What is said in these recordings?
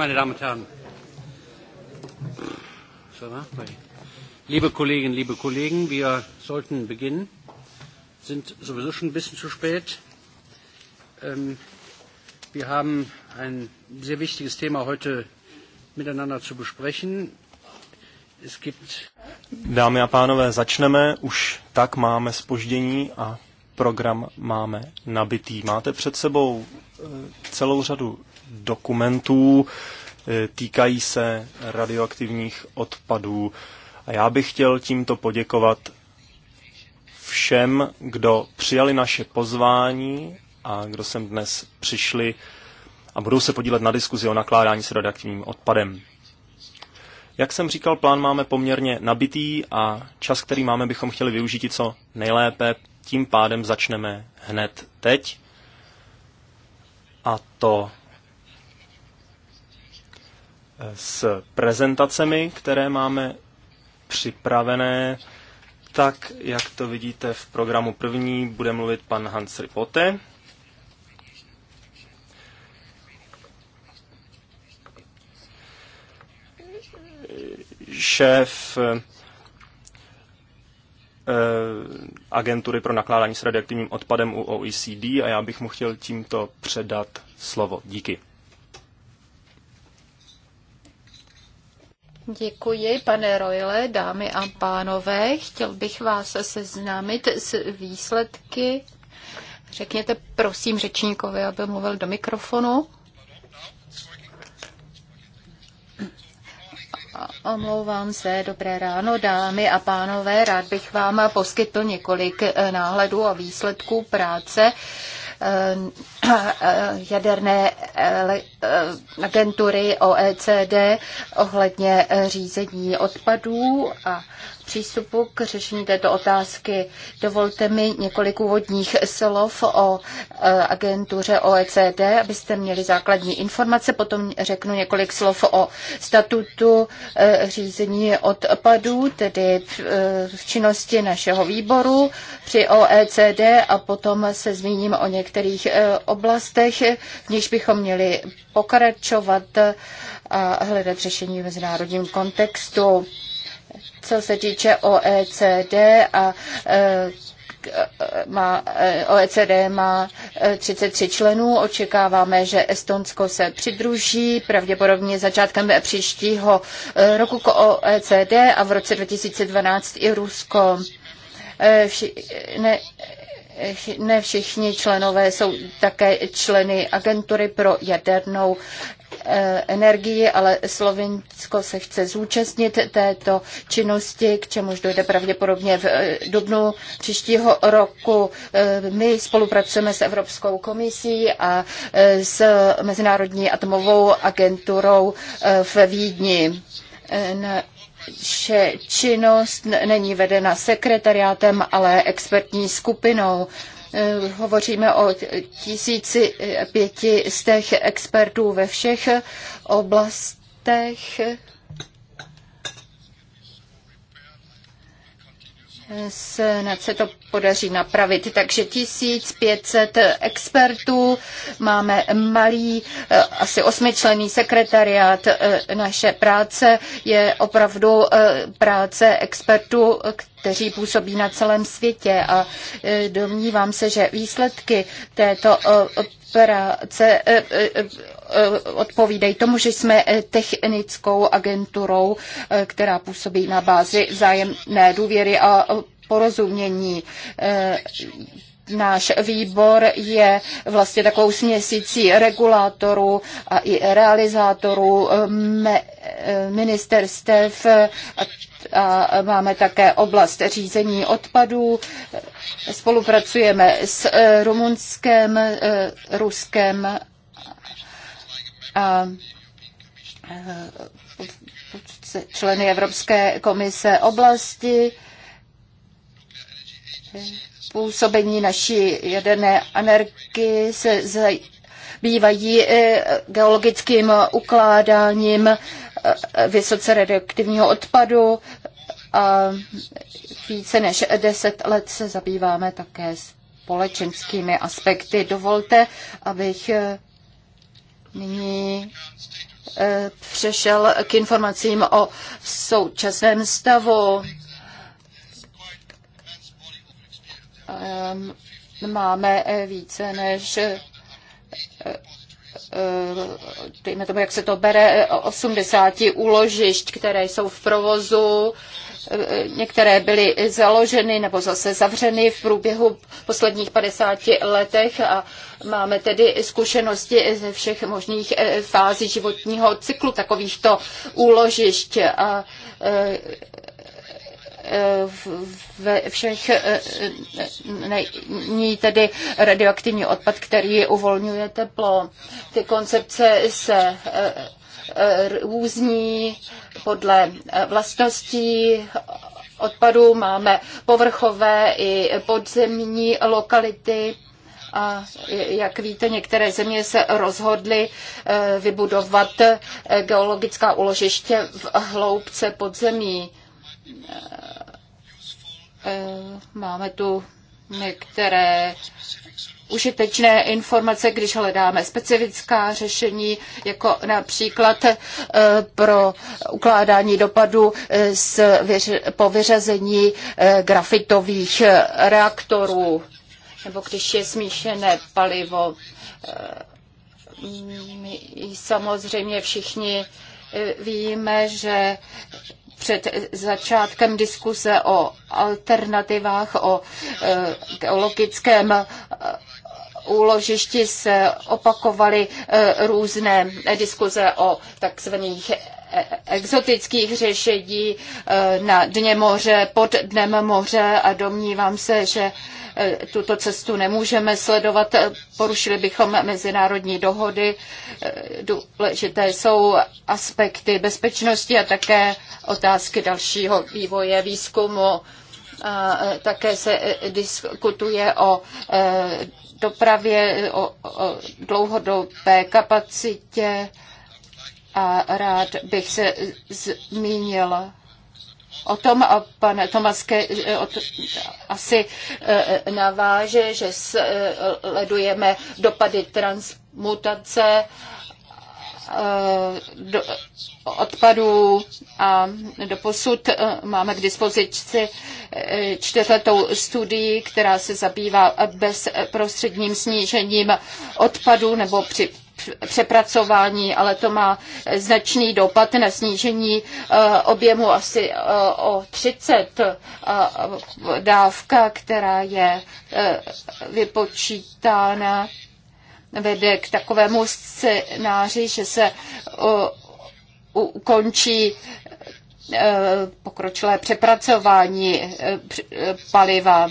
meine Damen und Herren. Liebe Kolleginnen, liebe Kollegen, wir sollten beginnen. Sind sowieso schon ein bisschen zu spät. Ähm, wir haben ein sehr wichtiges Thema heute miteinander zu besprechen. Es gibt Dámy a pánové, začneme. Už tak máme spoždění a program máme nabitý. Máte před sebou eh, celou řadu dokumentů, eh, týkají se radioaktivních odpadů. A já bych chtěl tímto poděkovat všem, kdo přijali naše pozvání a kdo sem dnes přišli a budou se podílet na diskuzi o nakládání s radioaktivním odpadem. Jak jsem říkal, plán máme poměrně nabitý a čas, který máme, bychom chtěli využít co nejlépe. Tím pádem začneme hned teď. A to s prezentacemi, které máme připravené. Tak, jak to vidíte v programu první, bude mluvit pan Hans Ripote. Šéf eh, agentury pro nakládání s radioaktivním odpadem u OECD a já bych mu chtěl tímto předat slovo. Díky. Děkuji, pane Royle, dámy a pánové. Chtěl bych vás seznámit s výsledky. Řekněte prosím řečníkovi, aby mluvil do mikrofonu. Omlouvám se, dobré ráno, dámy a pánové. Rád bych vám poskytl několik eh, náhledů a výsledků práce Eh, eh, jaderné eh, agentury OECD ohledně řízení odpadů a přístupu k řešení této otázky. Dovolte mi několik úvodních slov o e, agentuře OECD, abyste měli základní informace. Potom řeknu několik slov o statutu e, řízení odpadů, tedy e, v činnosti našeho výboru při OECD a potom se zmíním o některých oblastech, v nichž bychom měli pokračovat a hledat řešení v mezinárodním kontextu co se týče OECD a e, e, má, e, OECD má 33 členů. Očekáváme, že Estonsko se přidruží pravděpodobně začátkem příštího roku k OECD a v roce 2012 i Rusko. ne, ne všichni členové jsou také členy agentury pro jadernou Eh, energii, ale Slovinsko se chce zúčastnit této činnosti, k čemuž dojde pravděpodobně v eh, dubnu příštího roku. Eh, my spolupracujeme s Evropskou komisí a s Mezinárodní atomovou agenturou v Vídni. naše činnost není vedena sekretariátem, ale expertní skupinou. Eh, hovoříme o tisíci těch expertů ve všech oblastech. snad se to podaří napravit. Takže 1500 expertů, máme malý, eh, asi osmičlený sekretariát. Eh, naše práce je opravdu práce expertů, kteří působí na celém světě a e, domnívám se, že výsledky této e, operace e, odpovídají tomu, že jsme technickou agenturou, která působí na bázi vzájemné důvěry a porozumění. Náš výbor je vlastně takovou směsící regulátorů a i realizátorů ministerstev a máme také oblast řízení odpadů. Spolupracujeme s e, rumunském, e, ruském a e, členy Evropské komise oblasti působení naší jaderné energie se zabývají eh, geologickým ukládáním eh, vysoce radioaktivního odpadu a více než deset let se zabýváme také společenskými aspekty. Dovolte, abych eh, nyní přešel k informacím o současném stavu Ehm, máme eh, více než eh, eh, dejme tomu, jak se to bere, 80 úložišť, které jsou v provozu, některé byly založeny nebo zase zavřeny v průběhu posledních 50 letech a máme tedy zkušenosti ze všech možných fází životního cyklu takovýchto úložišť a ve všech eh, není tedy radioaktivní odpad, který uvolňuje teplo. Ty koncepce se eh, eh, různí podle vlastností odpadu. Máme povrchové i podzemní lokality. A jak víte, některé země se rozhodly vybudovat geologická uložiště v hloubce podzemí. Eh, máme tu některé užitečné informace, když hledáme specifická řešení, jako například eh, pro ukládání dopadu z eh, po vyřazení grafitových reaktorů, nebo když je smíšené palivo. My samozřejmě všichni víme, že před začátkem diskuse o alternativách, o e, teologickém e, úložišti se opakovaly e, různé diskuze o takzvaných E, exotických řešení e, na dně moře, pod dnem moře a domnívám se, že e, tuto cestu nemůžeme sledovat. Porušili bychom mezinárodní dohody. Důležité jsou aspekty bezpečnosti a také otázky dalšího vývoje výzkumu. A také se diskutuje o dopravě, o, o dlouhodobé kapacitě a rád bych se zmínil o tom a pan Tomas asi e, e, naváže, že sledujeme dopady transmutace e, do odpadů a do posud máme k dispozici čtyřletou studii, která se zabývá bezprostředním snížením odpadů nebo při přepracování, ale to má značný dopad na snížení eh, objemu asi eh, o 30 dávka, která je eh, vypočítána vede k takovému scénáři, že se ukončí pokročilé přepracování paliva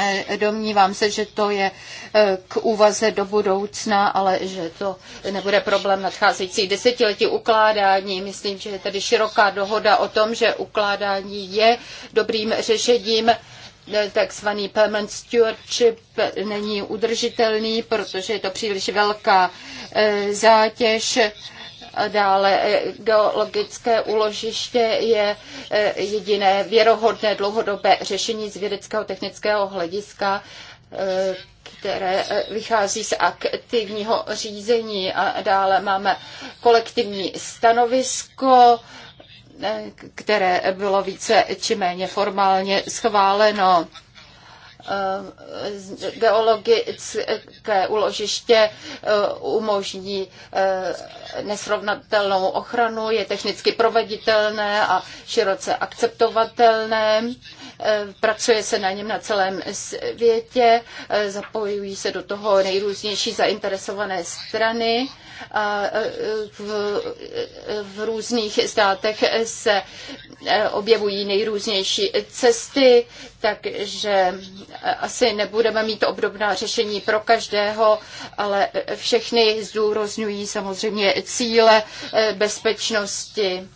E, domnívám se, že to je e, k úvaze do budoucna, ale že to nebude problém nadcházející. desetiletí ukládání. Myslím, že je tady široká dohoda o tom, že ukládání je dobrým řešením e, takzvaný permanent stewardship není udržitelný, protože je to příliš velká zátěž Dále eh, geologické úložiště je eh, jediné věrohodné dlouhodobé řešení z vědeckého technického hlediska, eh, které vychází z aktivního řízení. A dále máme kolektivní stanovisko, které bylo více či méně formálně schváleno Eh, geologické uložiště eh, umožní eh, nesrovnatelnou ochranu, je technicky proveditelné a široce akceptovatelné Eh, pracuje se na něm na celém světě, eh, zapojují se do toho nejrůznější zainteresované strany. A eh, v, v různých státech se objevují nejrůznější cesty, takže asi nebudeme mít obdobná řešení pro každého, ale všechny zdůrozňují samozřejmě cíle bezpečnosti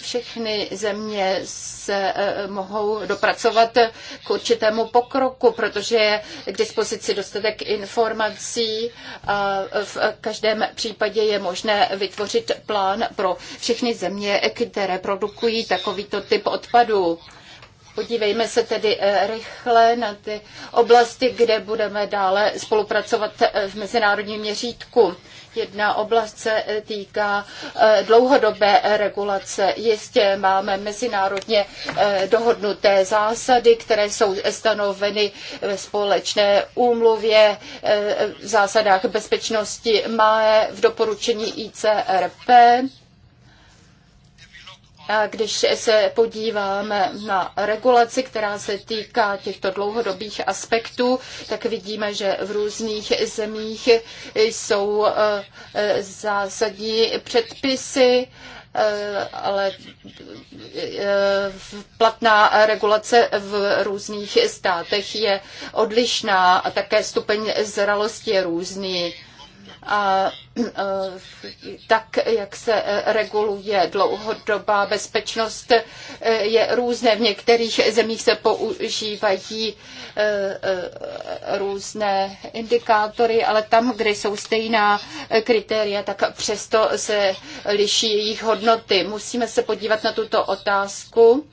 všechny země se eh, mohou dopracovat k určitému pokroku, protože je k dispozici dostatek informací. A v každém případě je možné vytvořit plán pro všechny země, které produkují takovýto typ odpadů. Podívejme se tedy eh, rychle na ty oblasti, kde budeme dále spolupracovat eh, v mezinárodním měřítku. Jedna oblast se týká eh, dlouhodobé regulace. Jistě máme mezinárodně eh, dohodnuté zásady, které jsou stanoveny ve společné úmluvě eh, v zásadách bezpečnosti má v doporučení ICRP když se podíváme na regulaci, která se týká těchto dlouhodobých aspektů, tak vidíme, že v různých zemích jsou e, zásadní předpisy, e, ale e, platná regulace v různých státech je odlišná a také stupeň zralosti je různý a eh, tak, jak se eh, reguluje dlouhodobá bezpečnost, eh, je různé. V některých zemích se používají různé indikátory, ale tam, kde jsou stejná kritéria, tak přesto se liší jejich hodnoty. Musíme se podívat na tuto otázku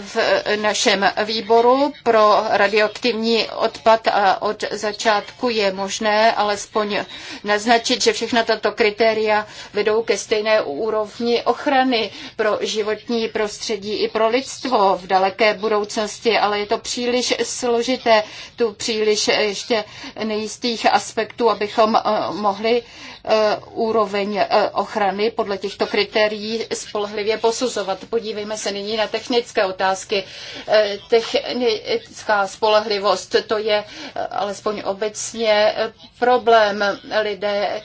v našem výboru pro radioaktivní odpad a od začátku je možné alespoň naznačit, že všechna tato kritéria vedou ke stejné úrovni ochrany pro životní prostředí i pro lidstvo v daleké budoucnosti, ale je to příliš složité, tu příliš ještě nejistých aspektů, abychom eh, mohli Eh, úroveň eh, ochrany podle těchto kritérií spolehlivě posuzovat. Podívejme se nyní na technické otázky. Eh, technická spolehlivost, to je alespoň obecně problém. Lidé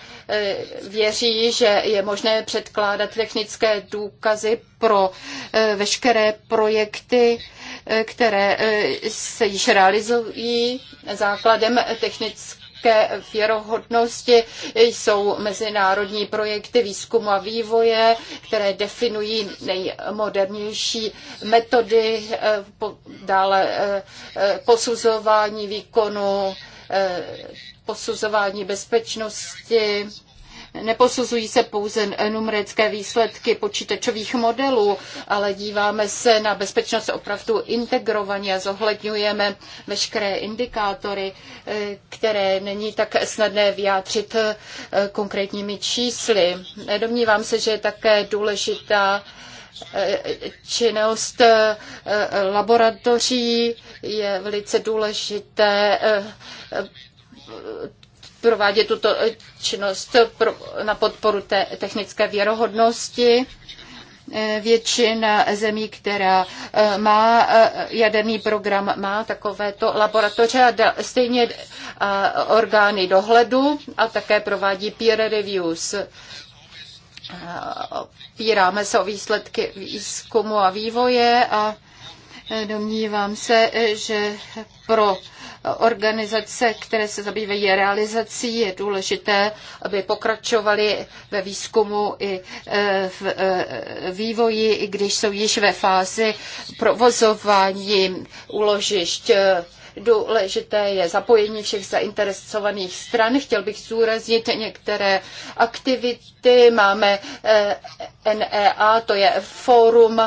věří, že je možné předkládat technické důkazy pro veškeré projekty, které se již realizují základem technické jaké věrohodnosti jsou mezinárodní projekty výzkumu a vývoje, které definují nejmodernější metody, eh, dále eh, posuzování výkonu, eh, posuzování bezpečnosti, Neposuzují se pouze numerické výsledky počítačových modelů, ale díváme se na bezpečnost opravdu integrovaně a zohledňujeme veškeré indikátory, které není tak snadné vyjádřit eh, konkrétními čísly. Domnívám se, že je také důležitá eh, činnost eh, laboratoří je velice důležité provádět tuto činnost na podporu té technické věrohodnosti. Eh, většina zemí, která eh, má eh, jaderný program, má takovéto laboratoře a stejně orgány dohledu a také provádí peer reviews. Opíráme se o výsledky výzkumu a vývoje a domnívám se, že pro organizace, které se zabývají realizací. Je důležité, aby pokračovali ve výzkumu i e, v e, vývoji, i když jsou již ve fázi provozování úložišť důležité je zapojení všech zainteresovaných stran. Chtěl bych zúraznit některé aktivity. Máme e, NEA, to je fórum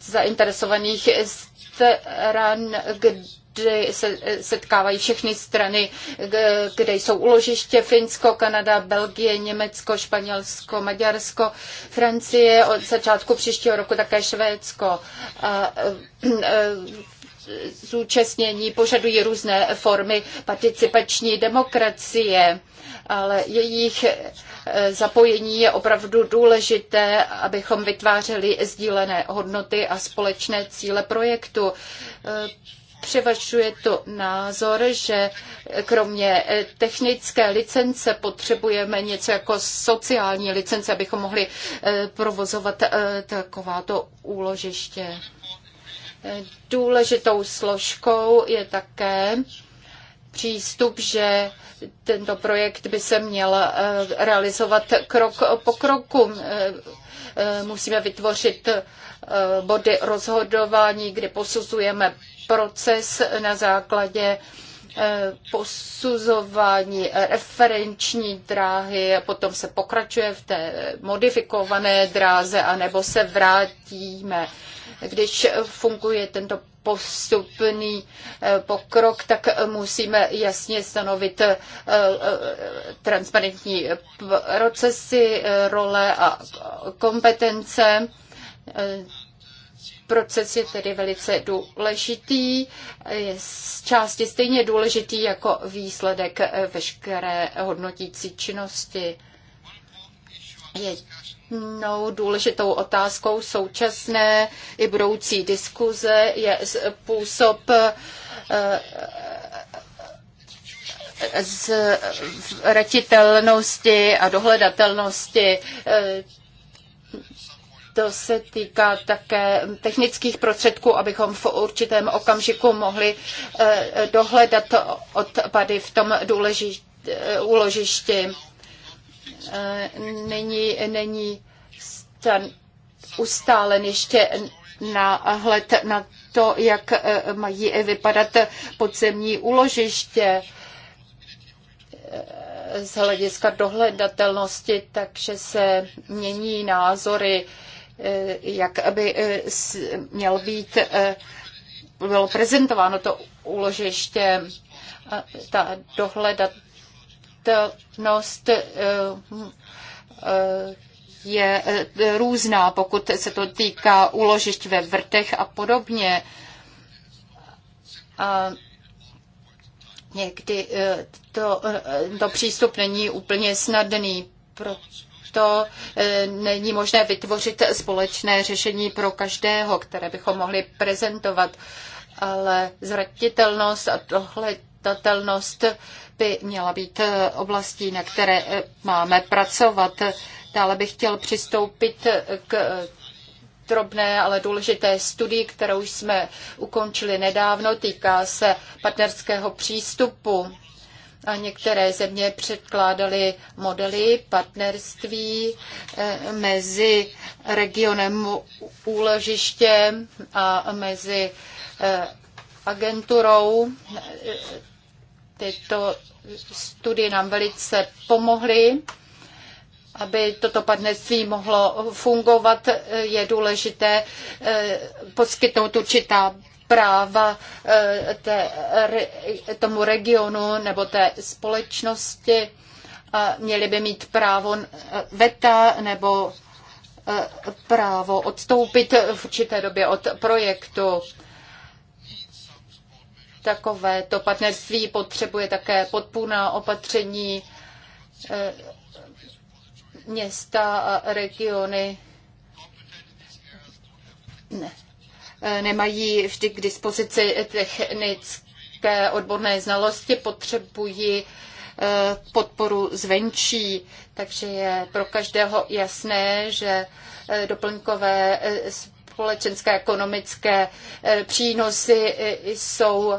zainteresovaných stran, kde kde se eh, setkávají všechny strany, eh, kde jsou uložiště Finsko, Kanada, Belgie, Německo, Španělsko, Maďarsko, Francie, od začátku příštího roku také Švédsko. A, eh, zúčastnění požadují různé formy participační demokracie, ale jejich zapojení je opravdu důležité, abychom vytvářeli sdílené hodnoty a společné cíle projektu. Převažuje to názor, že kromě eh, technické licence potřebujeme něco jako sociální licence, abychom mohli eh, provozovat eh, takováto úložiště. Důležitou složkou je také přístup, že tento projekt by se měl realizovat krok po kroku. Musíme vytvořit body rozhodování, kdy posuzujeme proces na základě eh, posuzování referenční dráhy a potom se pokračuje v té modifikované dráze a nebo se vrátíme. Když funguje tento postupný eh, pokrok, tak musíme jasně stanovit eh, transparentní procesy, role a kompetence proces je tedy velice důležitý, je z části stejně důležitý jako výsledek eh, veškeré hodnotící činnosti. Jednou důležitou otázkou současné i budoucí diskuze je způsob eh, eh, z a dohledatelnosti to se týká také technických prostředků, abychom v určitém okamžiku mohli eh, dohledat odpady v tom důležitém eh, úložišti. Eh, není, není stan, ustálen ještě náhled na to, jak mají vypadat podzemní úložiště z hlediska dohledatelnosti, takže se mění názory Eh, jak by eh, měl být eh, bylo prezentováno to úložiště, ta dohledatelnost je různá, pokud se to týká úložišť ve vrtech a podobně. A někdy to, to přístup není úplně snadný, proto to eh, není možné vytvořit společné řešení pro každého, které bychom mohli prezentovat, ale zratitelnost a dohledatelnost by měla být eh, oblastí, na které eh, máme pracovat. Dále bych chtěl přistoupit k drobné, ale důležité studii, kterou jsme ukončili nedávno. Týká se partnerského přístupu a některé země předkládaly modely partnerství eh, mezi regionem úložištěm a mezi eh, agenturou. Tyto studie nám velice pomohly. Aby toto partnerství mohlo fungovat, je důležité eh, poskytnout určitá práva eh, té, tomu regionu nebo té společnosti. Měli by mít právo eh, veta nebo eh, právo odstoupit v určité době od projektu. takové to partnerství potřebuje také podpůrná opatření města a regiony. Ne Eh, nemají vždy k dispozici technické odborné znalosti, potřebují eh, podporu zvenčí, takže je pro každého jasné, že eh, doplňkové společenské ekonomické přínosy jsou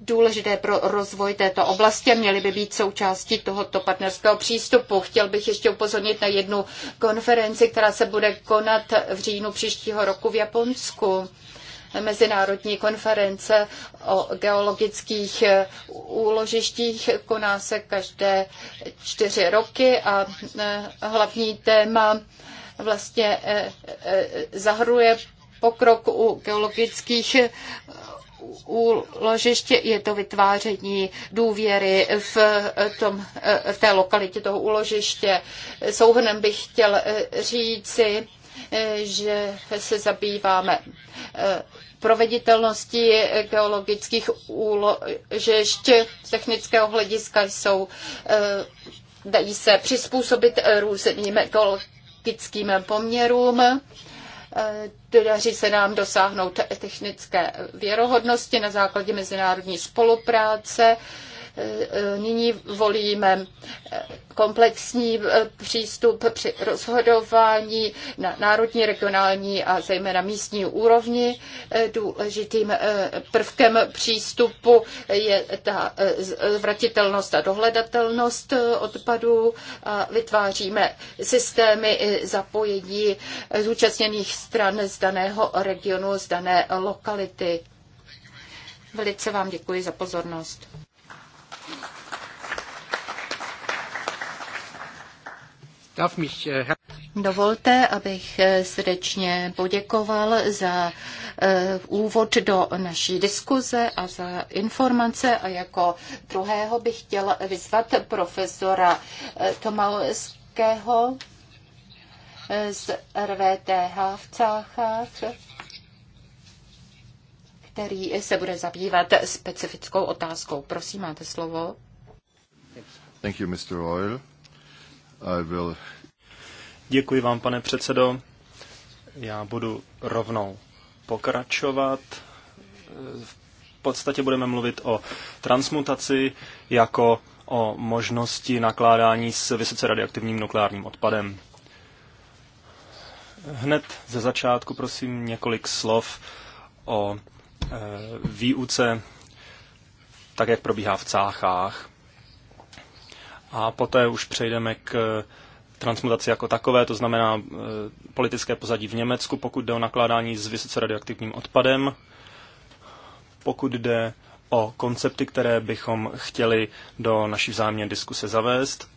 důležité pro rozvoj této oblasti a měly by být součástí tohoto partnerského přístupu. Chtěl bych ještě upozornit na jednu konferenci, která se bude konat v říjnu příštího roku v Japonsku. Mezinárodní konference o geologických úložištích koná se každé čtyři roky a e, hlavní téma vlastně e, e, zahruje pokrok u geologických úložiště je to vytváření důvěry v, tom, v té lokalitě toho úložiště. Souhrnem bych chtěl eh, říci, eh, že se zabýváme eh, proveditelností geologických úložišť technického hlediska jsou, dají se přizpůsobit různým geologickým poměrům Dodaří eh, se nám dosáhnout technické věrohodnosti na základě mezinárodní spolupráce Nyní volíme komplexní přístup při rozhodování na národní, regionální a zejména místní úrovni. Důležitým eh, prvkem přístupu je ta eh, zvratitelnost a dohledatelnost eh, odpadů. Vytváříme systémy zapojení zúčastněných stran z daného regionu, z dané lokality. Velice vám děkuji za pozornost. Äh, Dovolte, abych äh, srdečně poděkoval za äh, úvod do naší diskuze a za informace. A jako druhého bych chtěl vyzvat profesora Tomalského z RVTH v Cáchách, který se bude zabývat specifickou otázkou. Prosím, máte slovo. Thank you, Mr. Royal. I will... Děkuji vám, pane předsedo. Já budu rovnou pokračovat. V podstatě budeme mluvit o transmutaci jako o možnosti nakládání s vysoce radioaktivním nukleárním odpadem. Hned ze začátku prosím několik slov o e, výuce, tak jak probíhá v Cáchách a poté už přejdeme k eh, transmutaci jako takové, to znamená eh, politické pozadí v Německu, pokud jde o nakládání s vysoce radioaktivním odpadem, pokud jde o koncepty, které bychom chtěli do naší vzájemné diskuse zavést.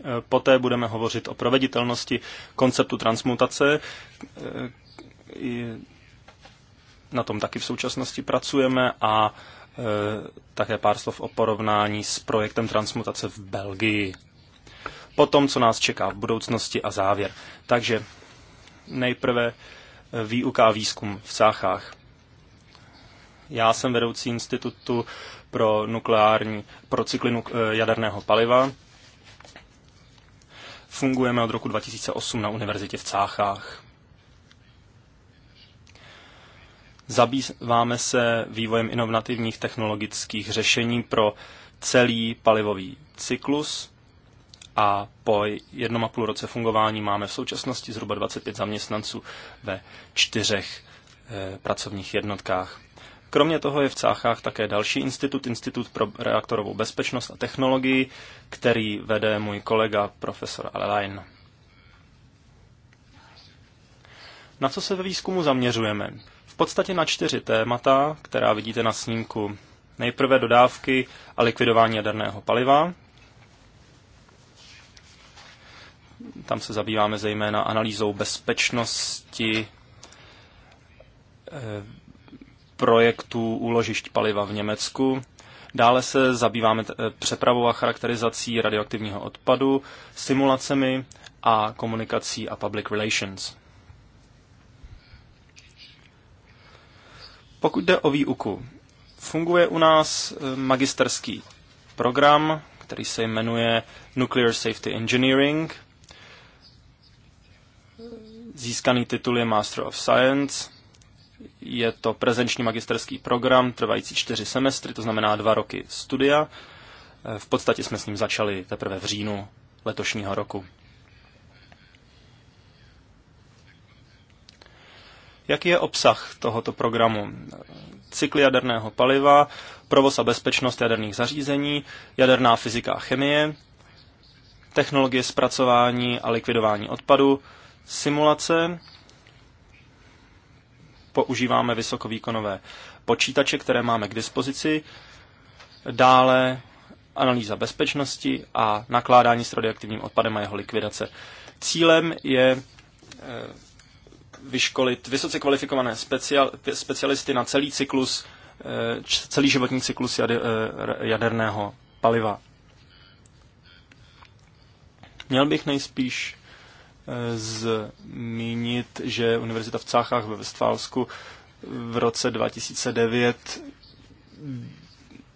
Eh, poté budeme hovořit o proveditelnosti konceptu transmutace. Na tom taky v současnosti pracujeme a Eh, také pár slov o porovnání s projektem transmutace v Belgii. Potom, co nás čeká v budoucnosti a závěr. Takže nejprve eh, výuka a výzkum v Cáchách. Já jsem vedoucí institutu pro nukleární, pro cykly nuk, eh, jaderného paliva. Fungujeme od roku 2008 na univerzitě v Cáchách. Zabýváme se vývojem inovativních technologických řešení pro celý palivový cyklus a po jednom a půl roce fungování máme v současnosti zhruba 25 zaměstnanců ve čtyřech e, pracovních jednotkách. Kromě toho je v Cáchách také další institut, Institut pro reaktorovou bezpečnost a technologii, který vede můj kolega profesor Alain. Na co se ve výzkumu zaměřujeme? v podstatě na čtyři témata, která vidíte na snímku. Nejprve dodávky a likvidování jaderného paliva. Tam se zabýváme zejména analýzou bezpečnosti eh, projektů úložišť paliva v Německu. Dále se zabýváme eh, přepravou a charakterizací radioaktivního odpadu, simulacemi a komunikací a public relations. Pokud jde o výuku, funguje u nás eh, magisterský program, který se jmenuje Nuclear Safety Engineering. Získaný titul je Master of Science. Je to prezenční magisterský program, trvající čtyři semestry, to znamená dva roky studia. Eh, v podstatě jsme s ním začali teprve v říjnu letošního roku. Jaký je obsah tohoto programu? Cykly jaderného paliva, provoz a bezpečnost jaderných zařízení, jaderná fyzika a chemie, technologie zpracování a likvidování odpadu, simulace, používáme vysokovýkonové počítače, které máme k dispozici, dále analýza bezpečnosti a nakládání s radioaktivním odpadem a jeho likvidace. Cílem je eh, vyškolit vysoce kvalifikované specia- specialisty na celý cyklus, eh, celý životní cyklus eh, jaderného paliva. Měl bych nejspíš eh, zmínit, že Univerzita v Cáchách ve Westfálsku v roce 2009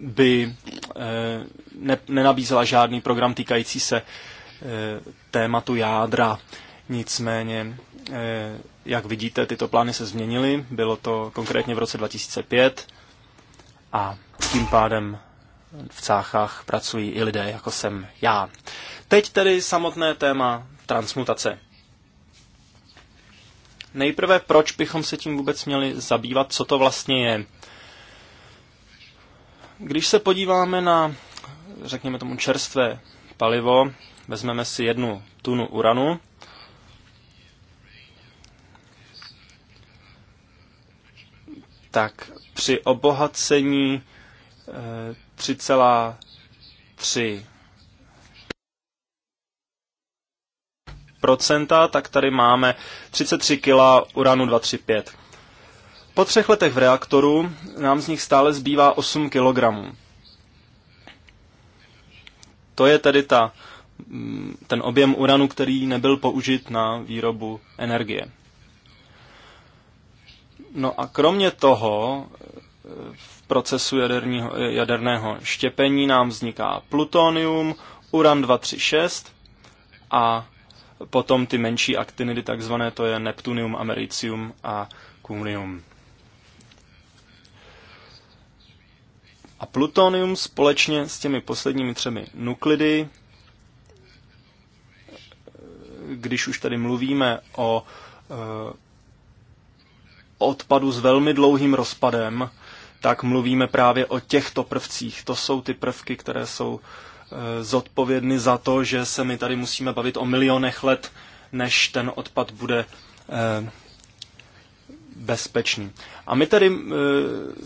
by ne, nenabízela žádný program týkající se tématu jádra. Nicméně Eh, jak vidíte, tyto plány se změnily. Bylo to konkrétně v roce 2005 a tím pádem v cáchách pracují i lidé, jako jsem já. Teď tedy samotné téma transmutace. Nejprve, proč bychom se tím vůbec měli zabývat, co to vlastně je. Když se podíváme na, řekněme tomu, čerstvé palivo, vezmeme si jednu tunu uranu tak při obohacení 3,3 eh, procenta, tak tady máme 33 kg uranu 235. Po třech letech v reaktoru nám z nich stále zbývá 8 kg. To je tedy ta, mm, ten objem uranu, který nebyl použit na výrobu energie. No a kromě toho eh, v procesu jaderního, jaderného štěpení nám vzniká plutonium, uran 236 a potom ty menší aktinidy, takzvané to je neptunium, americium a kumrium. A plutonium společně s těmi posledními třemi nuklidy, eh, když už tady mluvíme o eh, odpadu s velmi dlouhým rozpadem, tak mluvíme právě o těchto prvcích. To jsou ty prvky, které jsou e, zodpovědny za to, že se my tady musíme bavit o milionech let, než ten odpad bude e, bezpečný. A my tedy e,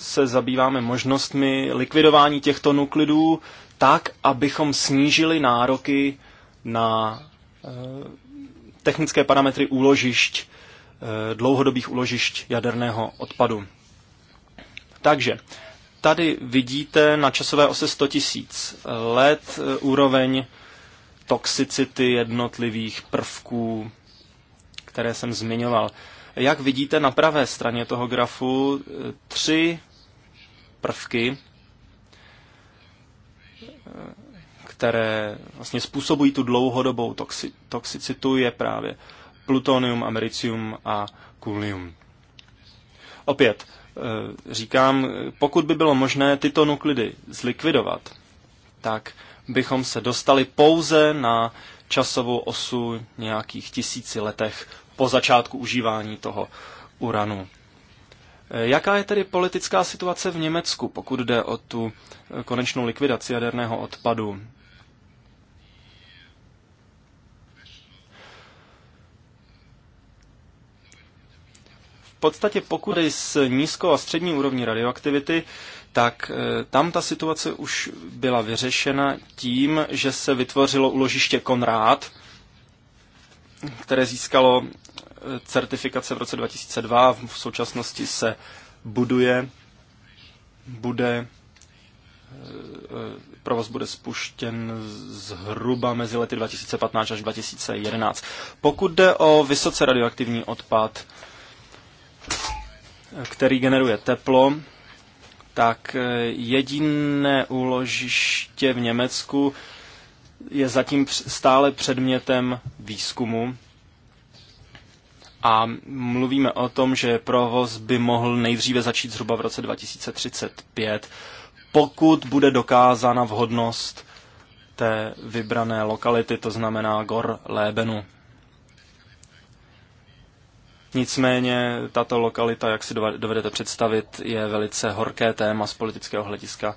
se zabýváme možnostmi likvidování těchto nuklidů tak, abychom snížili nároky na technické parametry úložišť Eh, dlouhodobých uložišť jaderného odpadu. Takže tady vidíte na časové ose 100 000 let eh, úroveň toxicity jednotlivých prvků, které jsem zmiňoval. Jak vidíte na pravé straně toho grafu, eh, tři prvky, které vlastně způsobují tu dlouhodobou toxi- toxicitu, je právě plutonium, americium a kulium. Opět, eh, říkám, pokud by bylo možné tyto nuklidy zlikvidovat, tak bychom se dostali pouze na časovou osu nějakých tisíci letech po začátku užívání toho uranu. Eh, jaká je tedy politická situace v Německu, pokud jde o tu eh, konečnou likvidaci jaderného odpadu? podstatě pokud jde s nízkou a střední úrovní radioaktivity, tak e, tam ta situace už byla vyřešena tím, že se vytvořilo uložiště Konrád, které získalo e, certifikace v roce 2002. V současnosti se buduje, bude, e, provoz bude spuštěn zhruba mezi lety 2015 až 2011. Pokud jde o vysoce radioaktivní odpad, který generuje teplo, tak eh, jediné úložiště v Německu je zatím stále předmětem výzkumu. A mluvíme o tom, že provoz by mohl nejdříve začít zhruba v roce 2035, pokud bude dokázána vhodnost té vybrané lokality, to znamená Gor Lébenu. Nicméně tato lokalita, jak si dovedete představit, je velice horké téma z politického hlediska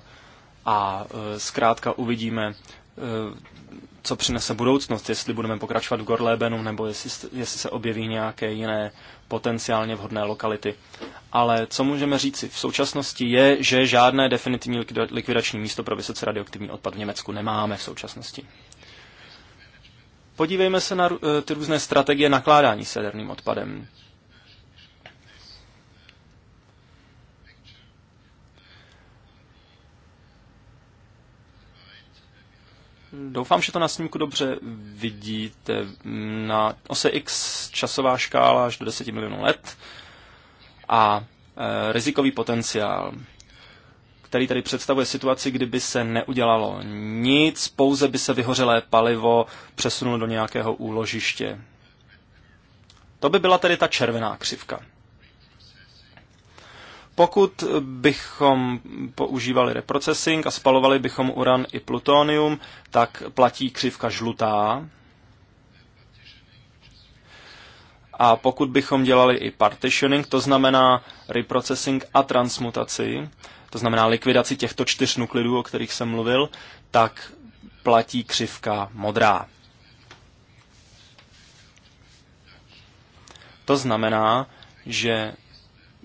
a e, zkrátka uvidíme, e, co přinese budoucnost, jestli budeme pokračovat v Gorlébenu nebo jestli, jestli se objeví nějaké jiné potenciálně vhodné lokality. Ale co můžeme říci v současnosti je, že žádné definitivní likvidační místo pro vysoce radioaktivní odpad v Německu nemáme v současnosti. Podívejme se na e, ty různé strategie nakládání s jaderným odpadem. Doufám, že to na snímku dobře vidíte. Na ose X časová škála až do 10 milionů let a e, rizikový potenciál, který tady představuje situaci, kdyby se neudělalo nic, pouze by se vyhořelé palivo přesunulo do nějakého úložiště. To by byla tedy ta červená křivka. Pokud bychom používali reprocessing a spalovali bychom uran i plutonium, tak platí křivka žlutá. A pokud bychom dělali i partitioning, to znamená reprocessing a transmutaci, to znamená likvidaci těchto čtyř nuklidů, o kterých jsem mluvil, tak platí křivka modrá. To znamená, že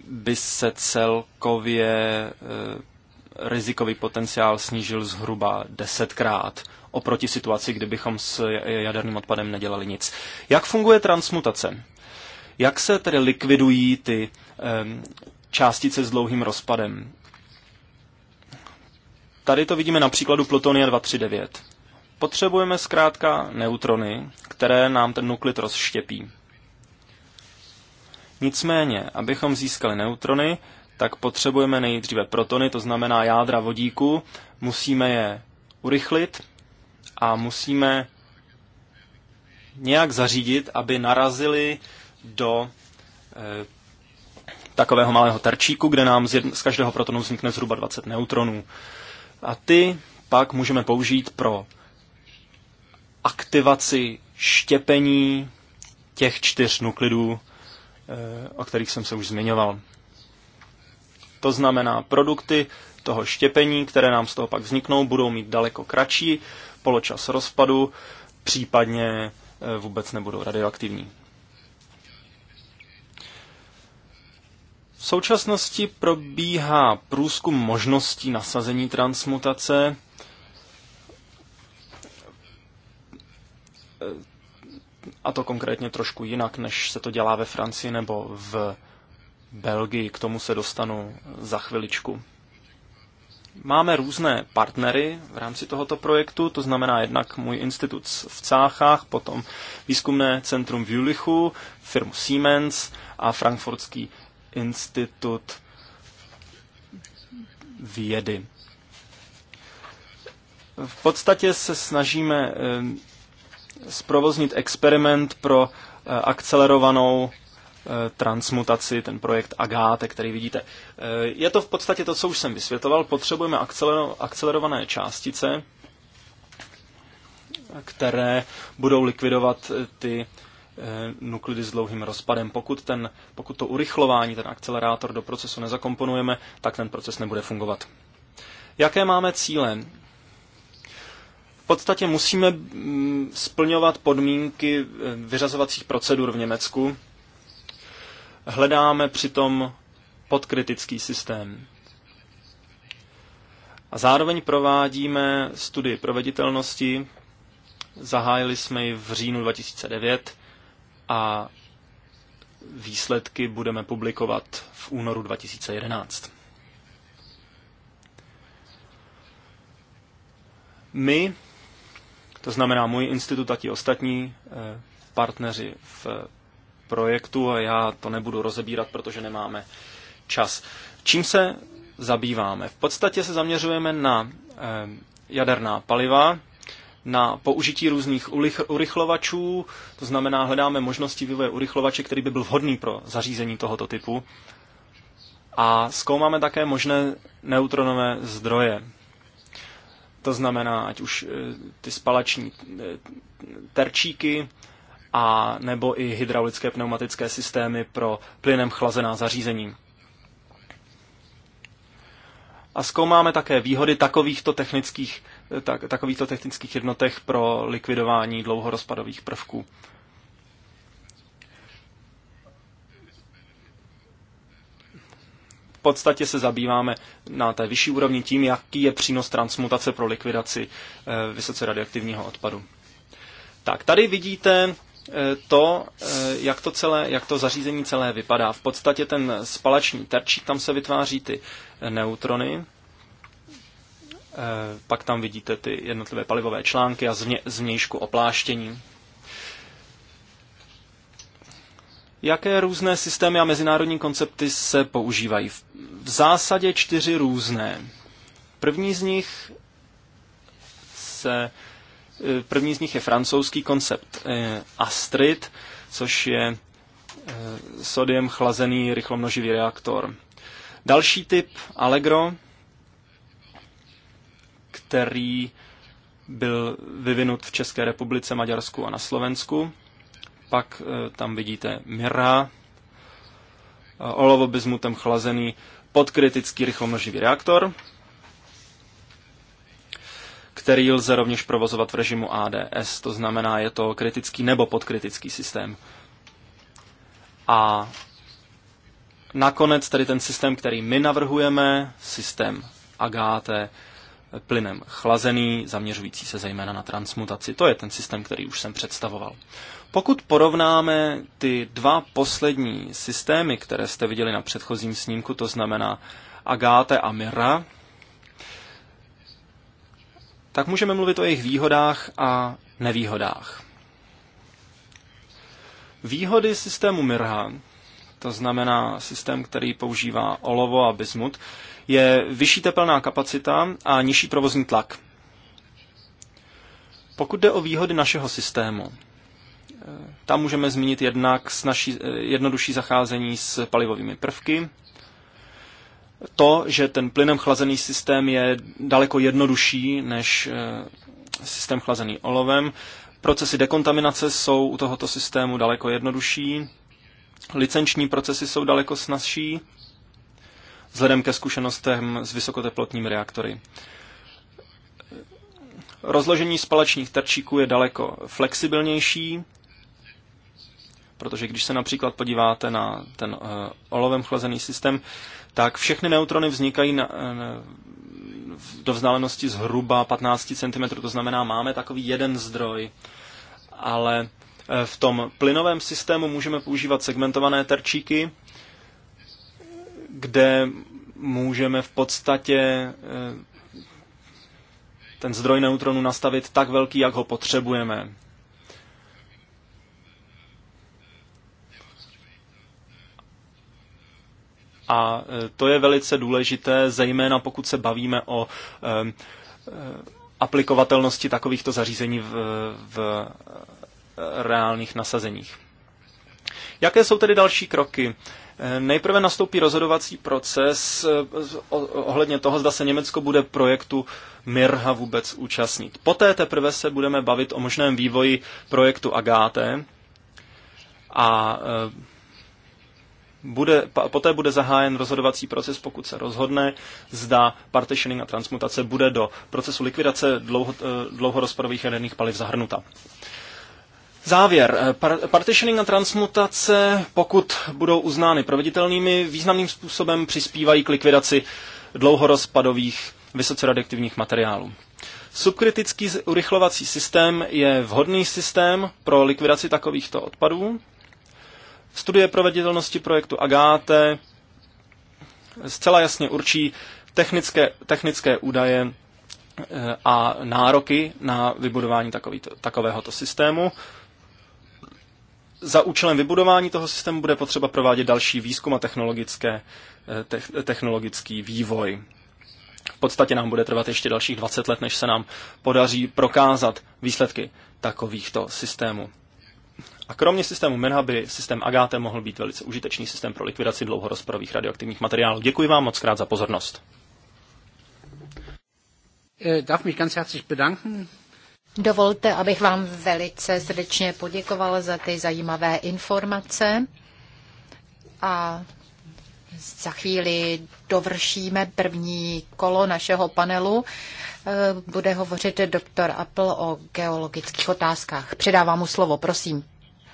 by se celkově eh, rizikový potenciál snížil zhruba desetkrát oproti situaci, kdybychom s jaderným odpadem nedělali nic. Jak funguje transmutace? Jak se tedy likvidují ty ehm, částice s dlouhým rozpadem? Tady to vidíme na příkladu plutonia 239. Potřebujeme zkrátka neutrony, které nám ten nuklid rozštěpí. Nicméně, abychom získali neutrony, tak potřebujeme nejdříve protony, to znamená jádra vodíku, musíme je urychlit a musíme nějak zařídit, aby narazili do e, takového malého terčíku, kde nám z, jedno, z každého protonu vznikne zhruba 20 neutronů. A ty pak můžeme použít pro aktivaci štěpení těch čtyř nuklidů o kterých jsem se už zmiňoval. To znamená, produkty toho štěpení, které nám z toho pak vzniknou, budou mít daleko kratší poločas rozpadu, případně e, vůbec nebudou radioaktivní. V současnosti probíhá průzkum možností nasazení transmutace a to konkrétně trošku jinak, než se to dělá ve Francii nebo v Belgii. K tomu se dostanu za chviličku. Máme různé partnery v rámci tohoto projektu, to znamená jednak můj institut v Cáchách, potom výzkumné centrum v Julichu, firmu Siemens a Frankfurtský institut vědy. V podstatě se snažíme eh, zprovoznit experiment pro eh, akcelerovanou eh, transmutaci, ten projekt Agáte, který vidíte. Eh, je to v podstatě to, co už jsem vysvětloval. Potřebujeme akcelerované částice, které budou likvidovat ty nuklidy s dlouhým rozpadem. Pokud, ten, pokud to urychlování, ten akcelerátor do procesu nezakomponujeme, tak ten proces nebude fungovat. Jaké máme cíle? podstatě musíme mm, splňovat podmínky eh, vyřazovacích procedur v Německu. Hledáme přitom podkritický systém. A zároveň provádíme studii proveditelnosti. Zahájili jsme ji v říjnu 2009 a výsledky budeme publikovat v únoru 2011. My to znamená, můj institut a ti ostatní eh, partneři v eh, projektu a já to nebudu rozebírat, protože nemáme čas. Čím se zabýváme? V podstatě se zaměřujeme na eh, jaderná paliva, na použití různých urychlovačů, to znamená, hledáme možnosti vývoje urychlovače, který by byl vhodný pro zařízení tohoto typu. A zkoumáme také možné neutronové zdroje. To znamená, ať už eh, ty spalační eh, terčíky, a nebo i hydraulické pneumatické systémy pro plynem chlazená zařízení. A zkoumáme také výhody takovýchto technických, eh, tak, takovýchto technických jednotek pro likvidování dlouhorozpadových prvků v podstatě se zabýváme na té vyšší úrovni tím, jaký je přínos transmutace pro likvidaci eh, vysoce radioaktivního odpadu. Tak, tady vidíte eh, to, eh, jak to, celé, jak to zařízení celé vypadá. V podstatě ten spalační terčík, tam se vytváří ty neutrony, pak tam vidíte ty jednotlivé palivové články a zvně, zvnějšku opláštění. Jaké různé systémy a mezinárodní koncepty se používají? V zásadě čtyři různé. První z nich se, eh, první z nich je francouzský koncept eh, Astrid, což je eh, sodiem chlazený rychlomnoživý reaktor. Další typ Allegro, který byl vyvinut v České republice, Maďarsku a na Slovensku pak eh, tam vidíte Mira, eh, olovo bismutem chlazený podkritický rychlomnoživý reaktor, který lze rovněž provozovat v režimu ADS, to znamená, je to kritický nebo podkritický systém. A nakonec tady ten systém, který my navrhujeme, systém Agáte, plynem chlazený, zaměřující se zejména na transmutaci. To je ten systém, který už jsem představoval. Pokud porovnáme ty dva poslední systémy, které jste viděli na předchozím snímku, to znamená Agáte a Mira, tak můžeme mluvit o jejich výhodách a nevýhodách. Výhody systému Mirha, to znamená systém, který používá olovo a bismut, je vyšší tepelná kapacita a nižší provozní tlak. Pokud jde o výhody našeho systému, tam můžeme zmínit jednak naší jednodušší zacházení s palivovými prvky, to, že ten plynem chlazený systém je daleko jednodušší než eh, systém chlazený olovem. Procesy dekontaminace jsou u tohoto systému daleko jednodušší. Licenční procesy jsou daleko snazší, vzhledem ke zkušenostem s vysokoteplotními reaktory. Rozložení spalačních terčíků je daleko flexibilnější, Protože když se například podíváte na ten eh, olovem chlazený systém, tak všechny neutrony vznikají na, eh, na, do vzdálenosti zhruba 15 cm, to znamená, máme takový jeden zdroj, ale eh, v tom plynovém systému můžeme používat segmentované terčíky, kde můžeme v podstatě ten zdroj neutronu nastavit tak velký, jak ho potřebujeme. A e, to je velice důležité, zejména pokud se bavíme o e, e, aplikovatelnosti takovýchto zařízení v, v reálných nasazeních. Jaké jsou tedy další kroky? Nejprve nastoupí rozhodovací proces ohledně toho, zda se Německo bude projektu Mirha vůbec účastnit. Poté teprve se budeme bavit o možném vývoji projektu Agáte a bude, poté bude zahájen rozhodovací proces, pokud se rozhodne, zda partitioning a transmutace bude do procesu likvidace dlouho, eh, dlouho jaderných paliv zahrnuta. Závěr. Eh, partitioning a transmutace, pokud budou uznány proveditelnými, významným způsobem přispívají k likvidaci dlouhorozpadových vysoce radioaktivních materiálů. Subkritický urychlovací systém je vhodný systém pro likvidaci takovýchto odpadů Studie proveditelnosti projektu Agáte zcela jasně určí technické, technické údaje e, a nároky na vybudování takový, takovéhoto systému. Za účelem vybudování toho systému bude potřeba provádět další výzkum a technologické, e, te, technologický vývoj. V podstatě nám bude trvat ještě dalších 20 let, než se nám podaří prokázat výsledky takovýchto systémů. A kromě systému MENHA by systém Agáte mohl být velice užitečný systém pro likvidaci dlouhorozporových radioaktivních materiálů. Děkuji vám moc krát za pozornost. Eh, darf mich ganz herzlich bedanken. Dovolte, abych vám velice srdečně poděkoval za ty zajímavé informace a za chvíli dovršíme první kolo našeho panelu. Eh, bude hovořit doktor Apple o geologických otázkách. Předávám mu slovo, prosím.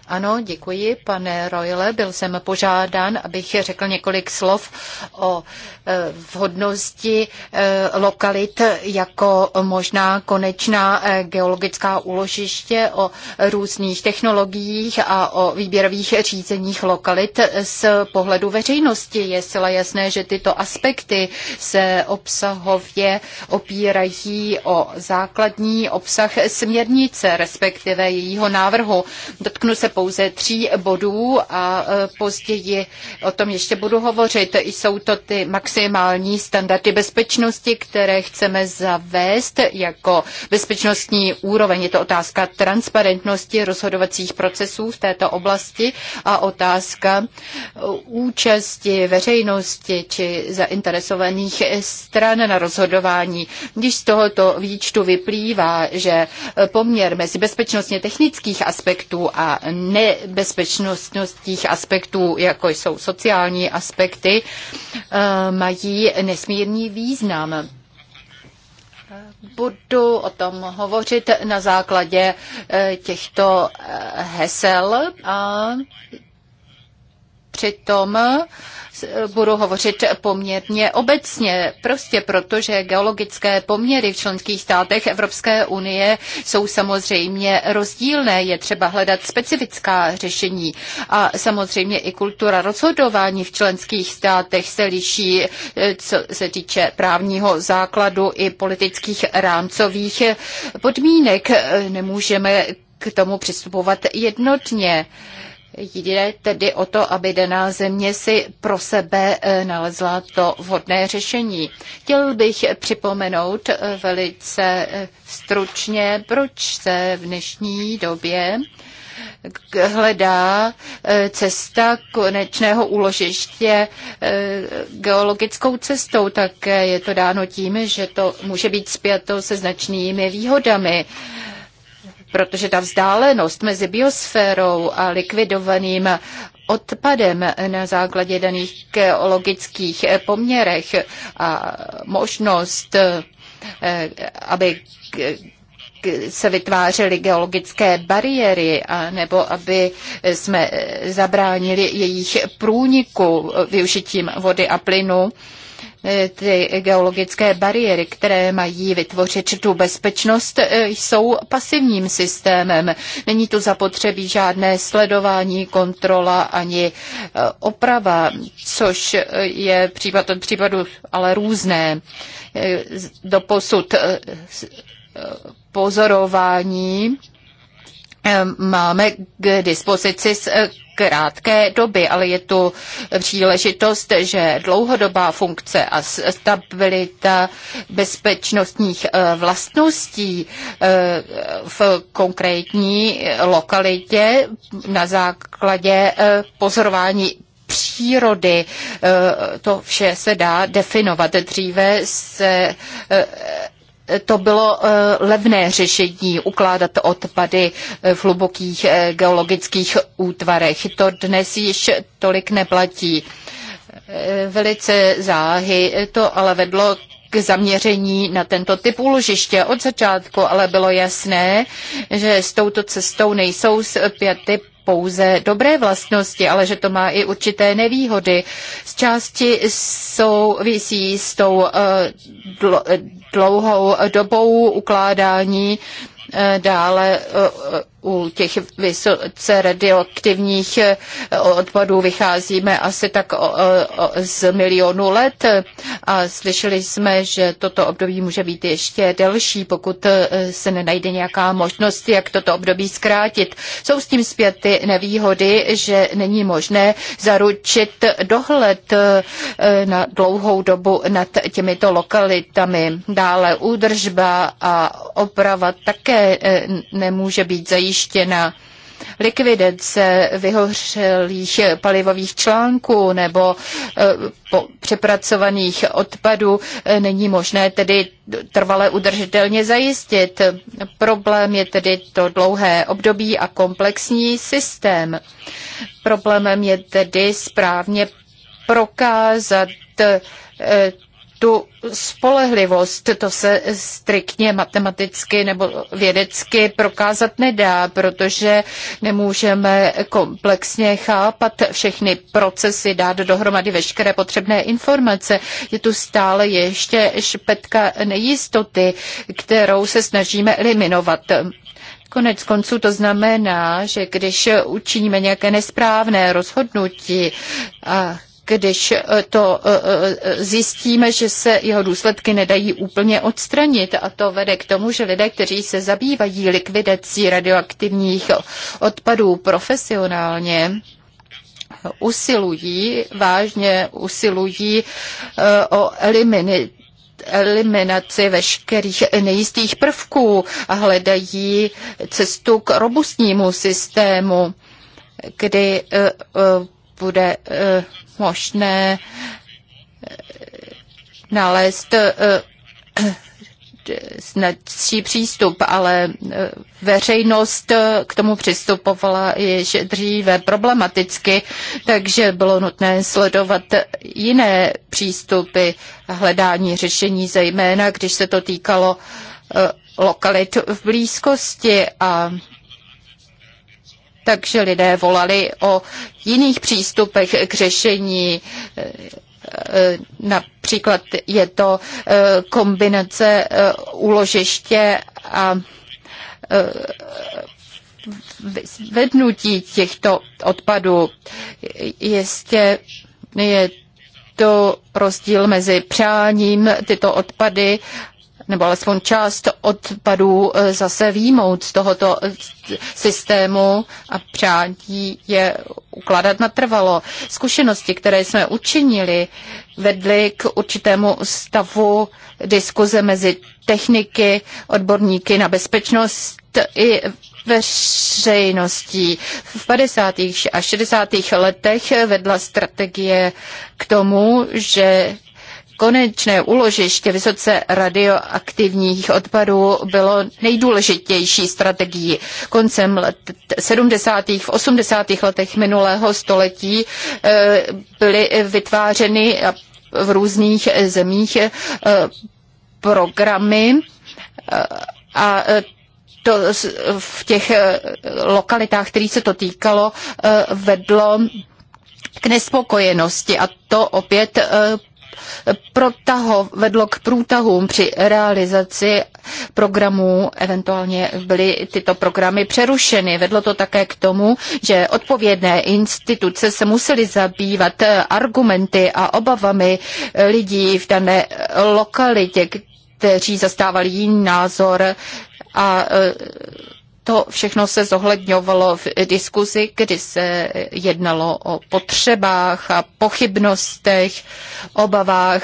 Ano, děkuji, pane Royle. Byl jsem požádán, abych řekl několik slov o e, vhodnosti e, lokalit jako možná konečná e, geologická úložiště, o různých technologiích a o výběrových řízeních lokalit z pohledu veřejnosti. Je zcela jasné, že tyto aspekty se obsahově opírají o základní obsah směrnice, respektive jejího návrhu. Dotknu se pouze tří bodů a e, později o tom ještě budu hovořit. Jsou to ty maximální standardy bezpečnosti, které chceme zavést jako bezpečnostní úroveň. Je to otázka transparentnosti rozhodovacích procesů v této oblasti a otázka účasti veřejnosti či zainteresovaných stran na rozhodování. Když z tohoto výčtu vyplývá, že poměr mezi bezpečnostně technických aspektů a nebezpečnostních aspektů, jako jsou sociální aspekty, eh, mají nesmírný význam. Budu o tom hovořit na základě eh, těchto eh, hesel a přitom budu hovořit poměrně obecně, prostě proto, že geologické poměry v členských státech Evropské unie jsou samozřejmě rozdílné. Je třeba hledat specifická řešení a samozřejmě i kultura rozhodování v členských státech se liší, e, co se týče právního základu i politických rámcových podmínek. E, nemůžeme k tomu přistupovat jednotně. Jde tedy o to, aby daná země si pro sebe eh, nalezla to vhodné řešení. Chtěl bych připomenout eh, velice eh, stručně, proč se v dnešní době hledá cesta konečného úložiště geologickou cestou, tak je to dáno tím, že to může být spjato se značnými výhodami protože ta vzdálenost mezi biosférou a likvidovaným odpadem na základě daných geologických poměrech a možnost, eh, aby se vytvářely geologické bariéry, a nebo aby jsme eh, zabránili jejich průniku využitím vody a plynu, E, ty geologické bariéry, které mají vytvořit tu bezpečnost, e, jsou pasivním systémem. Není tu zapotřebí žádné sledování, kontrola ani e, oprava, což je případ od případu ale různé. Doposud pozorování Ehm, máme k dispozici z eh, krátké doby, ale je tu příležitost, že dlouhodobá funkce a stabilita bezpečnostních eh, vlastností eh, v konkrétní lokalitě na základě pozorování přírody. To vše se dá definovat. Dříve se to bylo eh, levné řešení ukládat odpady eh, v hlubokých eh, geologických útvarech. To dnes již tolik neplatí. Velice záhy to ale vedlo k zaměření na tento typ úložiště od začátku, ale bylo jasné, že s touto cestou nejsou zpěty pouze dobré vlastnosti, ale že to má i určité nevýhody. Z části souvisí s tou eh, dlouhou dobou ukládání eh, dále eh, u těch vysoce radioaktivních eh, odpadů vycházíme asi tak z milionu let a slyšeli jsme, že toto období může být ještě delší, pokud eh, se nenajde nějaká možnost, jak toto období zkrátit. Jsou s tím zpěty nevýhody, že není možné zaručit dohled eh, na dlouhou dobu nad těmito lokalitami. Dále údržba a oprava také nemůže být zajištěna zajištěna likvidace vyhořelých palivových článků nebo eh, přepracovaných odpadů eh, není možné tedy trvale udržitelně zajistit. Problém je tedy to dlouhé období a komplexní systém. Problémem je tedy správně prokázat eh, tu spolehlivost. To se striktně matematicky nebo vědecky prokázat nedá, protože nemůžeme komplexně chápat všechny procesy, dát dohromady veškeré potřebné informace. Je tu stále ještě špetka nejistoty, kterou se snažíme eliminovat. Konec konců to znamená, že když učiníme nějaké nesprávné rozhodnutí a když eh, to eh, eh, zjistíme, že se jeho důsledky nedají úplně odstranit. A to vede k tomu, že lidé, kteří se zabývají likvidací radioaktivních odpadů profesionálně, usilují, vážně usilují o eliminaci eliminaci veškerých nejistých prvků a hledají cestu k robustnímu systému, kdy bude eh, možné eh, nalézt eh, snadší přístup, ale veřejnost k tomu přistupovala již dříve problematicky, takže bylo nutné sledovat jiné přístupy hledání řešení, zejména když se to týkalo lokalit v blízkosti a takže lidé volali o jiných přístupech k řešení. E, e, například je to e, kombinace úložiště a vednutí těchto odpadů. Jistě je to rozdíl mezi přáním tyto odpady nebo alespoň část odpadů e, zase výjmout z tohoto systému a přátí je ukládat natrvalo. Zkušenosti, které jsme učinili, vedly k určitému stavu diskuze mezi techniky, odborníky na bezpečnost i veřejností. V 50. a 60. letech vedla strategie k tomu, že konečné úložiště vysoce radioaktivních odpadů bylo nejdůležitější strategií. Koncem let 70. v 80. letech minulého století eh, byly vytvářeny v různých zemích eh, programy eh, a to v těch lokalitách, kterých se to týkalo, vedlo k nespokojenosti a to opět protaho, vedlo k průtahům při realizaci programů, eventuálně byly tyto programy přerušeny. Vedlo to také k tomu, že odpovědné instituce se musely zabývat argumenty a obavami lidí v dané lokalitě, kteří zastávali jiný názor a to všechno se zohledňovalo v diskuzi, kdy se jednalo o potřebách a pochybnostech, obavách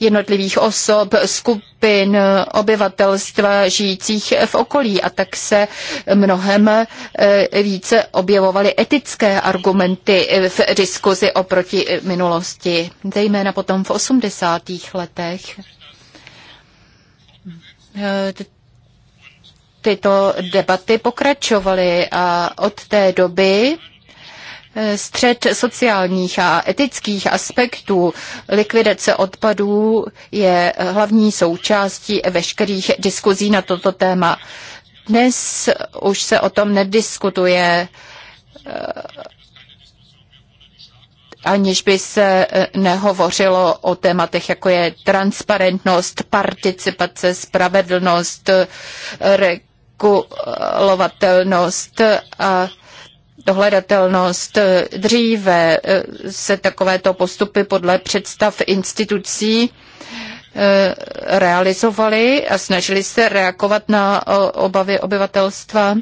jednotlivých osob, skupin obyvatelstva žijících v okolí. A tak se mnohem eh, více objevovaly etické argumenty v diskuzi oproti minulosti, zejména potom v 80. letech eh, tyto debaty pokračovaly a od té doby eh, střed sociálních a etických aspektů likvidace odpadů je hlavní součástí veškerých diskuzí na toto téma. Dnes už se o tom nediskutuje eh, aniž by se eh, nehovořilo o tématech, jako je transparentnost, participace, spravedlnost, re- kalkulovatelnost a dohledatelnost. Dříve eh, se takovéto postupy podle představ institucí eh, realizovali a snažili se reagovat na eh, obavy obyvatelstva.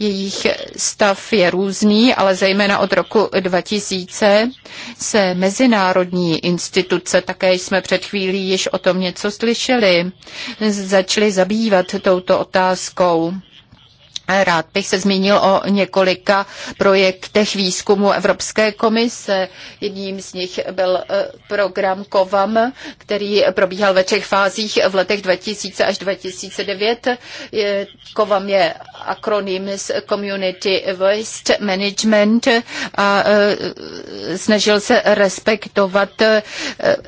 Jejich stav je různý, ale zejména od roku 2000 se mezinárodní instituce, také jsme před chvílí již o tom něco slyšeli, začaly zabývat touto otázkou. Rád bych se zmínil o několika projektech výzkumu Evropské komise. Jedním z nich byl e, program COVAM, který probíhal ve třech fázích v letech 2000 až 2009. COVAM je akronym z Community Waste Management a e, snažil se respektovat e,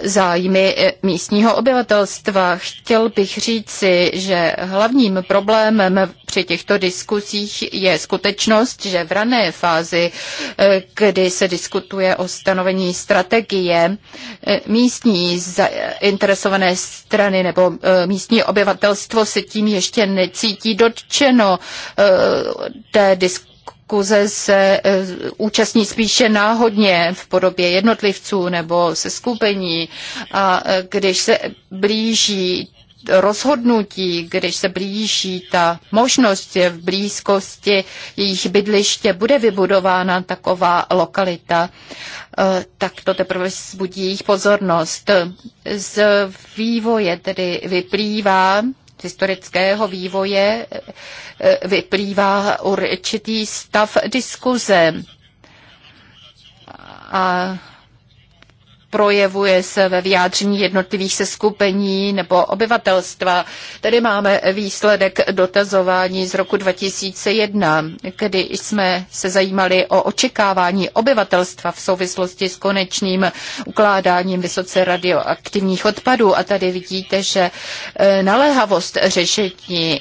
zájmy místního obyvatelstva. Chtěl bych říci, že hlavním problémem při těchto diskusích diskusích je skutečnost, že v rané fázi, eh, kdy se diskutuje o stanovení strategie, eh, místní zainteresované strany nebo eh, místní obyvatelstvo se tím ještě necítí dotčeno té diskuzi se účastní spíše náhodně v podobě jednotlivců nebo se skupení. A když se blíží rozhodnutí, když se blíží ta možnost v blízkosti jejich bydliště, bude vybudována taková lokalita, eh, tak to teprve zbudí jejich pozornost. Z vývoje tedy vyplývá, z historického vývoje eh, vyplývá určitý stav diskuze. A projevuje se ve vyjádření jednotlivých seskupení nebo obyvatelstva. Tady máme výsledek dotazování z roku 2001, kdy jsme se zajímali o očekávání obyvatelstva v souvislosti s konečným ukládáním vysoce radioaktivních odpadů. A tady vidíte, že e, naléhavost řešení e,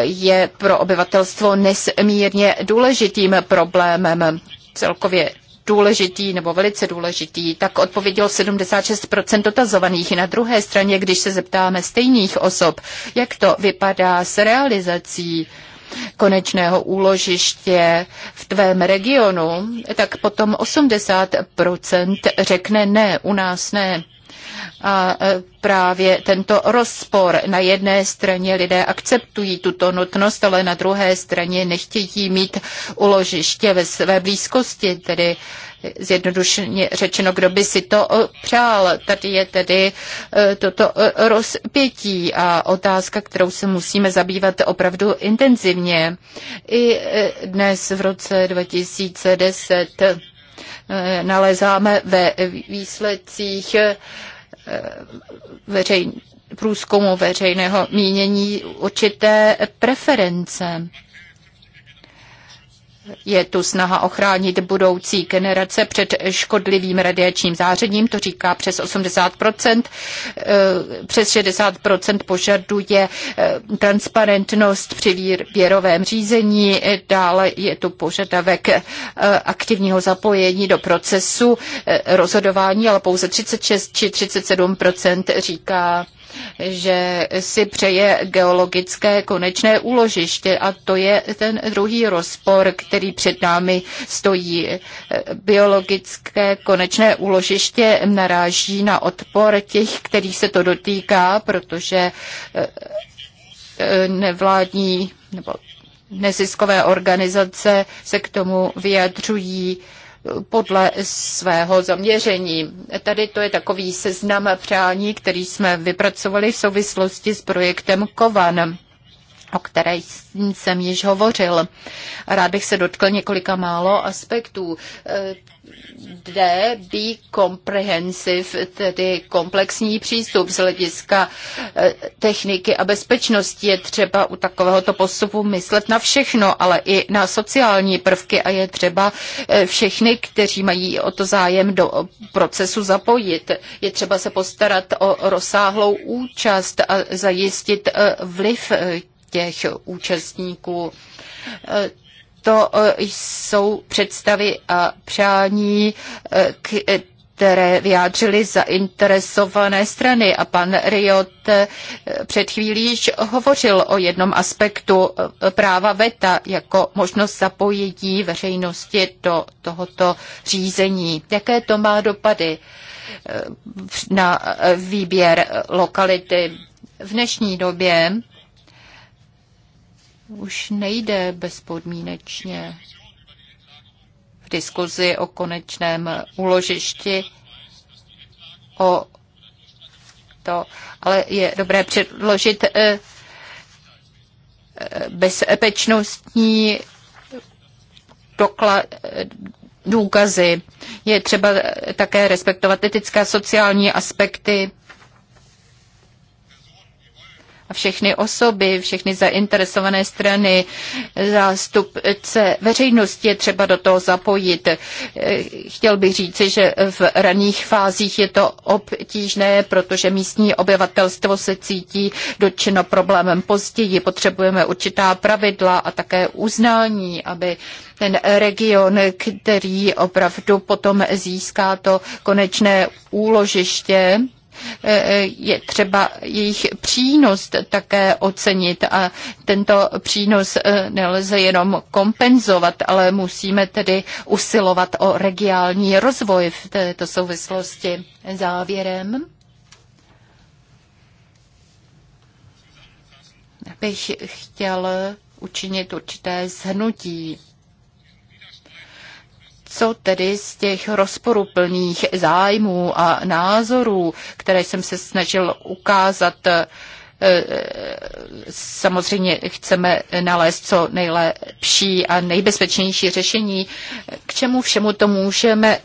je pro obyvatelstvo nesmírně důležitým problémem celkově důležitý nebo velice důležitý, tak odpovědělo 76% dotazovaných. Na druhé straně, když se zeptáme stejných osob, jak to vypadá s realizací konečného úložiště v tvém regionu, tak potom 80% řekne ne, u nás ne. A e, právě tento rozpor. Na jedné straně lidé akceptují tuto nutnost, ale na druhé straně nechtějí mít uložiště ve své blízkosti, tedy zjednodušeně řečeno, kdo by si to e, přál. Tady je tedy e, toto rozpětí a otázka, kterou se musíme zabývat opravdu intenzivně. I dnes v roce 2010 nalezáme ve výsledcích Eh, veřejn, průzkumu veřejného mínění určité preference. Je tu snaha ochránit budoucí generace před škodlivým radiačním zářením, to říká přes 80%, eh, přes 60% požaduje eh, transparentnost při výběrovém řízení, dále je tu požadavek eh, aktivního zapojení do procesu rozhodování, ale pouze 36 či 37% říká že si přeje geologické konečné úložiště a to je ten druhý rozpor, který před námi stojí. Biologické konečné úložiště naráží na odpor těch, kterých se to dotýká, protože eh, nevládní nebo neziskové organizace se k tomu vyjadřují podle svého zaměření. Tady to je takový seznam přání, který jsme vypracovali v souvislosti s projektem Kovan o které jsem již hovořil. Rád bych se dotkl několika málo aspektů kde be comprehensive, tedy komplexní přístup z hlediska eh, techniky a bezpečnosti. Je třeba u takovéhoto postupu myslet na všechno, ale i na sociální prvky a je třeba eh, všechny, kteří mají o to zájem do procesu zapojit. Je třeba se postarat o rozsáhlou účast a zajistit eh, vliv těch účastníků to e, jsou představy a přání, e, e, které vyjádřily zainteresované strany. A pan Riot před chvílí již hovořil o jednom aspektu práva VETA jako možnost zapojení veřejnosti do tohoto řízení. Jaké to má dopady na výběr lokality? V dnešní době už nejde bezpodmínečně. V diskuzi o konečném uložišti o to, ale je dobré předložit eh, eh, bezpečnostní doklad, důkazy. Je třeba také respektovat etické a sociální aspekty a všechny osoby, všechny zainteresované strany, zástupce veřejnosti je třeba do toho zapojit. Chtěl bych říci, že v raných fázích je to obtížné, protože místní obyvatelstvo se cítí dotčeno problémem později. Potřebujeme určitá pravidla a také uznání, aby ten region, který opravdu potom získá to konečné úložiště, Eh, eh, je třeba jejich přínos také ocenit a tento přínos eh, nelze jenom kompenzovat, ale musíme tedy usilovat o regionální rozvoj v této souvislosti. Závěrem bych chtěl učinit určité zhnutí. Co tedy z těch rozporuplných zájmů a názorů, které jsem se snažil ukázat, eh, samozřejmě chceme nalézt co nejlepší a nejbezpečnější řešení, k čemu všemu to můžeme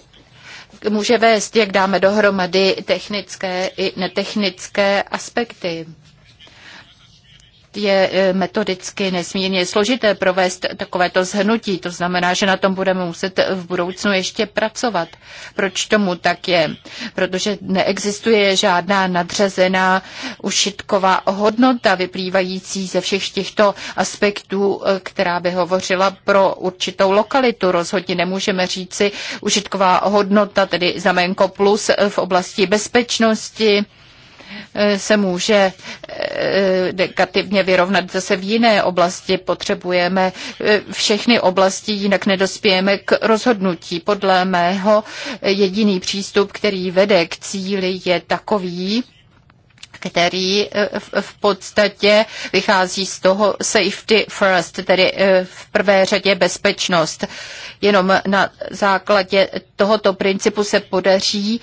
může vést, jak dáme dohromady technické i netechnické aspekty je e, metodicky nesmírně složité provést takovéto zhnutí. To znamená, že na tom budeme muset v budoucnu ještě pracovat. Proč tomu tak je? Protože neexistuje žádná nadřazená ušitková hodnota vyplývající ze všech těchto aspektů, e, která by hovořila pro určitou lokalitu. Rozhodně nemůžeme říci užitková hodnota, tedy znamenko plus e, v oblasti bezpečnosti, Eh, se může eh, negativně vyrovnat zase v jiné oblasti. Potřebujeme eh, všechny oblasti, jinak nedospějeme k rozhodnutí. Podle mého jediný přístup, který vede k cíli, je takový, který v podstatě vychází z toho safety first, tedy v prvé řadě bezpečnost. Jenom na základě tohoto principu se podaří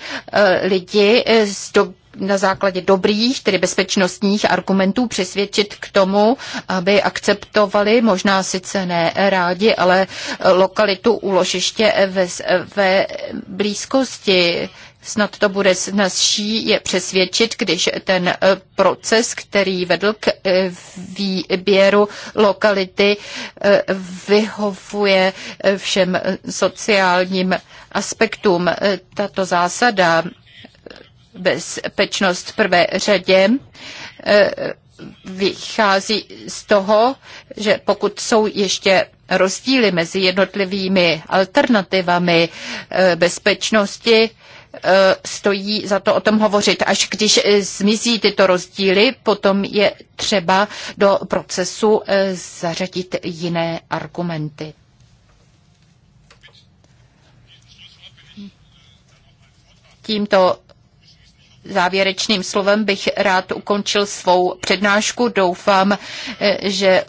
lidi z doby na základě dobrých, tedy bezpečnostních argumentů přesvědčit k tomu, aby akceptovali, možná sice ne rádi, ale lokalitu úložiště ve, ve blízkosti. Snad to bude snazší je přesvědčit, když ten eh, proces, který vedl k eh, výběru lokality, eh, vyhovuje všem sociálním aspektům. Tato zásada bezpečnost v prvé řadě eh, vychází z toho, že pokud jsou ještě rozdíly mezi jednotlivými alternativami eh, bezpečnosti, eh, stojí za to o tom hovořit. Až když zmizí tyto rozdíly, potom je třeba do procesu zařadit jiné argumenty. Tímto závěrečným slovem bych rád ukončil svou přednášku. Doufám, eh, že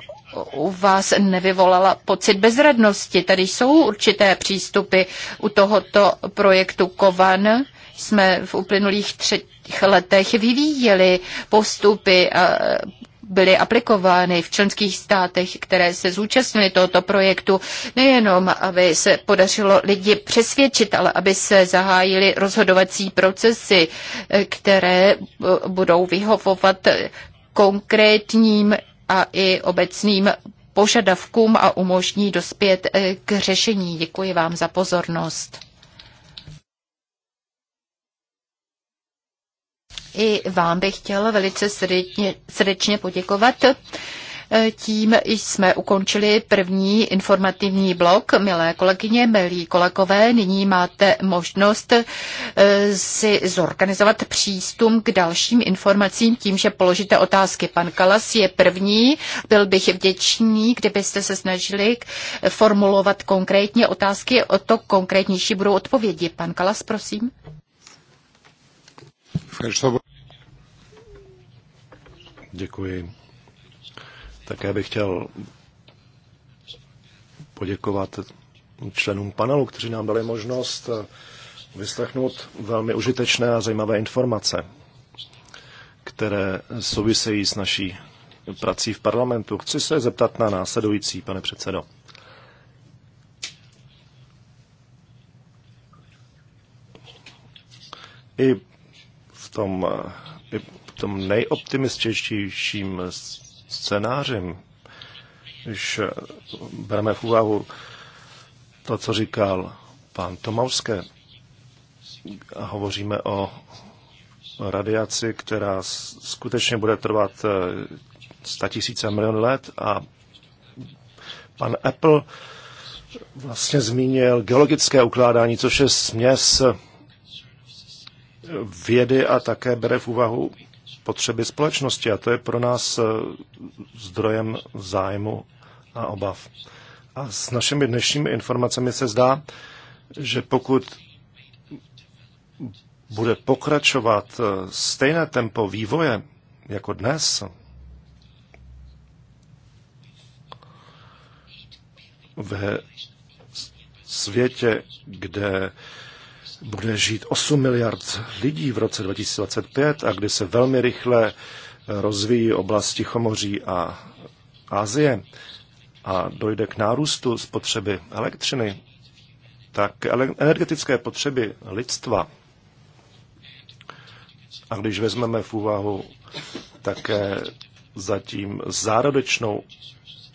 u vás nevyvolala pocit bezradnosti. Tady jsou určité přístupy u tohoto projektu Kovan. Jsme v uplynulých třech letech vyvíjeli postupy a byly aplikovány v členských státech, které se zúčastnily tohoto projektu, nejenom aby se podařilo lidi přesvědčit, ale aby se zahájily rozhodovací procesy, které eh, budou vyhovovat konkrétním a i obecným požadavkům a umožní dospět eh, k řešení. Děkuji vám za pozornost. i vám bych chtěl velice srdečně, srdečně poděkovat. E, tím jsme ukončili první informativní blok. Milé kolegyně, milí kolegové, nyní máte možnost e, si zorganizovat přístup k dalším informacím tím, že položíte otázky. Pan Kalas je první. Byl bych vděčný, kdybyste se snažili formulovat konkrétně otázky, o to konkrétnější budou odpovědi. Pan Kalas, prosím. Děkuji. Také bych chtěl poděkovat členům panelu, kteří nám dali možnost vyslechnout velmi užitečné a zajímavé informace, které souvisejí s naší prací v parlamentu. Chci se zeptat na následující, pane předsedo. I tom, eh, tom nejoptimističtějším scénářem, když eh, bereme v úvahu to, co říkal pán Tomauské, a hovoříme o radiaci, která skutečně bude trvat eh, statisíce milion let a pan Apple vlastně zmínil geologické ukládání, což je směs vědy a také bere v úvahu potřeby společnosti a to je pro nás eh, zdrojem zájmu a obav. A s našimi dnešními informacemi se zdá, že pokud bude pokračovat eh, stejné tempo vývoje jako dnes, ve světě, kde bude žít 8 miliard lidí v roce 2025 a kdy se velmi rychle rozvíjí oblasti Chomoří a Asie a dojde k nárůstu spotřeby elektřiny, tak energetické potřeby lidstva, a když vezmeme v úvahu také zatím zárodečnou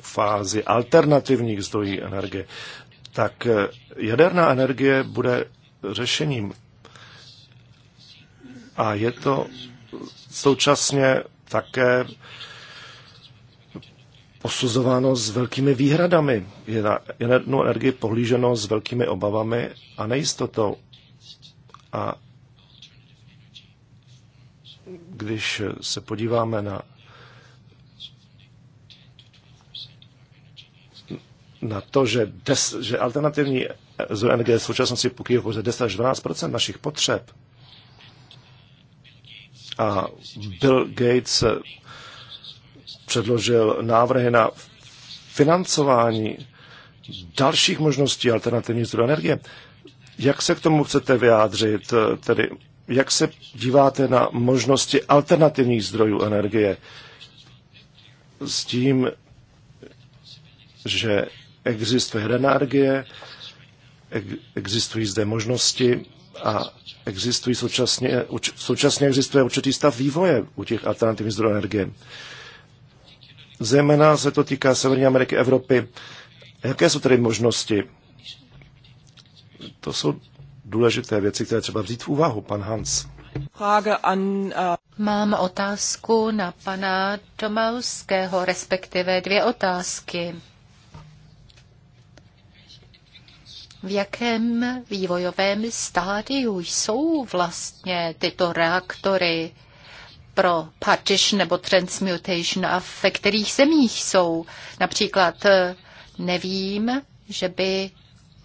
fázi alternativních zdrojů energie, tak jaderná energie bude řešením. A je to současně také posuzováno s velkými výhradami. Je na jednu energii pohlíženo s velkými obavami a nejistotou. A když se podíváme na na to, že, des, že alternativní z energie v současnosti pokryje pouze 10 až 12 našich potřeb. A Bill Gates předložil návrhy na financování dalších možností alternativních zdrojů energie. Jak se k tomu chcete vyjádřit, tedy jak se díváte na možnosti alternativních zdrojů energie s tím, že existuje energie, existují zde možnosti a existují současně, současně existuje určitý stav vývoje u těch alternativních zdrojů energie. Zejména se to týká Severní Ameriky, Evropy. Jaké jsou tedy možnosti? To jsou důležité věci, které třeba vzít v úvahu, pan Hans. Äh, Mám otázku na pana Tomalského, respektive dvě otázky. v jakém vývojovém stádiu jsou vlastně tyto reaktory pro partition nebo transmutation a ve kterých zemích jsou. Například eh, nevím, že by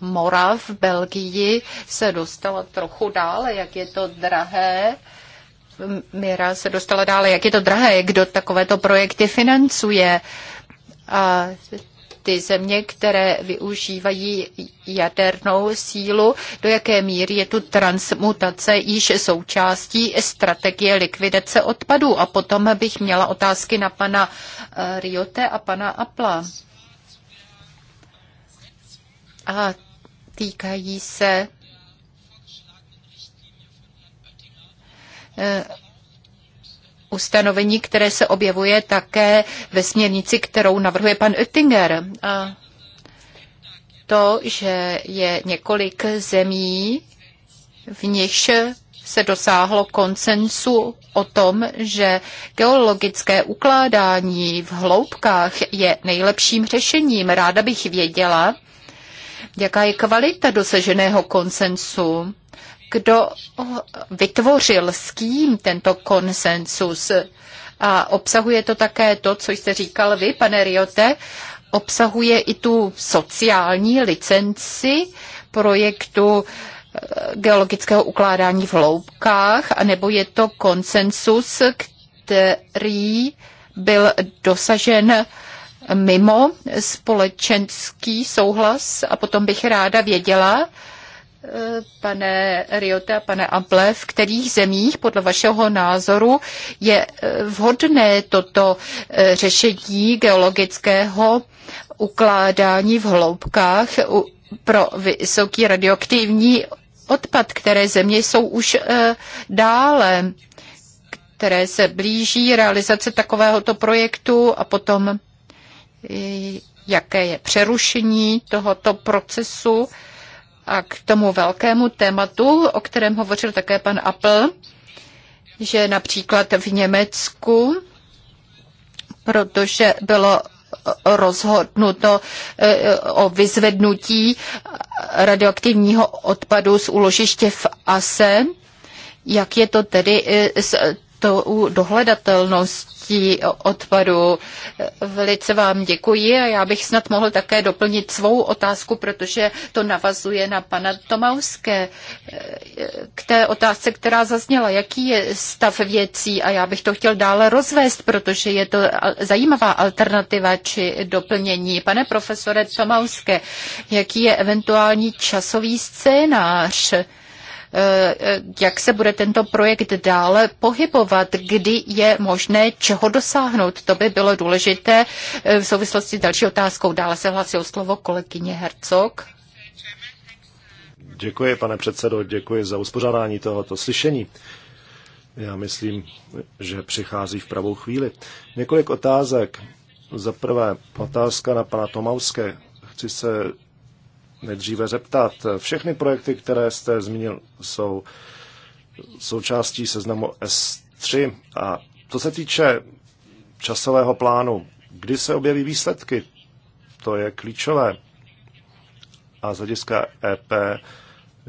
Mora v Belgii se dostala trochu dále, jak je to drahé. Mira se dostala dále, jak je to drahé, kdo takovéto projekty financuje. A ty země, které využívají jadernou sílu, do jaké míry je tu transmutace již součástí strategie likvidace odpadů. A potom bych měla otázky na pana eh, Riote a pana Apla. A týkají se eh, ustanovení, které se objevuje také ve směrnici, kterou navrhuje pan Oettinger. A to, že je několik zemí, v nichž se dosáhlo konsensu o tom, že geologické ukládání v hloubkách je nejlepším řešením. Ráda bych věděla, jaká je kvalita dosaženého konsensu kdo vytvořil s kým tento konsensus. A obsahuje to také to, co jste říkal vy, pane Riote, obsahuje i tu sociální licenci projektu eh, geologického ukládání v hloubkách, anebo je to konsensus, který byl dosažen mimo společenský souhlas a potom bych ráda věděla, Eh, pane Riote a pane Able, v kterých zemích podle vašeho názoru je eh, vhodné toto eh, řešení geologického ukládání v hloubkách pro vysoký radioaktivní odpad, které země jsou už dále, které se blíží realizace takovéhoto projektu a potom jaké je přerušení tohoto procesu a k tomu velkému tématu, o kterém hovořil také pan Apple, že například v Německu, protože bylo rozhodnuto eh, o vyzvednutí radioaktivního odpadu z úložiště v Asen, jak je to tedy eh, s tou dohledatelností odpadu. Velice vám děkuji a já bych snad mohl také doplnit svou otázku, protože to navazuje na pana Tomauské k té otázce, která zazněla, jaký je stav věcí a já bych to chtěl dále rozvést, protože je to zajímavá alternativa či doplnění. Pane profesore Tomauské, jaký je eventuální časový scénář? Eh, jak se bude tento projekt dále pohybovat, kdy je možné čeho dosáhnout. To by bylo důležité eh, v souvislosti s další otázkou. Dále se o slovo kolegyně Hercog. Děkuji, pane předsedo, děkuji za uspořádání tohoto slyšení. Já myslím, že přichází v pravou chvíli. Několik otázek. Za prvé, otázka na pana Tomauske. Chci se nejdříve zeptat. Všechny projekty, které jste zmínil, jsou součástí seznamu S3 a co se týče časového plánu, kdy se objeví výsledky, to je klíčové. A z hlediska EP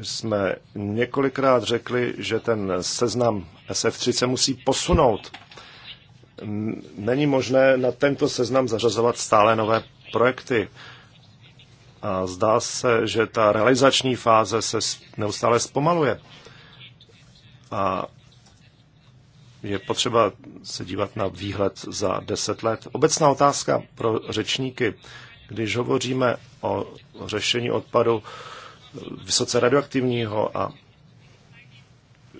jsme několikrát řekli, že ten seznam SF3 se musí posunout. Není možné na tento seznam zařazovat stále nové projekty. A zdá se, že ta realizační fáze se neustále zpomaluje. A je potřeba se dívat na výhled za deset let. Obecná otázka pro řečníky. Když hovoříme o řešení odpadu vysoce radioaktivního a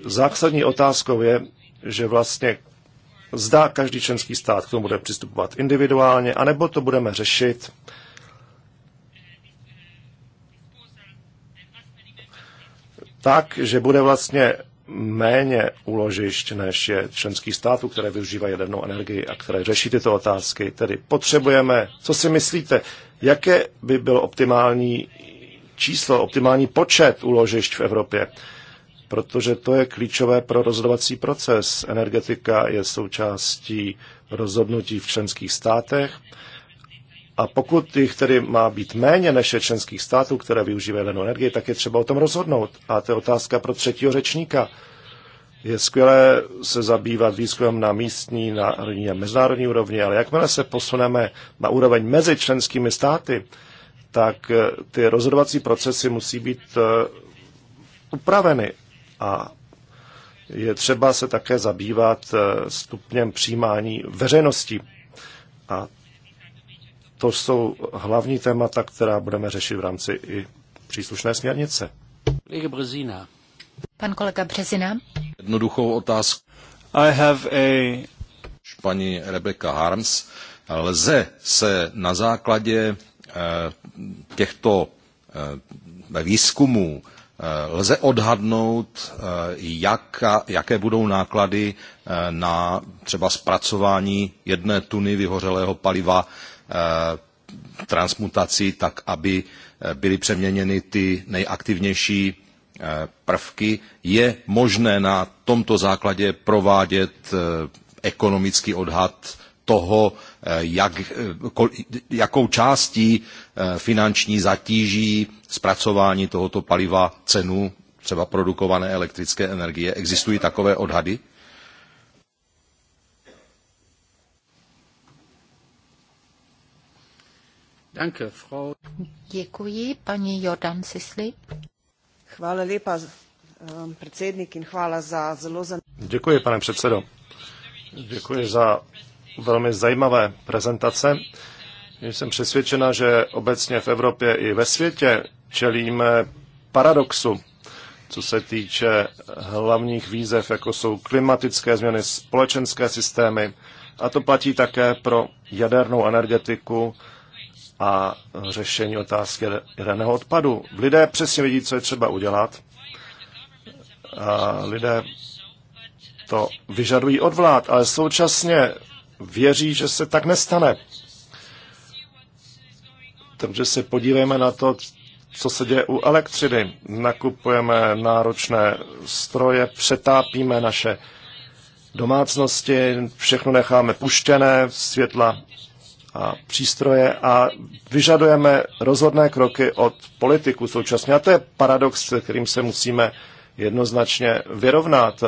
zásadní otázkou je, že vlastně zda každý členský stát k tomu bude přistupovat individuálně, anebo to budeme řešit tak, že bude vlastně méně uložišť, než je členských států, které využívají jadernou energii a které řeší tyto otázky. Tedy potřebujeme, co si myslíte, jaké by bylo optimální číslo, optimální počet uložišť v Evropě? Protože to je klíčové pro rozhodovací proces. Energetika je součástí rozhodnutí v členských státech a pokud jich tedy má být méně než je členských států, které využívají jenom energii, tak je třeba o tom rozhodnout. A to je otázka pro třetího řečníka. Je skvělé se zabývat výzkumem na místní, na a mezinárodní úrovni, ale jakmile se posuneme na úroveň mezi členskými státy, tak eh, ty rozhodovací procesy musí být eh, upraveny. A je třeba se také zabývat eh, stupněm přijímání veřejností. A to jsou hlavní témata, která budeme řešit v rámci i příslušné směrnice. Pan kolega Březina. Jednoduchou otázku. I have a... Paní Rebecca Harms. Lze se na základě eh, těchto eh, výzkumů eh, lze odhadnout, jak, jaké budou náklady na třeba zpracování jedné tuny vyhořelého paliva Eh, transmutaci tak, aby eh, byly přeměněny ty nejaktivnější eh, prvky. Je možné na tomto základě provádět ekonomický odhad toho, jak, jakou částí finanční zatíží zpracování tohoto paliva cenu třeba produkované elektrické energie. Existují takové odhady? Danke, Frau. Děkuji, paní Jordan Sisli. Hvala lepa, eh, předsednik, in hvala za zelo Děkuji, pane předsedo. Děkuji za velmi zajímavé prezentace. Jsem přesvědčena, že obecně v Evropě i ve světě čelíme paradoxu, co se týče hlavních výzev, jako jsou klimatické změny, společenské systémy. A to platí také pro jadernou energetiku a řešení otázky jaderného odpadu. Lidé přesně vidí, co je třeba udělat. A lidé to vyžadují od vlád, ale současně věří, že se tak nestane. Takže se podívejme na to, co se děje u elektřiny. Nakupujeme náročné stroje, přetápíme naše domácnosti, všechno necháme puštěné, světla a přístroje a vyžadujeme rozhodné kroky od politiků současně. A to je paradox, s kterým se musíme jednoznačně vyrovnat.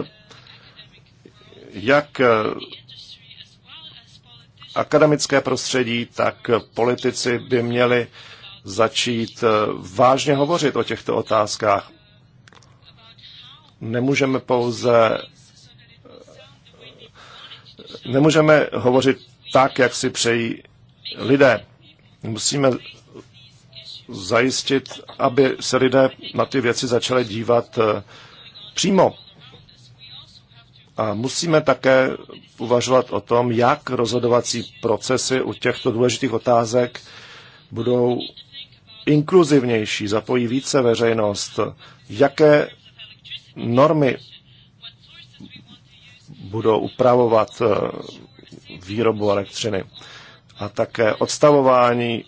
Jak eh, akademické prostředí, tak politici by měli začít eh, vážně hovořit o těchto otázkách. Nemůžeme pouze nemůžeme hovořit tak, jak si přejí lidé. Musíme zajistit, aby se lidé na ty věci začali dívat eh, přímo. A musíme také uvažovat o tom, jak rozhodovací procesy u těchto důležitých otázek budou inkluzivnější, zapojí více veřejnost, jaké normy budou upravovat eh, výrobu elektřiny a také odstavování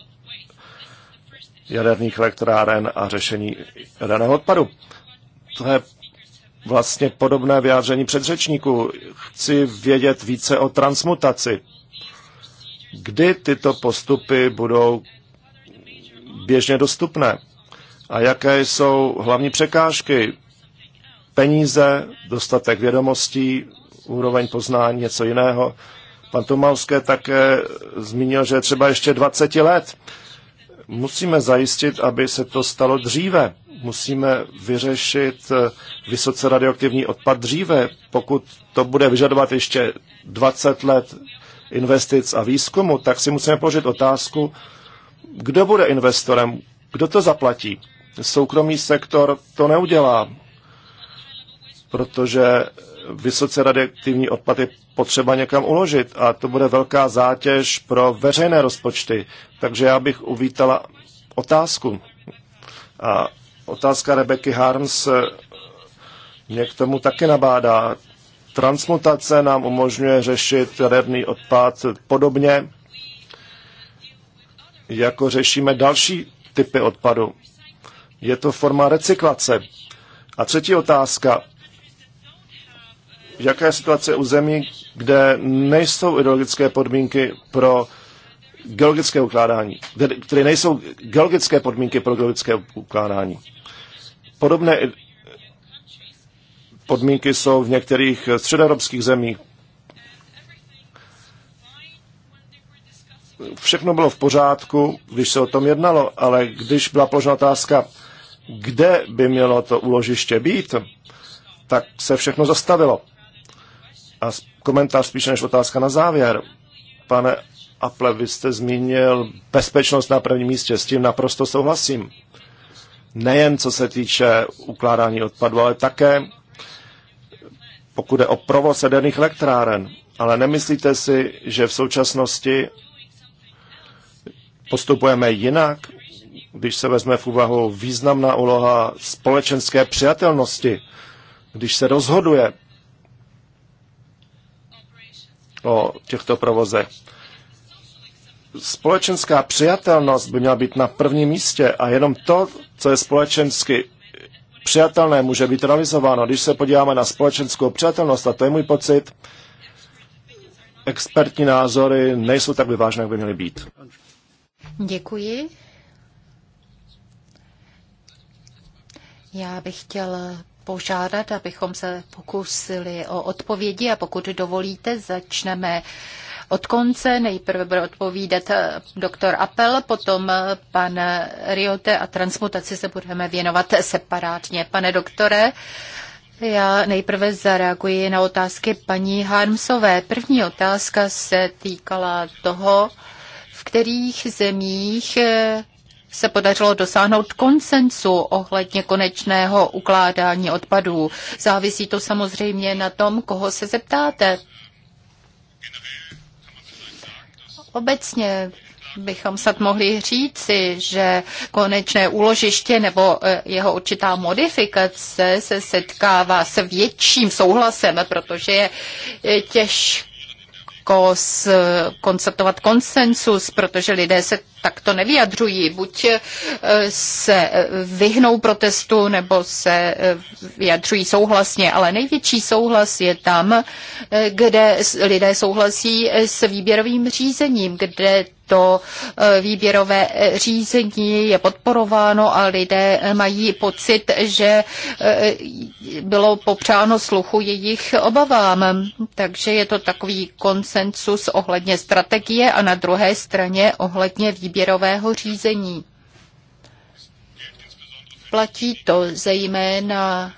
jaderných elektráren a řešení jaderného odpadu. To je vlastně podobné vyjádření předřečníků. Chci vědět více o transmutaci. Kdy tyto postupy budou běžně dostupné? A jaké jsou hlavní překážky? Peníze, dostatek vědomostí, úroveň poznání, něco jiného. Pan Tomalské také zmínil, že je třeba ještě 20 let. Musíme zajistit, aby se to stalo dříve. Musíme vyřešit eh, vysoce radioaktivní odpad dříve. Pokud to bude vyžadovat ještě 20 let investic a výzkumu, tak si musíme položit otázku, kdo bude investorem, kdo to zaplatí. Soukromý sektor to neudělá, protože vysoce radioaktivní odpad je potřeba někam uložit a to bude velká zátěž pro veřejné rozpočty. Takže já bych uvítala otázku. A otázka Rebeky Harms mě k tomu taky nabádá. Transmutace nám umožňuje řešit jaderný odpad podobně, jako řešíme další typy odpadu. Je to forma recyklace. A třetí otázka jaká je situace u zemí, kde nejsou ideologické podmínky pro geologické ukládání, které nejsou geologické podmínky pro geologické ukládání. Podobné podmínky jsou v některých středoevropských zemích. Všechno bylo v pořádku, když se o tom jednalo, ale když byla položena otázka, kde by mělo to úložiště být, tak se všechno zastavilo. A komentář spíše než otázka na závěr. Pane Aple, vy jste zmínil bezpečnost na prvním místě, s tím naprosto souhlasím. Nejen co se týče ukládání odpadu, ale také pokud je o provoz jaderných elektráren. Ale nemyslíte si, že v současnosti postupujeme jinak, když se vezme v úvahu významná úloha společenské přijatelnosti, když se rozhoduje o těchto provozech. Společenská přijatelnost by měla být na prvním místě a jenom to, co je společensky přijatelné, může být realizováno. Když se podíváme na společenskou přijatelnost, a to je můj pocit, expertní názory nejsou tak vyvážné, jak by měly být. Děkuji. Já bych chtěl požádat, abychom se pokusili o odpovědi a pokud dovolíte, začneme od konce. Nejprve bude odpovídat doktor Apel, potom pan Riote a transmutaci se budeme věnovat separátně. Pane doktore, já nejprve zareaguji na otázky paní Harmsové. První otázka se týkala toho, v kterých zemích se podařilo dosáhnout konsensu ohledně konečného ukládání odpadů. Závisí to samozřejmě na tom, koho se zeptáte. Obecně bychom snad mohli říci, že konečné úložiště nebo e, jeho určitá modifikace se setkává s větším souhlasem, protože je e, těžké těžko s, konstatovat konsensus, protože lidé se takto nevyjadřují. Buď eh, se vyhnou protestu, nebo se eh, vyjadřují souhlasně, ale největší souhlas je tam, eh, kde lidé souhlasí s výběrovým řízením, kde to eh, výběrové eh, řízení je podporováno a lidé mají pocit, že eh, bylo popřáno sluchu jejich obavám. Takže je to takový konsensus ohledně strategie a na druhé straně ohledně výběrového řízení. Platí to zejména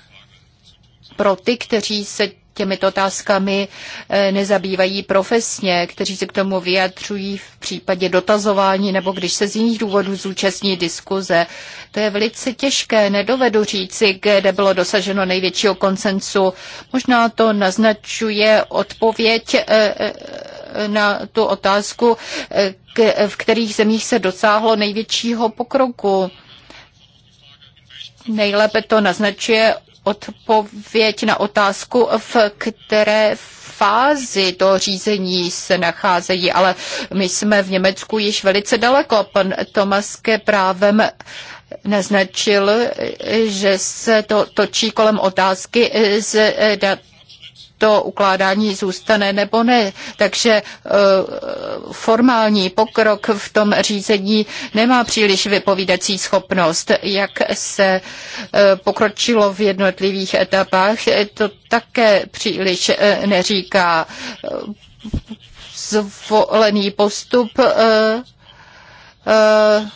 pro ty, kteří se těmito otázkami eh, nezabývají profesně, kteří se k tomu vyjadřují v případě dotazování nebo když se z jiných důvodů zúčastní diskuze. To je velice těžké, nedovedu říci, kde bylo dosaženo největšího konsensu. Možná to naznačuje odpověď eh, eh, na tu otázku, v kterých zemích se dosáhlo největšího pokroku. Nejlépe to naznačuje odpověď na otázku, v které fázi to řízení se nacházejí, ale my jsme v Německu již velice daleko. Pan Tomaske právem naznačil, že se to točí kolem otázky, zda to ukládání zůstane nebo ne. Takže e, formální pokrok v tom řízení nemá příliš vypovídací schopnost. Jak se e, pokročilo v jednotlivých etapách, e, to také příliš neříká. Zvolený postup Eh,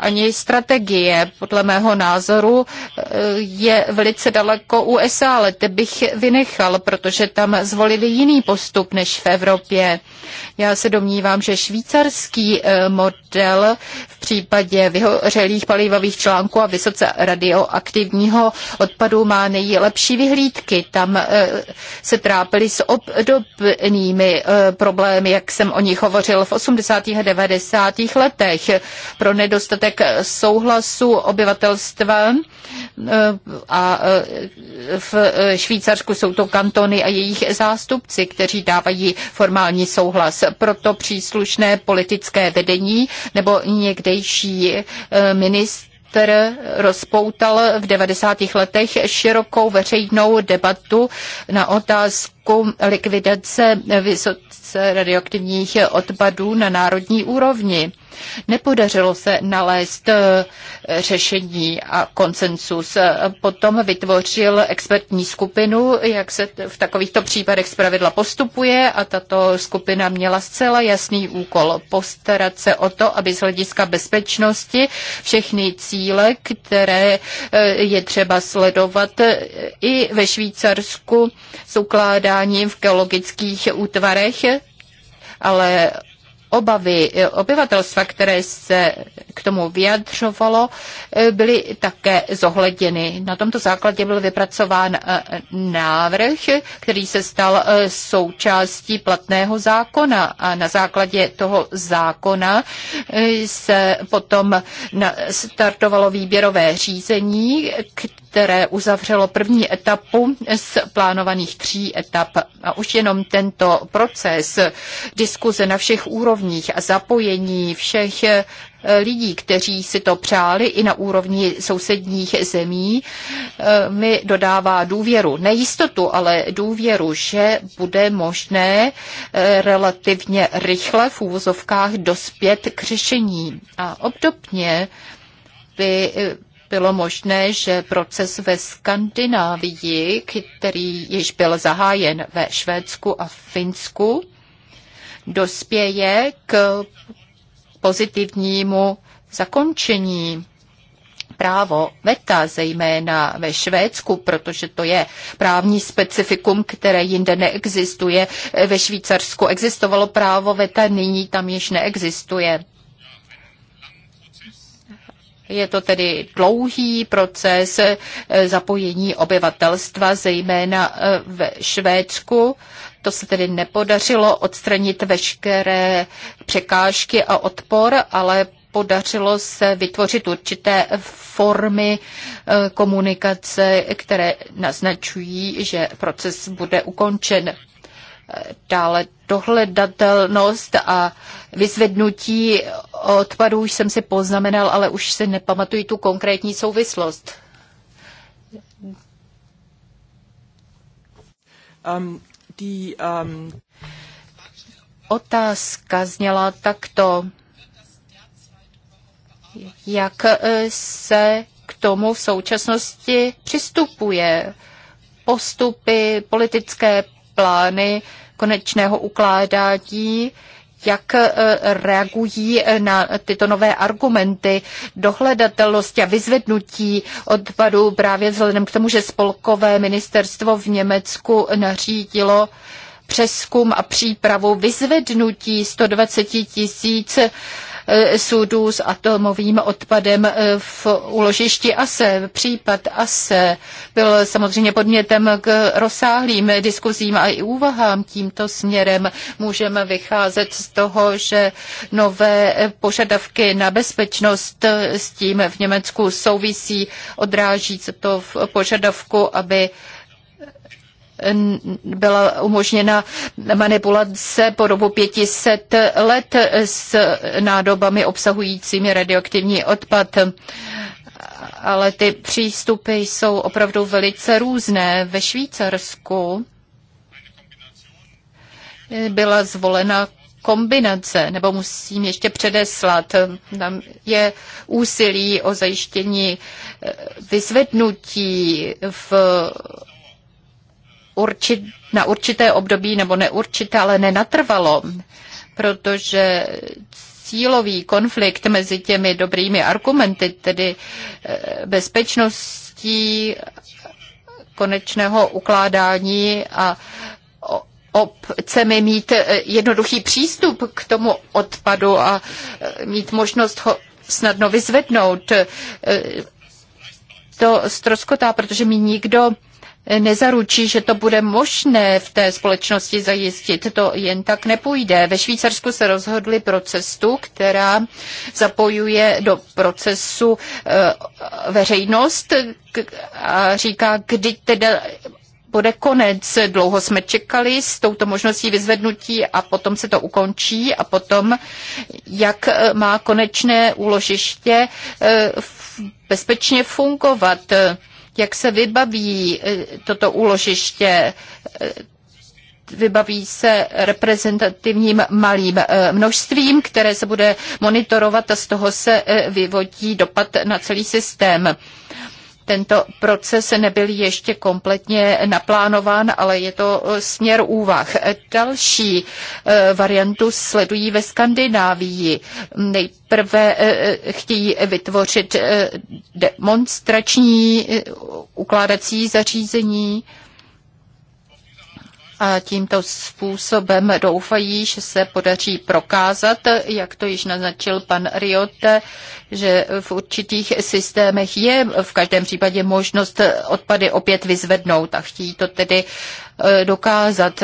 ani strategie. Podle mého názoru eh, je velice daleko USA, ale ty bych vynechal, protože tam zvolili jiný postup než v Evropě. Já se domnívám, že švýcarský eh, model v případě vyhořelých palivových článků a vysoce radioaktivního odpadu má nejlepší vyhlídky. Tam se trápili s obdobnými problémy, jak jsem o nich hovořil v 80. a 90. letech letech pro nedostatek souhlasu obyvatelstva eh, a eh, v eh, Švýcarsku jsou to kantony a jejich zástupci, kteří dávají formální souhlas. Proto příslušné politické vedení nebo někdejší ministr který rozpoutal v 90. letech širokou veřejnou debatu na otázku likvidace vysoce radioaktivních odpadů na národní úrovni. Nepodařilo se nalézt eh, řešení a konsensus. Potom vytvořil expertní skupinu, jak se v takovýchto případech zpravidla postupuje a tato skupina měla zcela jasný úkol postarat se o to, aby z hlediska bezpečnosti všechny cíle, které eh, je třeba sledovat eh, i ve Švýcarsku s ukládáním v geologických útvarech, ale obavy obyvatelstva, které se k tomu vyjadřovalo, byly také zohleděny. Na tomto základě byl vypracován eh, návrh, který se stal eh, součástí platného zákona a na základě toho zákona eh, se potom startovalo výběrové řízení, které uzavřelo první etapu z plánovaných tří etap. A už jenom tento proces diskuze na všech úrovních a zapojení všech eh, lidí, kteří si to přáli i na úrovni sousedních zemí, eh, mi dodává důvěru. Nejistotu, ale důvěru, že bude možné eh, relativně rychle v úvozovkách dospět k řešení. A obdobně by bylo možné, že proces ve Skandinávii, který již byl zahájen ve Švédsku a Finsku, dospěje k pozitivnímu zakončení právo VETA, zejména ve Švédsku, protože to je právní specifikum, které jinde neexistuje. Ve Švýcarsku existovalo právo VETA, nyní tam již neexistuje. Je to tedy dlouhý proces eh, zapojení obyvatelstva, zejména eh, v Švédsku. To se tedy nepodařilo odstranit veškeré překážky a odpor, ale podařilo se vytvořit určité formy eh, komunikace, které naznačují, že proces bude ukončen. Dále dohledatelnost a vyzvednutí odpadů už jsem si poznamenal, ale už si nepamatuji tu konkrétní souvislost. Um, the, um... Otázka zněla takto. Jak eh, se k tomu v současnosti přistupuje? Postupy, politické plány, konečného ukládání, jak e, reagují e, na tyto nové argumenty, dohledatelnost a vyzvednutí odpadu právě vzhledem k tomu, že spolkové ministerstvo v Německu nařídilo přeskum a přípravu vyzvednutí 120 tisíc e, sudů s atomovým odpadem e, v uložišti ASE. Případ ASE byl samozřejmě podmětem k rozsáhlým diskuzím a i úvahám tímto směrem. Můžeme vycházet z toho, že nové požadavky na bezpečnost e, s tím v Německu souvisí, odráží se to v požadavku, aby byla umožněna manipulace po dobu 500 let s nádobami obsahujícími radioaktivní odpad. Ale ty přístupy jsou opravdu velice různé. Ve Švýcarsku byla zvolena kombinace, nebo musím ještě předeslat, tam je úsilí o zajištění eh, vyzvednutí v určit, na určité období nebo neurčité, ale nenatrvalo, protože cílový konflikt mezi těmi dobrými argumenty, tedy eh, bezpečností konečného ukládání a obcemi mít eh, jednoduchý přístup k tomu odpadu a eh, mít možnost ho snadno vyzvednout. To stroskotá, protože mi nikdo nezaručí, že to bude možné v té společnosti zajistit. To jen tak nepůjde. Ve Švýcarsku se rozhodli pro cestu, která zapojuje do procesu eh, veřejnost a říká, kdy teda bude konec. Dlouho jsme čekali s touto možností vyzvednutí a potom se to ukončí a potom, jak eh, má konečné úložiště eh, bezpečně fungovat. Jak se vybaví e, toto úložiště? E, vybaví se reprezentativním malým e, množstvím, které se bude monitorovat a z toho se vyvodí dopad na celý systém. Tento proces nebyl ještě kompletně naplánován, ale je to eh, směr úvah. Další eh, variantu sledují ve Skandinávii. Nejprve eh, chtějí vytvořit demonstrační ukládací zařízení, a tímto způsobem doufají, že se podaří prokázat, jak to již naznačil pan Riote, že v určitých systémech je v každém případě možnost odpady opět vyzvednout a chtějí to tedy eh, dokázat.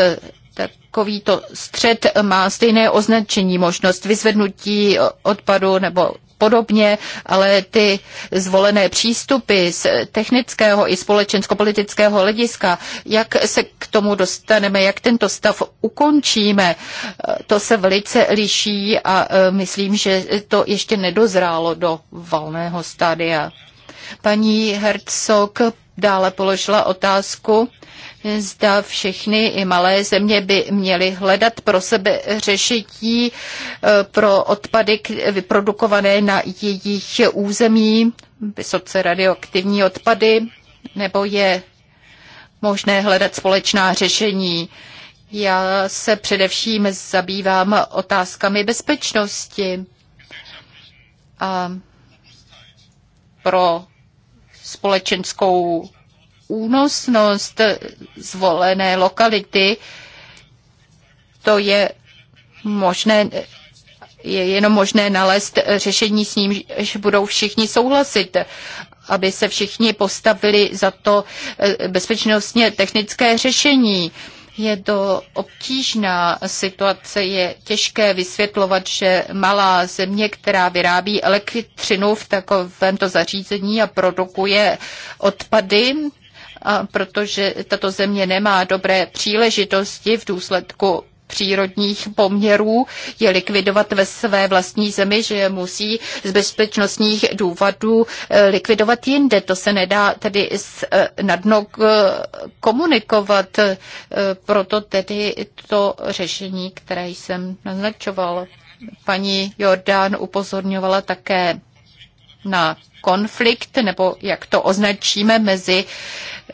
Takovýto střed má stejné označení, možnost vyzvednutí odpadu nebo podobně, ale ty zvolené přístupy z technického i společensko-politického hlediska, jak se k tomu dostaneme, jak tento stav ukončíme, to se velice liší a e, myslím, že to ještě nedozrálo do valného stádia. Paní Herzog dále položila otázku, zda všechny i malé země by měly hledat pro sebe řešení eh, pro odpady vyprodukované na jejich území, vysoce radioaktivní odpady, nebo je možné hledat společná řešení. Já se především zabývám otázkami bezpečnosti. A pro společenskou únosnost zvolené lokality, to je možné, je jenom možné nalézt řešení s ním, že budou všichni souhlasit aby se všichni postavili za to eh, bezpečnostně technické řešení. Je to obtížná situace, je těžké vysvětlovat, že malá země, která vyrábí elektřinu v takovémto zařízení a produkuje odpady, protože tato země nemá dobré příležitosti v důsledku přírodních poměrů je likvidovat ve své vlastní zemi, že je musí z bezpečnostních důvodů eh, likvidovat jinde. To se nedá tedy eh, nadno eh, komunikovat, proto tedy to řešení, které jsem naznačoval. Paní Jordán upozorňovala také na konflikt, nebo jak to označíme, mezi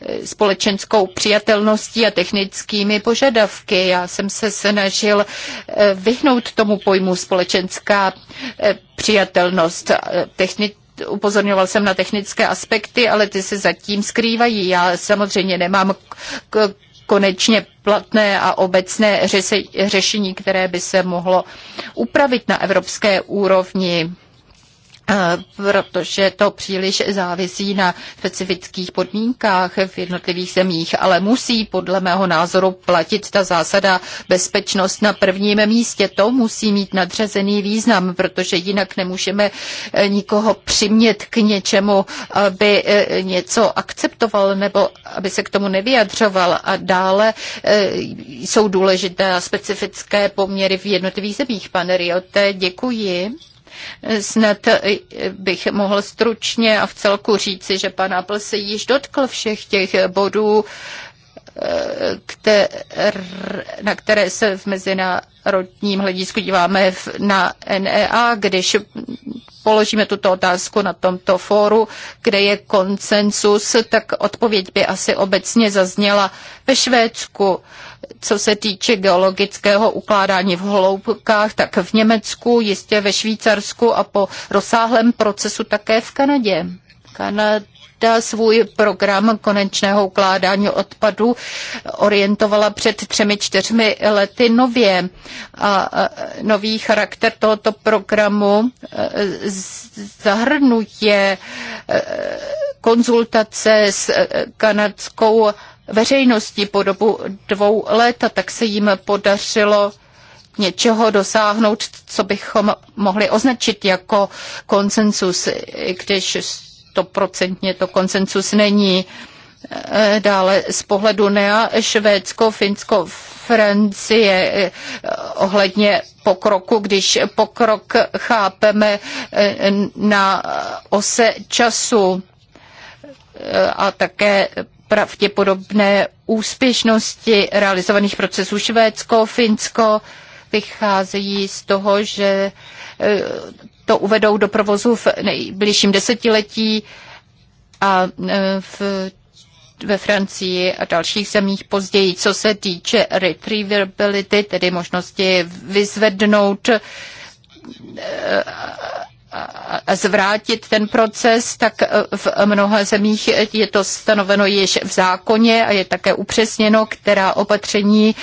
e, společenskou přijatelností a technickými požadavky. Já jsem se snažil e, vyhnout tomu pojmu společenská e, přijatelnost. Techni- upozorňoval jsem na technické aspekty, ale ty se zatím skrývají. Já samozřejmě nemám konečně platné a obecné řešení, které by se mohlo upravit na evropské úrovni protože to příliš závisí na specifických podmínkách v jednotlivých zemích, ale musí podle mého názoru platit ta zásada bezpečnost na prvním místě. To musí mít nadřazený význam, protože jinak nemůžeme eh, nikoho přimět k něčemu, aby eh, něco akceptoval nebo aby se k tomu nevyjadřoval. A dále eh, jsou důležité a specifické poměry v jednotlivých zemích. Pane Riote, děkuji. Snad eh, bych mohl stručně a v celku říci, že pan Apple se již dotkl všech těch bodů, na které se v mezinárodním hledisku díváme na NEA, když položíme tuto otázku na tomto fóru, kde je konsensus, tak odpověď by asi obecně zazněla ve Švédsku. Co se týče geologického ukládání v holoubkách, tak v Německu, jistě ve Švýcarsku a po rozsáhlém procesu také v Kanadě. Kanada vláda svůj program konečného ukládání odpadu orientovala před třemi, čtyřmi lety nově. A nový charakter tohoto programu e, zahrnuje e, konzultace s e, kanadskou veřejností po dobu dvou let a tak se jim podařilo něčeho dosáhnout, co bychom mohli označit jako konsensus, když stoprocentně to koncensus není. E, dále z pohledu NEA Švédsko, Finsko, Francie e, ohledně pokroku, když pokrok chápeme e, na ose času a také pravděpodobné úspěšnosti realizovaných procesů Švédsko, Finsko vycházejí z toho, že to uvedou do provozu v nejbližším desetiletí a e, v, ve Francii a dalších zemích později. Co se týče retrievability, tedy možnosti vyzvednout e, a zvrátit ten proces, tak e, v mnoha zemích je to stanoveno již v zákoně a je také upřesněno, která opatření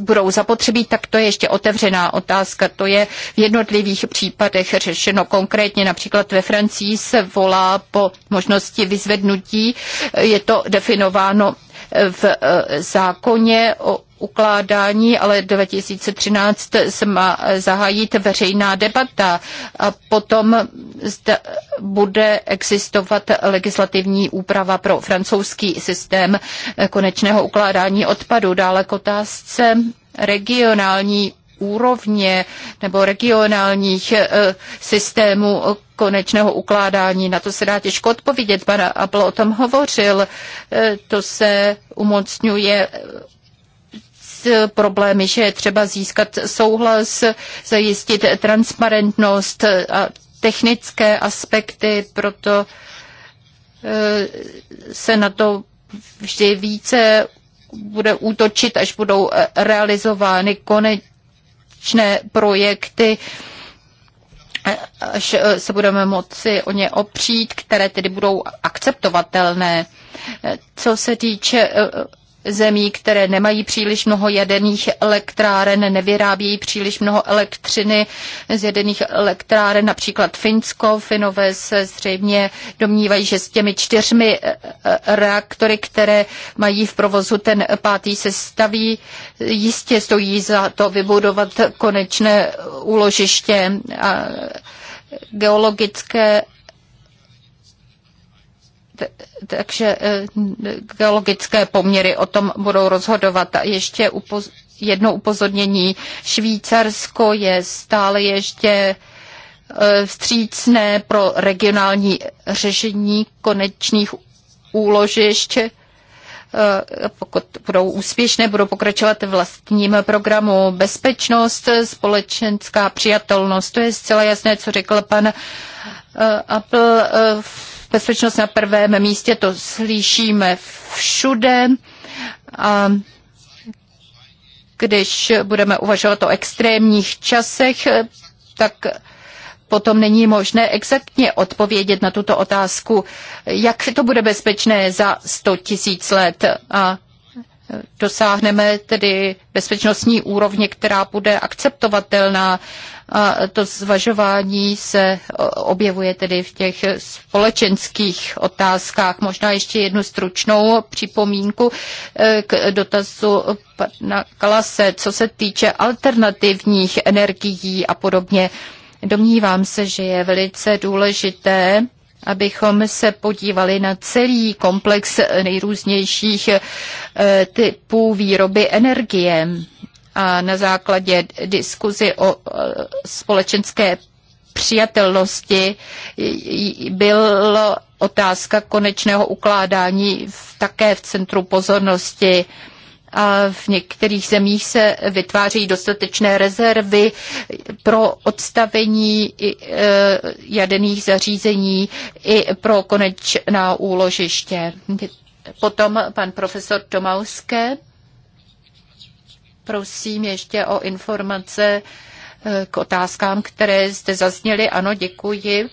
budou zapotřebí, tak to je ještě otevřená otázka. To je v jednotlivých případech řešeno konkrétně. Například ve Francii se volá po možnosti vyzvednutí. Je to definováno v e, zákoně o ukládání, ale 2013 se má zahájit veřejná debata a potom zda bude existovat legislativní úprava pro francouzský systém konečného ukládání odpadu. Dále k otázce regionální úrovně nebo regionálních eh, systémů konečného ukládání. Na to se dá těžko odpovědět. Pan Apple o tom hovořil. Eh, to se umocňuje Eh, problémy, že je třeba získat souhlas, zajistit transparentnost eh, a technické aspekty, proto eh, se na to vždy více bude útočit, až budou realizovány konečné projekty, až se budeme moci o ně opřít, které tedy budou akceptovatelné. Co se týče zemí, které nemají příliš mnoho jaderných elektráren, nevyrábějí příliš mnoho elektřiny z jaderných elektráren, například Finsko. Finové se zřejmě domnívají, že s těmi čtyřmi eh, eh, reaktory, které mají v provozu ten pátý, se staví. Jistě stojí za to vybudovat konečné úložiště a geologické takže e, geologické poměry o tom budou rozhodovat. A ještě upoz, jedno upozornění. Švýcarsko je stále ještě e, vstřícné pro regionální řešení konečných úložišť. E, pokud budou úspěšné, budou pokračovat vlastním programu bezpečnost, společenská přijatelnost. To je zcela jasné, co řekl pan Apple v bezpečnost na prvém místě, to slyšíme všude. A když budeme uvažovat o extrémních časech, tak potom není možné exaktně odpovědět na tuto otázku, jak to bude bezpečné za 100 tisíc let. A dosáhneme tedy bezpečnostní úrovně, která bude akceptovatelná. A to zvažování se objevuje tedy v těch společenských otázkách. Možná ještě jednu stručnou připomínku e, k dotazu pana Kalase, co se týče alternativních energií a podobně. Domnívám se, že je velice důležité, abychom se podívali na celý komplex nejrůznějších eh, typů výroby energie. A na základě diskuzi o eh, společenské přijatelnosti byla otázka konečného ukládání také v centru pozornosti a v některých zemích se vytváří dostatečné rezervy pro odstavení e, jaderných zařízení i pro konečná úložiště. Potom pan profesor Tomauske. Prosím ještě o informace e, k otázkám, které zde zazněly. Ano, děkuji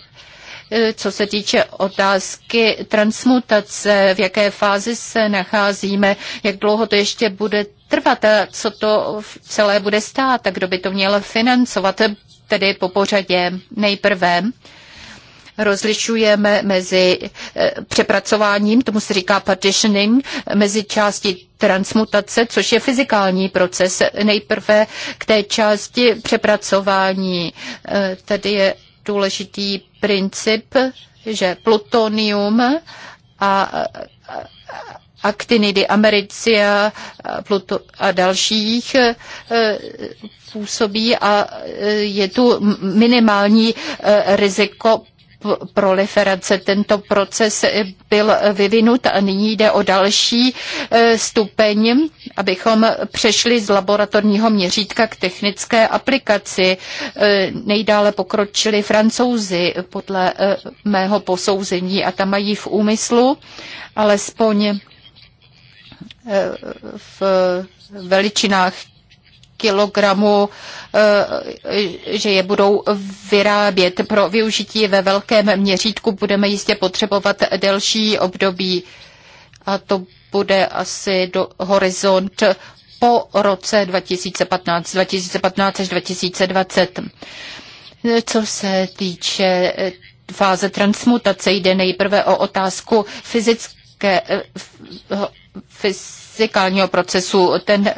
co se týče otázky transmutace, v jaké fázi se nacházíme, jak dlouho to ještě bude trvat a co to celé bude stát a kdo by to měl financovat, tedy po pořadě nejprve rozlišujeme mezi eh, přepracováním, tomu se říká partitioning, mezi části transmutace, což je fyzikální proces, nejprve k té části přepracování. Eh, Tady je důležitý princip, že plutonium a aktinidy americia pluto a dalších e, působí a e, je tu minimální e, riziko proliferace. Tento proces byl vyvinut a nyní jde o další e, stupeň, abychom přešli z laboratorního měřítka k technické aplikaci. E, nejdále pokročili francouzi podle e, mého posouzení a tam mají v úmyslu alespoň v veličinách kilogramů, eh, že je budou vyrábět pro využití ve velkém měřítku. Budeme jistě potřebovat delší období a to bude asi do horizont po roce 2015, 2015 až 2020. Co se týče eh, fáze transmutace, jde nejprve o otázku fyzické, eh, fyzikálního procesu, ten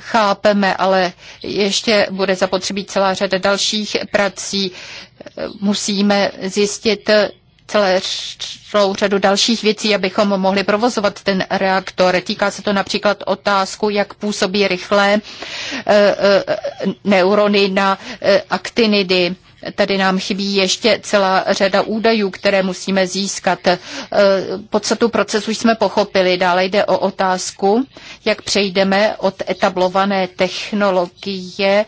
chápeme, ale ještě bude zapotřebí celá řada dalších prací. Musíme zjistit celé celou řadu dalších věcí, abychom mohli provozovat ten reaktor. Týká se to například otázku, jak působí rychlé e, e, neurony na e, eh, aktinidy. Tady nám chybí ještě celá řada údajů, které musíme získat. E, podstatu procesu jsme pochopili. Dále jde o otázku, jak přejdeme od etablované technologie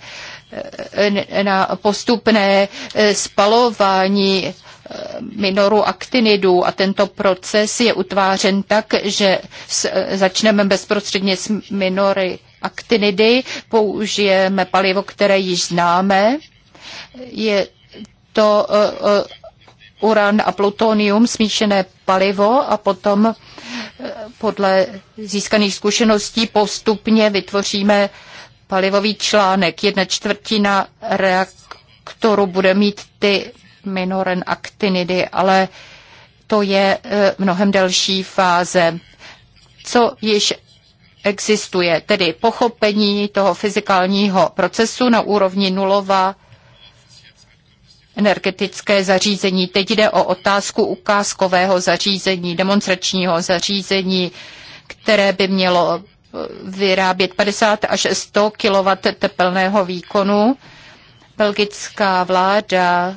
e, na postupné e, spalování minoru aktinidů a tento proces je utvářen tak, že začneme bezprostředně s minory aktinidy, použijeme palivo, které již známe je to eh, eh, uran a plutonium, smíšené palivo a potom eh, podle získaných zkušeností postupně vytvoříme palivový článek. Jedna čtvrtina reaktoru bude mít ty minoren aktinidy, ale to je mnohem delší fáze. Co již existuje, tedy pochopení toho fyzikálního procesu na úrovni nulová energetické zařízení. Teď jde o otázku ukázkového zařízení, demonstračního zařízení, které by mělo eh, vyrábět 50 až 100 kW tepelného výkonu. Belgická vláda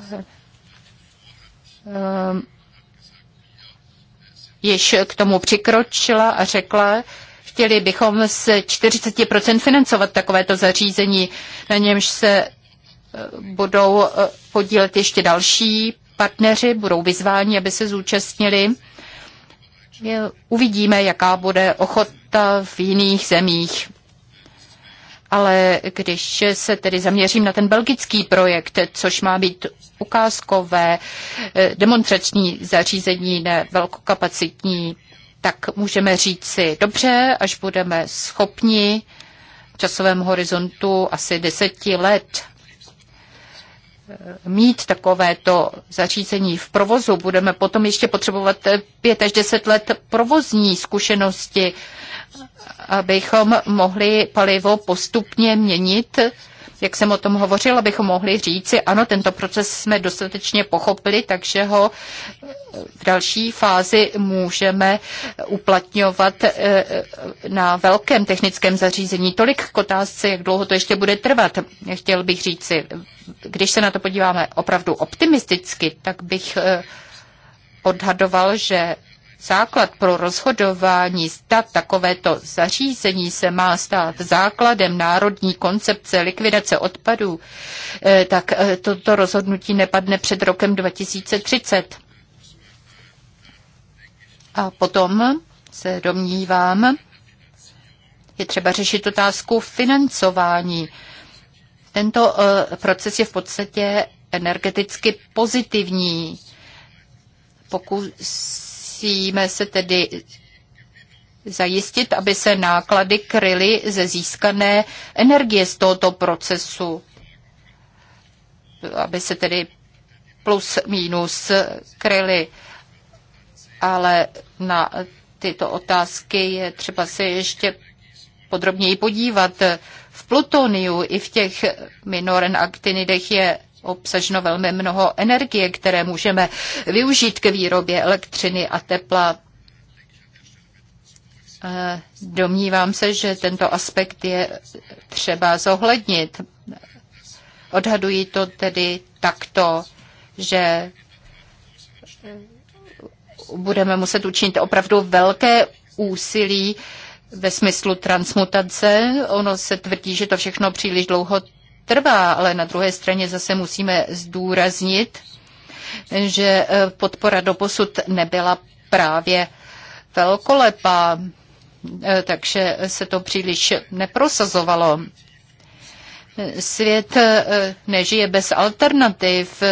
um, již k tomu přikročila a řekla, chtěli bychom se 40% financovat takovéto zařízení, na němž se budou eh, podílet ještě další partneři, budou vyzváni, aby se zúčastnili. Uvidíme, jaká bude ochota v jiných zemích. Ale když se tedy zaměřím na ten belgický projekt, což má být ukázkové eh, demonstrační zařízení, ne velkokapacitní, tak můžeme říci, dobře, až budeme schopni v časovém horizontu asi deseti let Eh, mít takovéto zařízení v provozu, budeme potom ještě potřebovat pět až deset let provozní zkušenosti, abychom mohli palivo postupně měnit jak jsem o tom hovořil, abychom mohli říci, ano, tento proces jsme dostatečně pochopili, takže ho eh, v další fázi můžeme uplatňovat eh, eh, na velkém technickém zařízení. Tolik k otázce, jak dlouho to ještě bude trvat. Chtěl bych říci, když se na to podíváme opravdu optimisticky, tak bych odhadoval, že základ pro rozhodování, zda takovéto zařízení se má stát základem národní koncepce likvidace odpadů, eh, tak eh, toto rozhodnutí nepadne před rokem 2030. A potom se domnívám, je třeba řešit otázku financování. Tento eh, proces je v podstatě energeticky pozitivní. Pokud Musíme se tedy zajistit, aby se náklady kryly ze získané energie z tohoto procesu, aby se tedy plus minus kryly. Ale na tyto otázky je třeba se ještě podrobněji podívat. V plutoniu i v těch minoren aktinidech je obsaženo velmi mnoho energie, které můžeme využít k výrobě elektřiny a tepla. Eh, domnívám se, že tento aspekt je třeba zohlednit. Odhaduji to tedy takto, že eh, budeme muset učinit opravdu velké úsilí ve smyslu transmutace. Ono se tvrdí, že to všechno příliš dlouho trvá, ale na druhé straně zase musíme zdůraznit, že e, podpora do posud nebyla právě velkolepá, e, takže se to příliš neprosazovalo. Svět e, nežije bez alternativ.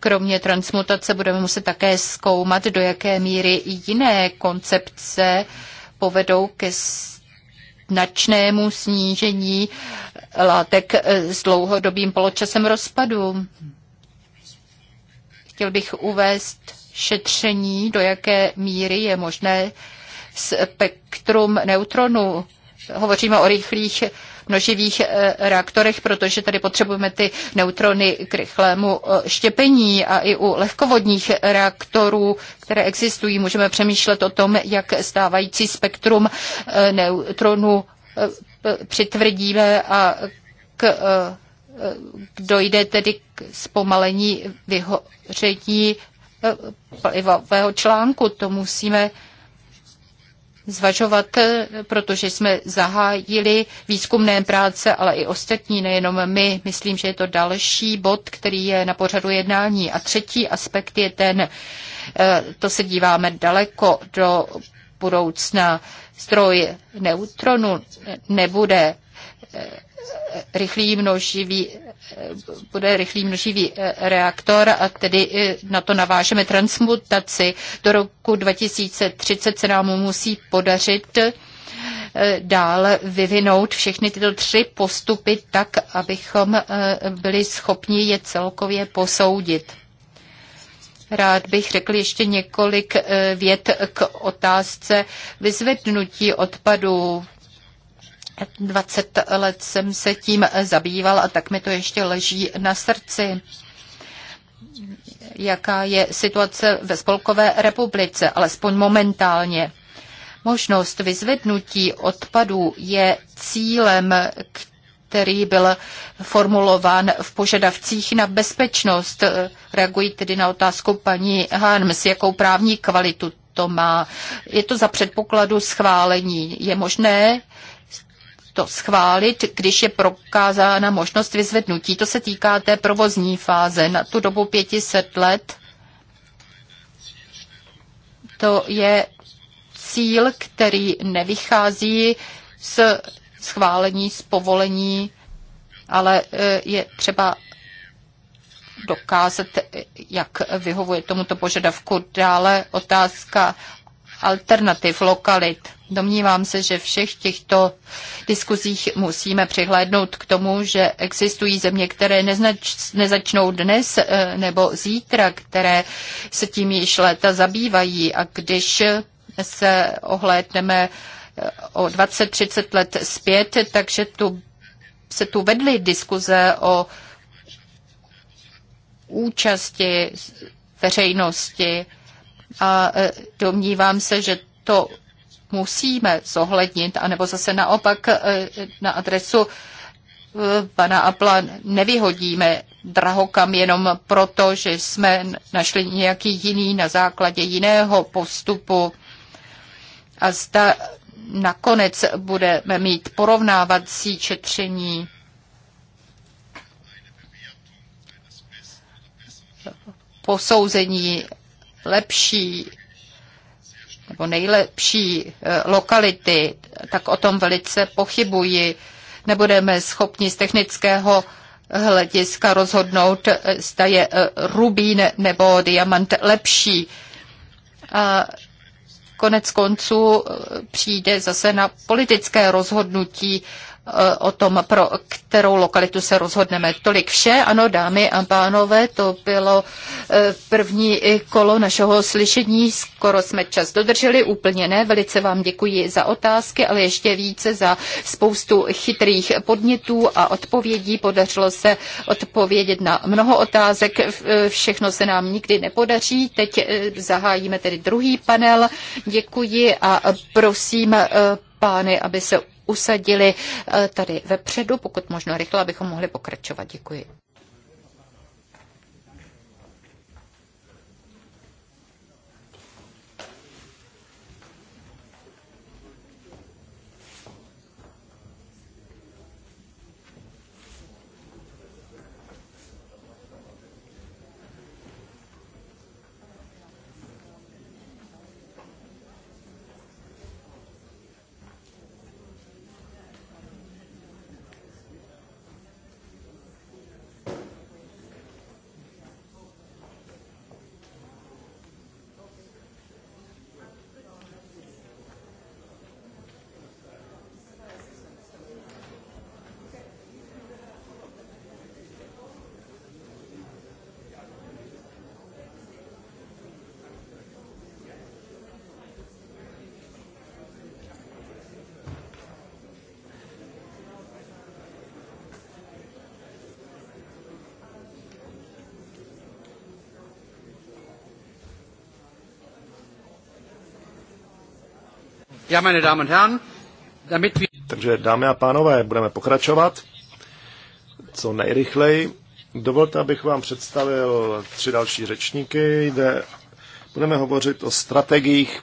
Kromě transmutace budeme muset také zkoumat, do jaké míry jiné koncepce povedou ke značnému snížení látek eh, s dlouhodobým poločasem rozpadu. Chtěl bych uvést šetření, do jaké míry je možné spektrum neutronu. Hovoříme o rychlých množivých eh, reaktorech, protože tady potřebujeme ty neutrony k rychlému eh, štěpení a i u lehkovodních reaktorů, které existují, můžeme přemýšlet o tom, jak stávající spektrum neutronu přitvrdíme a k, eh, eh, dojde tedy k zpomalení vyhoření eh, palivového článku. To musíme zvažovat, protože jsme zahájili výzkumné práce, ale i ostatní, nejenom my. Myslím, že je to další bod, který je na pořadu jednání. A třetí aspekt je ten, to se díváme daleko do budoucna. Stroj neutronu nebude eh, rychlý množivý, eh, bude rychlý množivý eh, reaktor a tedy na to navážeme transmutaci. Do roku 2030 se nám musí podařit dál vyvinout všechny tyto tři postupy tak, abychom byli schopni je celkově posoudit. Rád bych řekl ještě několik eh, vět k otázce vyzvednutí odpadů. 20 let jsem se tím zabýval a tak mi to ještě leží na srdci jaká je situace ve Spolkové republice, alespoň momentálně. Možnost vyzvednutí odpadů je cílem, který byl formulován v požadavcích na bezpečnost. Reagují tedy na otázku paní Harms, jakou právní kvalitu to má. Je to za předpokladu schválení. Je možné to schválit, když je prokázána možnost vyzvednutí. To se týká té provozní fáze na tu dobu 500 let. To je cíl, který nevychází z schválení z povolení, ale e, je třeba dokázat, jak vyhovuje tomuto požadavku. Dále otázka alternativ lokalit. Domnívám se, že všech těchto diskuzích musíme přihlédnout k tomu, že existují země, které neznač, nezačnou dnes e, nebo zítra, které se tím již léta zabývají. A když se ohlédneme uh, o 20-30 let zpět, takže tu, se tu vedly diskuze o účasti veřejnosti a e, domnívám se, že to musíme zohlednit, anebo zase naopak e, na adresu e, pana Apla nevyhodíme drahokam jenom proto, že jsme našli nějaký jiný na základě jiného postupu. A zda nakonec budeme mít porovnávací četření. posouzení lepší nebo nejlepší eh, lokality, tak o tom velice pochybuji. Nebudeme schopni z technického hlediska rozhodnout, eh, zda je eh, rubín nebo diamant lepší. A konec konců eh, přijde zase na politické rozhodnutí o tom, pro kterou lokalitu se rozhodneme. Tolik vše. Ano, dámy a pánové, to bylo e, první kolo našeho slyšení. Skoro jsme čas dodrželi, úplně ne. Velice vám děkuji za otázky, ale ještě více za spoustu chytrých podnětů a odpovědí. Podařilo se odpovědět na mnoho otázek. E, všechno se nám nikdy nepodaří. Teď e, zahájíme tedy druhý panel. Děkuji a prosím pány, aby se usadili eh, tady vepředu, pokud možno rychle, abychom mohli pokračovat. Děkuji. Ja, meine Damen und Herren, damit wir... Takže dámy a pánové, budeme pokračovat co nejrychleji. Dovolte, abych vám představil tři další řečníky. Jde, budeme hovořit o strategiích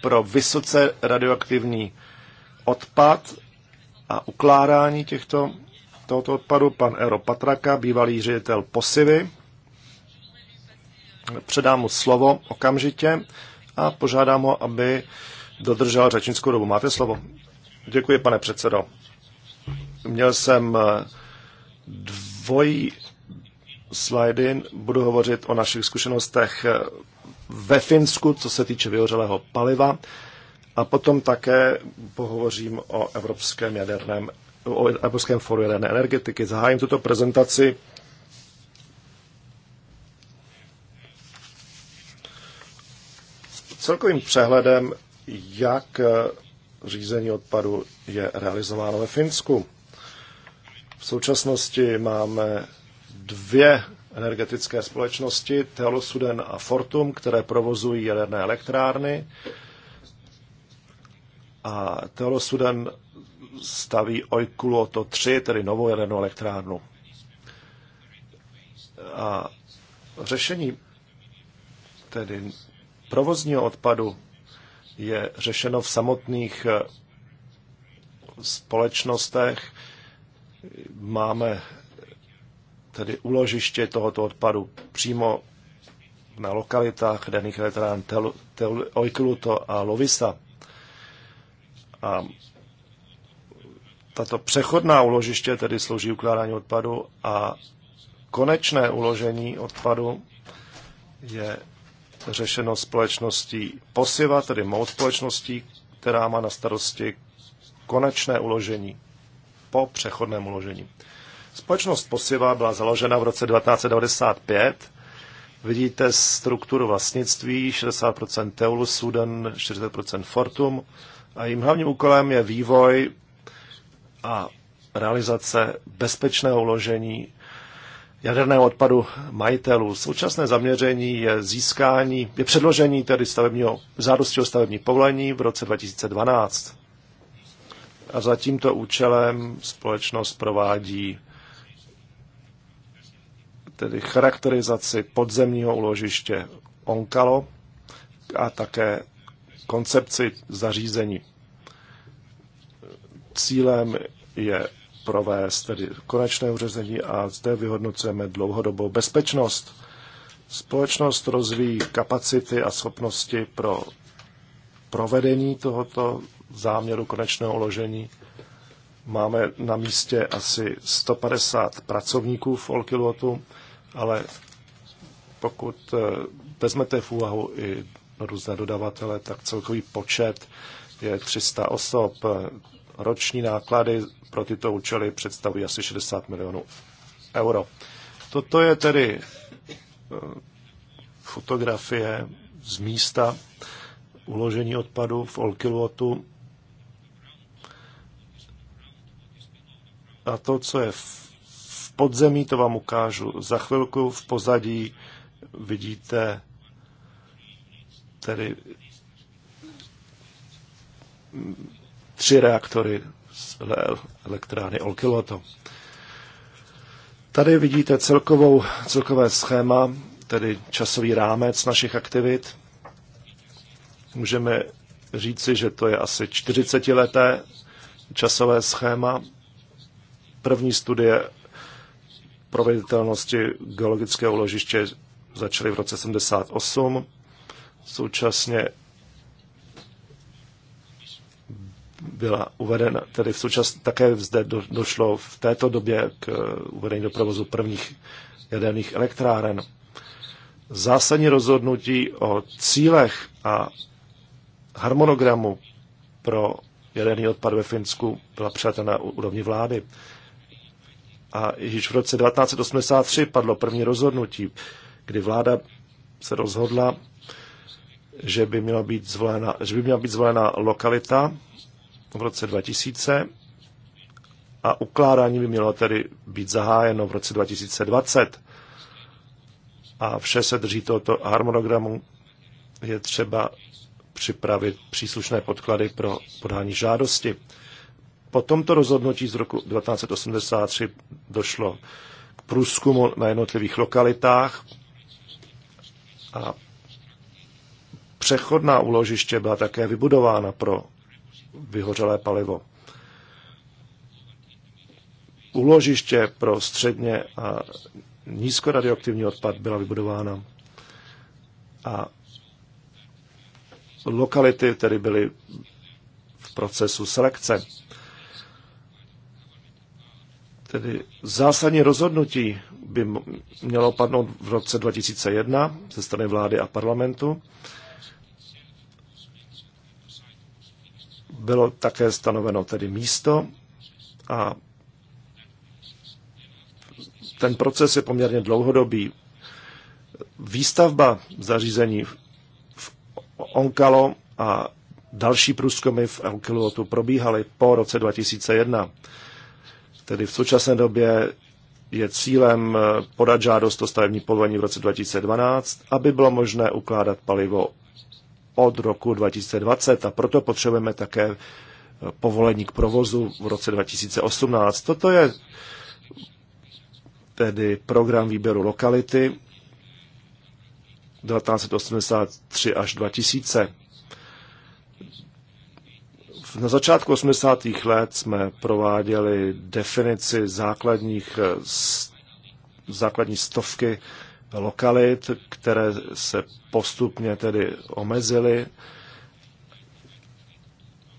pro vysoce radioaktivní odpad a ukládání těchto, tohoto odpadu. Pan Ero Patraka, bývalý ředitel Posivy. Předám mu slovo okamžitě a požádám ho, aby dodržel řečnickou dobu. Máte slovo? Děkuji, pane předsedo. Měl jsem eh, dvojí slajdy. Budu hovořit o našich zkušenostech eh, ve Finsku, co se týče vyhořelého paliva. A potom také pohovořím o Evropském jaderném, o Evropském foru jaderné energetiky. Zahájím tuto prezentaci celkovým přehledem jak eh, řízení odpadu je realizováno ve Finsku. V současnosti máme dvě energetické společnosti, Telosuden a Fortum, které provozují jaderné elektrárny. A Telosuden staví Oikuloto 3, tedy novou jadernou elektrárnu. A řešení tedy provozního odpadu je řešeno v samotných eh, společnostech. Máme eh, tedy uložiště tohoto odpadu přímo na lokalitách daných veterán Oikluto a Lovisa. A tato přechodná uložiště tedy slouží ukládání odpadu a konečné uložení odpadu je řešeno společností posiva, tedy mou společností, která má na starosti konečné uložení po přechodném uložení. Společnost posiva byla založena v roce 1995. Vidíte strukturu vlastnictví, 60% Teulus Sudan, 40% Fortum a jejím hlavním úkolem je vývoj a realizace bezpečného uložení jaderného odpadu majitelů. Současné zaměření je získání, je předložení tedy stavebního, žádosti o stavební povolení v roce 2012. A za tímto účelem společnost provádí tedy charakterizaci podzemního uložiště Onkalo a také koncepci zařízení. Cílem je provést tedy konečné uřezení a zde vyhodnocujeme dlouhodobou bezpečnost. Společnost rozvíjí kapacity a schopnosti pro provedení tohoto záměru konečného uložení. Máme na místě asi 150 pracovníků v Olkiluotu, ale pokud eh, vezmete v úvahu i různé dodavatele, tak celkový počet je 300 osob, roční náklady pro tyto účely představují asi 60 milionů euro. Toto je tedy eh, fotografie z místa uložení odpadu v Olkiluotu. A to, co je v podzemí, to vám ukážu za chvilku. V pozadí vidíte tedy tři reaktory z elektrárny Olkiluoto. Tady vidíte celkovou, celkové schéma, tedy časový rámec našich aktivit. Můžeme říci, že to je asi 40-leté časové schéma. První studie proveditelnosti geologického ložiště začaly v roce 78. Současně byla uvedena, tedy v současné, také zde do, došlo v této době k eh, uvedení do provozu prvních jaderných elektráren. Zásadní rozhodnutí o cílech a harmonogramu pro jaderný odpad ve Finsku byla přijata na úrovni vlády. A již v roce 1983 padlo první rozhodnutí, kdy vláda se rozhodla, že by měla být zvolena, že by měla být zvolena lokalita v roce 2000 a ukládání by mělo tedy být zahájeno v roce 2020. A vše se drží tohoto harmonogramu. Je třeba připravit příslušné podklady pro podání žádosti. Po tomto rozhodnutí z roku 1983 došlo k průzkumu na jednotlivých lokalitách a přechodná úložiště byla také vybudována pro vyhořelé palivo. Uložiště pro středně a nízkoradioaktivní odpad byla vybudována a lokality tedy byly v procesu selekce. Tedy zásadní rozhodnutí by mělo padnout v roce 2001 ze strany vlády a parlamentu bylo také stanoveno tedy místo a ten proces je poměrně dlouhodobý. Výstavba zařízení v Onkalo a další průzkumy v Elkilotu probíhaly po roce 2001. Tedy v současné době je cílem podat žádost o stavební povolení v roce 2012, aby bylo možné ukládat palivo od roku 2020 a proto potřebujeme také povolení k provozu v roce 2018. Toto je tedy program výběru lokality 1983 až 2000. Na začátku 80. let jsme prováděli definici základních, eh, základní stovky lokalit, které se postupně tedy omezily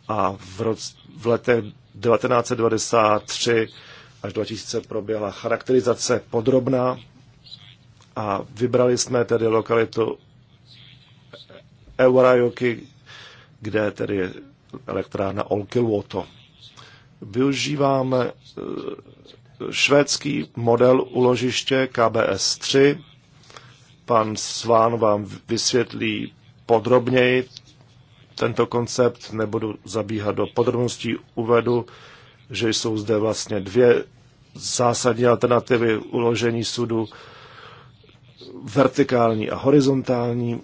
a v, roce, v letech 1993 až 2000 proběhla charakterizace podrobná a vybrali jsme tedy lokalitu Eurajoki, kde tedy je elektrárna Olkiluoto. Využíváme eh, švédský model uložiště KBS-3 Pan Sván vám vysvětlí podrobněji tento koncept, nebudu zabíhat do podrobností, uvedu, že jsou zde vlastně dvě zásadní alternativy uložení sudu, vertikální a horizontální.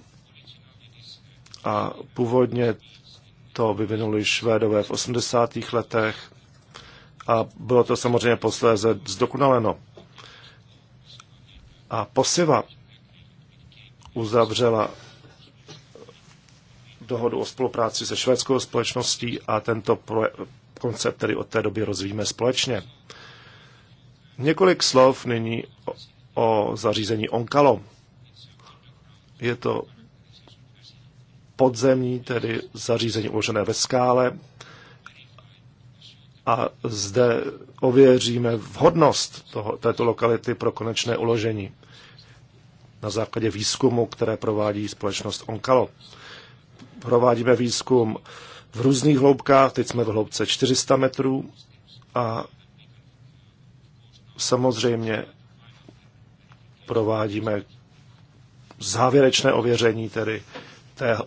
A původně to vyvinuli Švédové v 80. letech a bylo to samozřejmě posléze zdokonaleno. A posiva uzavřela dohodu o spolupráci se švédskou společností a tento koncept tedy od té doby rozvíjíme společně. Několik slov nyní o zařízení Onkalo. Je to podzemní, tedy zařízení uložené ve skále. A zde ověříme vhodnost toho, této lokality pro konečné uložení na základě výzkumu, které provádí společnost Onkalo. Provádíme výzkum v různých hloubkách, teď jsme v hloubce 400 metrů a samozřejmě provádíme závěrečné ověření tedy té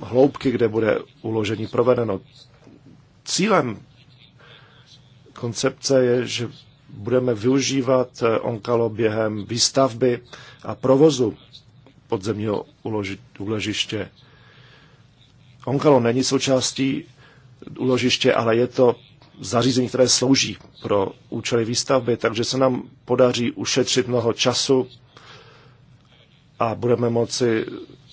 hloubky, kde bude uložení provedeno. Cílem koncepce je, že budeme využívat eh, Onkalo během výstavby a provozu podzemního úložiště. Onkalo není součástí úložiště, ale je to zařízení, které slouží pro účely výstavby, takže se nám podaří ušetřit mnoho času a budeme moci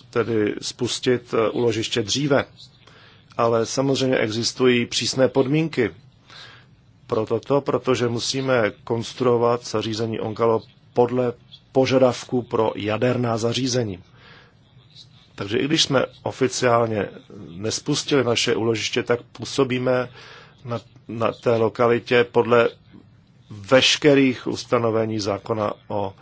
tedy spustit eh, úložiště dříve. Ale samozřejmě existují přísné podmínky pro toto, protože musíme konstruovat zařízení Onkalo podle požadavků pro jaderná zařízení. Takže i když jsme oficiálně nespustili naše úložiště, tak působíme na, na té lokalitě podle veškerých ustanovení zákona o, o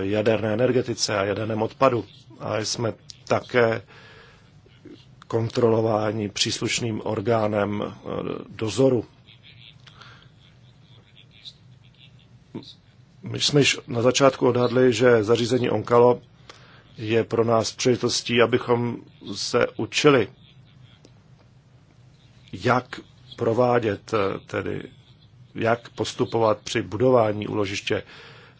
jaderné energetice a jaderném odpadu. A jsme také kontrolováni příslušným orgánem e, dozoru. my jsme již na začátku odhadli, že zařízení Onkalo je pro nás příležitostí, abychom se učili, jak provádět eh, tedy, jak postupovat při budování úložiště.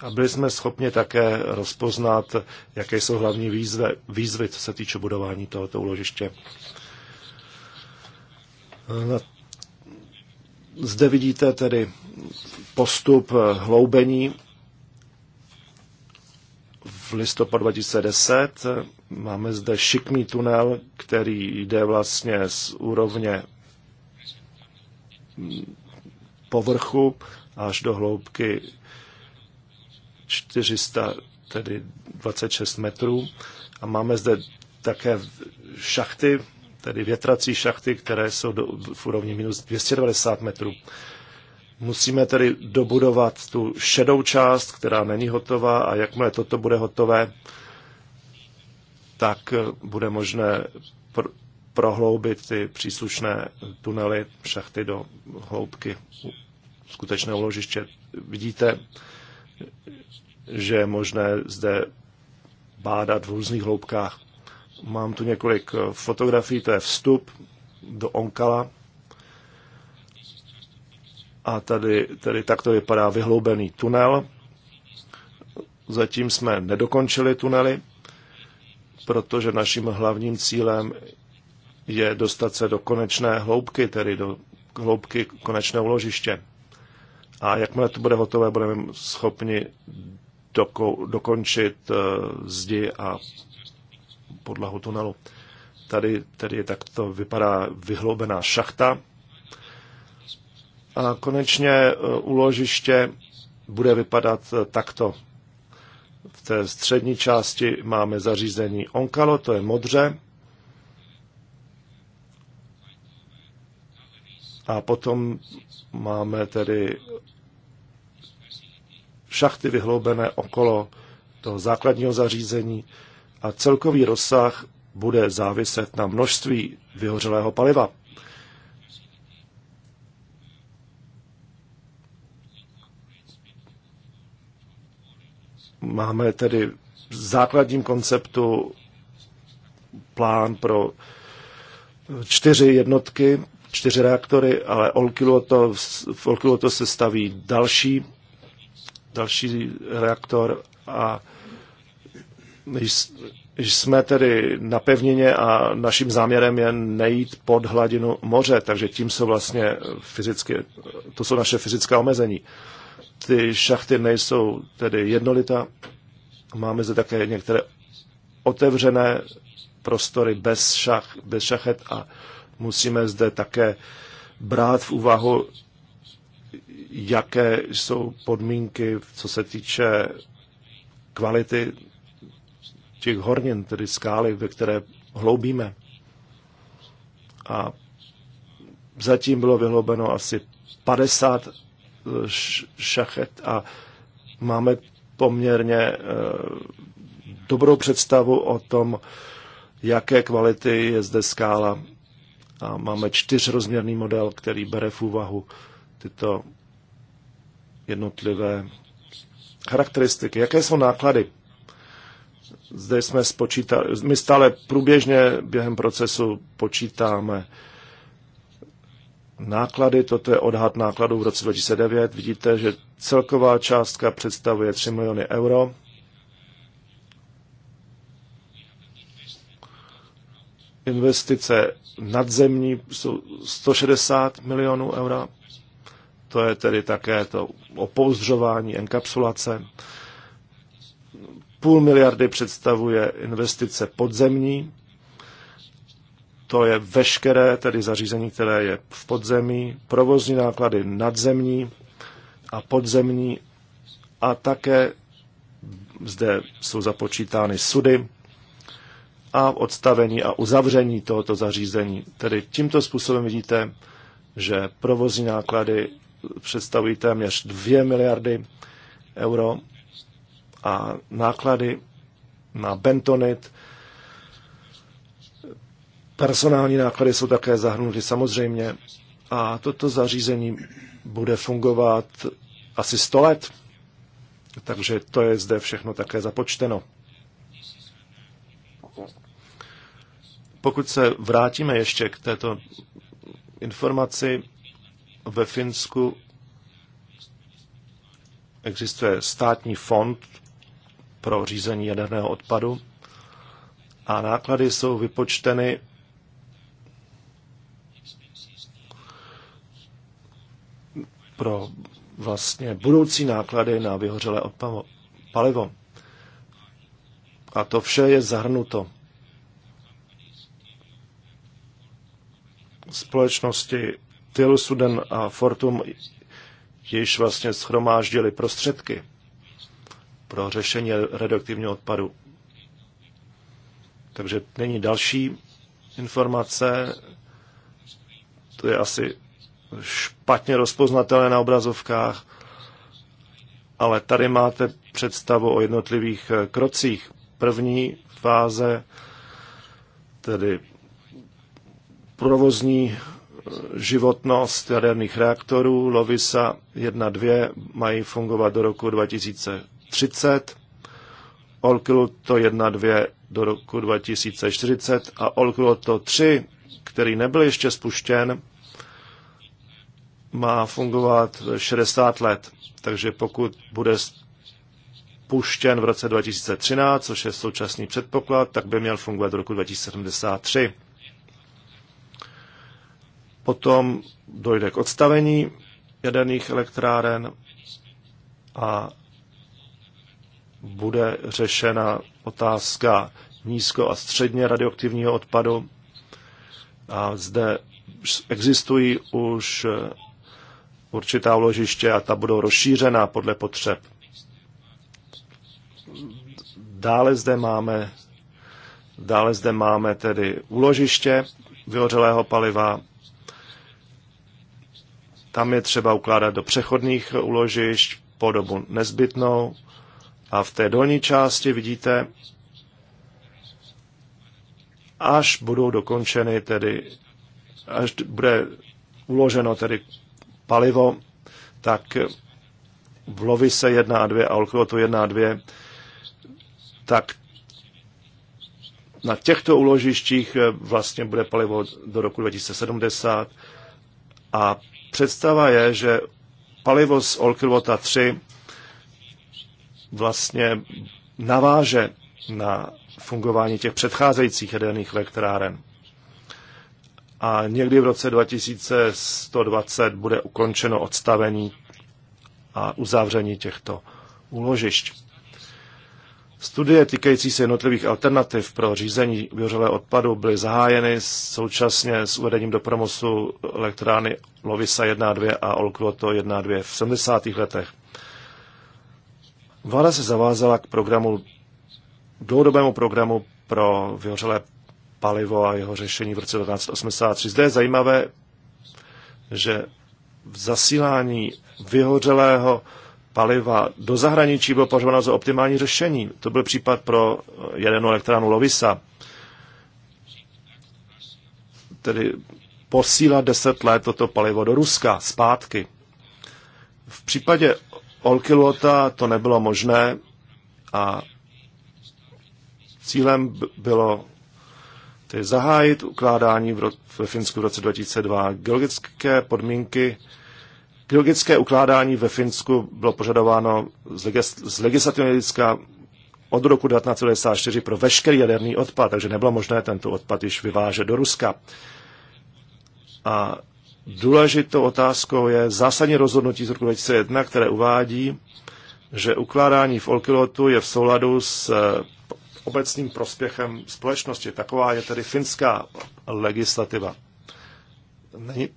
A byli jsme schopni také rozpoznat, jaké jsou hlavní výzvy, výzvy co se týče budování tohoto úložiště. Eh, zde vidíte tedy postup eh, hloubení v listopadu 2010. Eh, máme zde šikmý tunel, který jde vlastně z úrovně povrchu až do hloubky 400, tedy 26 metrů. A máme zde také šachty, tedy větrací šachty, které jsou do, v úrovni minus 290 metrů. Musíme tedy dobudovat tu šedou část, která není hotová a jakmile toto bude hotové, tak eh, bude možné pr- prohloubit ty příslušné tunely, šachty do hloubky skutečného uložiště. Vidíte, že je možné zde bádat v různých hloubkách. Mám tu několik eh, fotografií, to je vstup do Onkala, a tady, tady takto vypadá vyhloubený tunel. Zatím jsme nedokončili tunely, protože naším hlavním cílem je dostat se do konečné hloubky, tedy do hloubky konečného uložiště. A jakmile to bude hotové, budeme schopni doko- dokončit uh, zdi a podlahu tunelu. Tady, tady takto vypadá vyhloubená šachta, a konečně e, úložiště bude vypadat e, takto. V té střední části máme zařízení Onkalo, to je modře. A potom máme tedy šachty vyhloubené okolo toho základního zařízení a celkový rozsah bude záviset na množství vyhořelého paliva. Máme tedy v základním konceptu plán pro čtyři jednotky, čtyři reaktory, ale Olkiluoto, v Olkiluoto se staví další, další reaktor a jsme tedy na pevnině a naším záměrem je nejít pod hladinu moře, takže tím jsou vlastně fyzicky, to jsou naše fyzická omezení ty šachty nejsou tedy jednolita. Máme zde také některé otevřené prostory bez, šach, bez šachet a musíme zde také brát v úvahu, jaké jsou podmínky, co se týče kvality těch hornin, tedy skály, ve které hloubíme. A zatím bylo vyhloubeno asi 50 šachet a máme poměrně eh, dobrou představu o tom, jaké kvality je zde skála. A máme čtyřrozměrný model, který bere v úvahu tyto jednotlivé charakteristiky. Jaké jsou náklady? Zde jsme spočítali, my stále průběžně během procesu počítáme náklady, toto je odhad nákladů v roce 2009. Vidíte, že celková částka představuje 3 miliony euro. Investice nadzemní jsou 160 milionů euro. To je tedy také to opouzdřování, enkapsulace. Půl miliardy představuje investice podzemní, to je veškeré tedy zařízení, které je v podzemí, provozní náklady nadzemní a podzemní a také zde jsou započítány sudy a odstavení a uzavření tohoto zařízení. Tedy tímto způsobem vidíte, že provozní náklady představují téměř 2 miliardy euro a náklady na bentonit Personální náklady jsou také zahrnuty samozřejmě a toto zařízení bude fungovat asi 100 let, takže to je zde všechno také započteno. Pokud se vrátíme ještě k této informaci, ve Finsku existuje státní fond pro řízení jaderného odpadu a náklady jsou vypočteny pro vlastně budoucí náklady na vyhořelé odpavo, palivo. A to vše je zahrnuto. Společnosti Tyl Suden a Fortum již vlastně schromáždili prostředky pro řešení reduktivního odpadu. Takže není další informace, to je asi špatně rozpoznatelné na obrazovkách, ale tady máte představu o jednotlivých eh, krocích. První fáze, tedy provozní eh, životnost jaderných reaktorů Lovisa 1-2 mají fungovat do roku 2030, Olkiluoto 1-2 do roku 2040 a Olkiluoto 3, který nebyl ještě spuštěn, má fungovat 60 let. Takže pokud bude puštěn v roce 2013, což je současný předpoklad, tak by měl fungovat do roku 2073. Potom dojde k odstavení jaderných elektráren a bude řešena otázka nízko a středně radioaktivního odpadu. A zde existují už určitá uložiště a ta budou rozšířená podle potřeb. Dále zde máme, dále zde máme tedy uložiště vyhořelého paliva. Tam je třeba ukládat do přechodných uložišť po dobu nezbytnou. A v té dolní části vidíte, až budou dokončeny tedy, až bude uloženo tedy palivo, tak v Lovise 1 a 2 a Olklotu 1 a 2, tak na těchto úložištích eh, vlastně bude palivo do roku 2070 a představa je, že palivo z Olkilvota 3 vlastně naváže na fungování těch předcházejících jaderných elektráren a někdy v roce 2120 bude ukončeno odstavení a uzavření těchto úložišť. Studie týkající se jednotlivých alternativ pro řízení vyhořelého odpadu byly zahájeny současně s uvedením do promosu elektrárny Lovisa 1 a 2 a Olkloto 1 a 2 v 70. letech. Vláda se zavázala k programu, dlouhodobému programu pro vyhořelé palivo a jeho řešení v roce 1983. Zde je zajímavé, že v zasílání vyhořelého paliva do zahraničí bylo považováno za optimální řešení. To byl případ pro jedenou elektránu Lovisa. Tedy posílat deset let toto palivo do Ruska zpátky. V případě Olkiluota to nebylo možné a cílem bylo tedy zahájit ukládání v ro- ve Finsku v roce 2002. Geologické podmínky, geologické ukládání ve Finsku bylo požadováno z, legis- z legislativního hlediska od roku 1994 pro veškerý jaderný odpad, takže nebylo možné tento odpad již vyvážet do Ruska. A důležitou otázkou je zásadní rozhodnutí z roku 2001, které uvádí, že ukládání v Olkilotu je v souladu s obecným prospěchem společnosti. Taková je tedy finská legislativa. Není...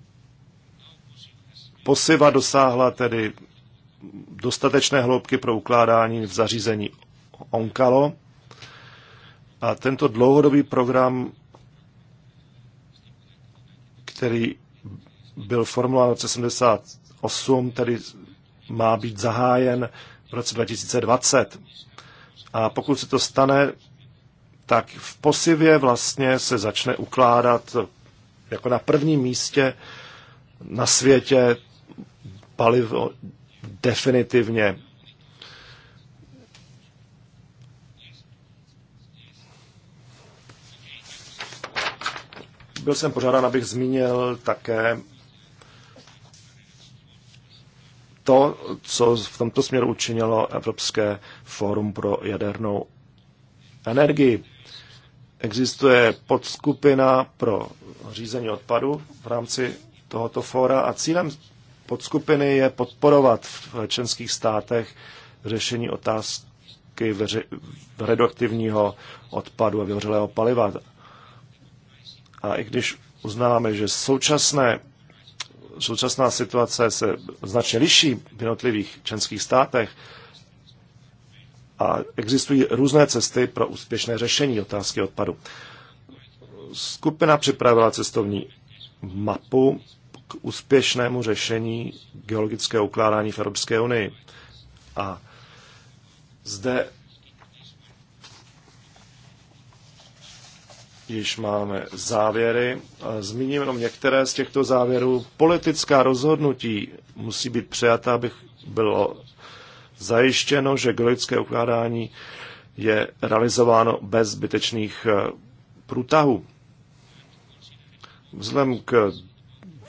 Posiva dosáhla tedy dostatečné hloubky pro ukládání v zařízení Onkalo a tento dlouhodobý program, který byl formulován v roce 78, tedy má být zahájen v roce 2020. A pokud se to stane, tak v posivě vlastně se začne ukládat jako na prvním místě na světě palivo definitivně. Byl jsem pořádán, abych zmínil také to, co v tomto směru učinilo Evropské fórum pro jadernou energii. Existuje podskupina pro řízení odpadu v rámci tohoto fóra a cílem podskupiny je podporovat v členských státech řešení otázky veři, reduktivního odpadu a vyhořelého paliva. A i když uznáváme, že současné současná situace se značně liší v jednotlivých členských státech a existují různé cesty pro úspěšné řešení otázky odpadu. Skupina připravila cestovní mapu k úspěšnému řešení geologického ukládání v Evropské unii. A zde již máme závěry. Zmíním jenom některé z těchto závěrů. Politická rozhodnutí musí být přijata, aby bylo zajištěno, že geologické ukládání je realizováno bez zbytečných eh, průtahů. Vzhledem k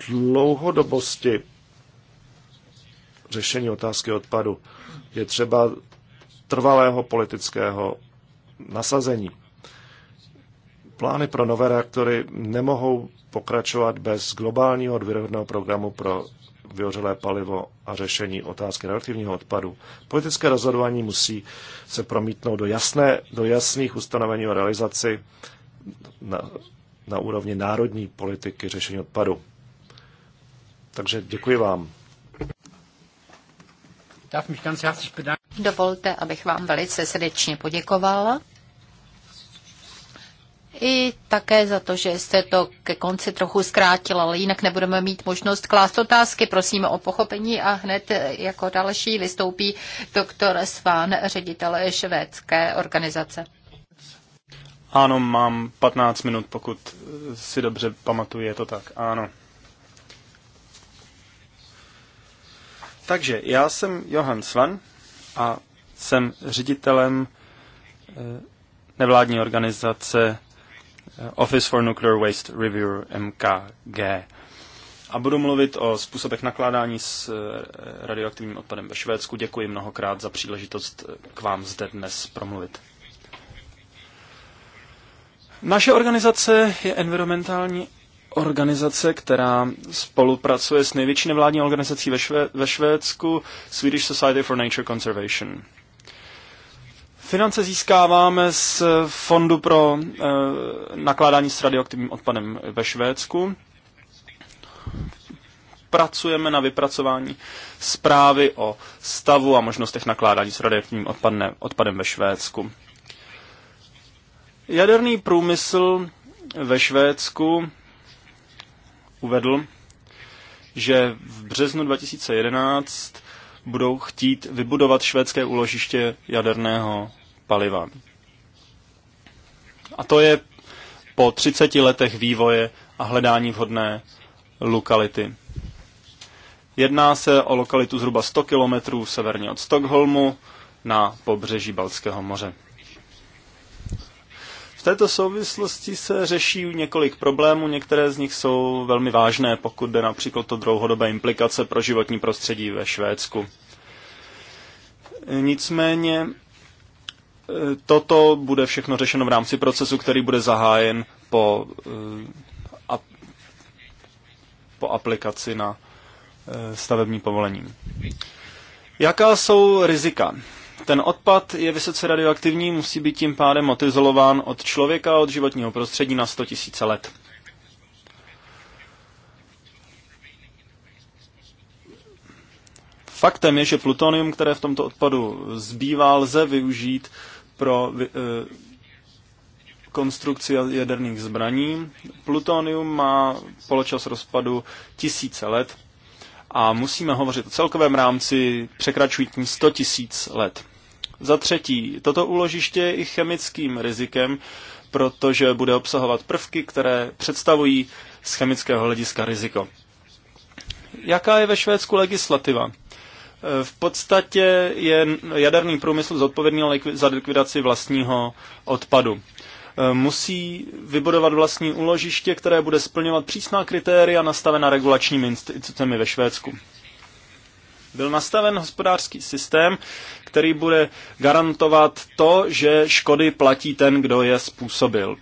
dlouhodobosti řešení otázky odpadu je třeba trvalého politického nasazení. Plány pro nové reaktory nemohou pokračovat bez globálního důvěryhodného programu pro vyhořelé palivo a řešení otázky radioaktivního odpadu. Politické rozhodování musí se promítnout do, jasné, do jasných ustanovení o realizaci na, na úrovni národní politiky řešení odpadu. Takže děkuji vám. Dovolte, abych vám velice srdečně poděkovala i také za to, že jste to ke konci trochu zkrátila, ale jinak nebudeme mít možnost klást otázky. Prosím o pochopení a hned jako další vystoupí doktor Sván, ředitel švédské organizace. Ano, mám 15 minut, pokud si dobře pamatuju, je to tak. Ano. Takže já jsem Johan Svan a jsem ředitelem eh, nevládní organizace Eh, Office for Nuclear Waste Review MKG. A budu mluvit o způsobech nakládání s eh, radioaktivním odpadem ve Švédsku. Děkuji mnohokrát za příležitost eh, k vám zde dnes promluvit. Naše organizace je environmentální organizace, která spolupracuje s největší nevládní organizací ve, Švé- ve Švédsku, Swedish Society for Nature Conservation. Finance získáváme z eh, Fondu pro e, nakládání s radioaktivním odpadem ve Švédsku. Pracujeme na vypracování zprávy o stavu a možnostech nakládání s radioaktivním odpadne, odpadem ve Švédsku. Jaderný průmysl ve Švédsku uvedl, že v březnu 2011 budou chtít vybudovat švédské úložiště jaderného paliva. A to je po 30 letech vývoje a hledání vhodné lokality. Jedná se o lokalitu zhruba 100 kilometrů severně od Stockholmu na pobřeží Baltského moře. V této souvislosti se řeší několik problémů, některé z nich jsou velmi vážné, pokud jde například o dlouhodobé implikace pro životní prostředí ve Švédsku. Nicméně Toto bude všechno řešeno v rámci procesu, který bude zahájen po, eh, a, po aplikaci na eh, stavební povolení. Jaká jsou rizika? Ten odpad je vysoce radioaktivní, musí být tím pádem otizolován od člověka, od životního prostředí na 100 000 let. Faktem je, že plutonium, které v tomto odpadu zbývá, lze využít pro eh, konstrukci jaderných zbraní. Plutonium má poločas rozpadu tisíce let a musíme hovořit o celkovém rámci překračujícím 100 tisíc let. Za třetí, toto úložiště je i chemickým rizikem, protože bude obsahovat prvky, které představují z chemického hlediska riziko. Jaká je ve Švédsku legislativa? V podstatě je jaderný průmysl zodpovědný za likvidaci vlastního odpadu. E, musí vybudovat vlastní úložiště, které bude splňovat přísná kritéria nastavená regulačními institucemi ve Švédsku. Byl nastaven hospodářský systém, který bude garantovat to, že škody platí ten, kdo je způsobil.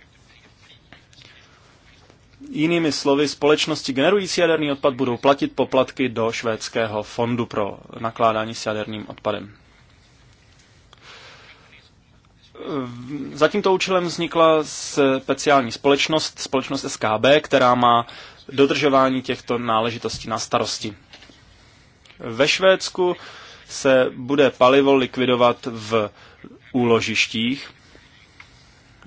Jinými slovy, společnosti generující jaderný odpad budou platit poplatky do švédského fondu pro nakládání s jaderným odpadem. Za tímto účelem vznikla speciální společnost, společnost SKB, která má dodržování těchto náležitostí na starosti. Ve Švédsku se bude palivo likvidovat v úložištích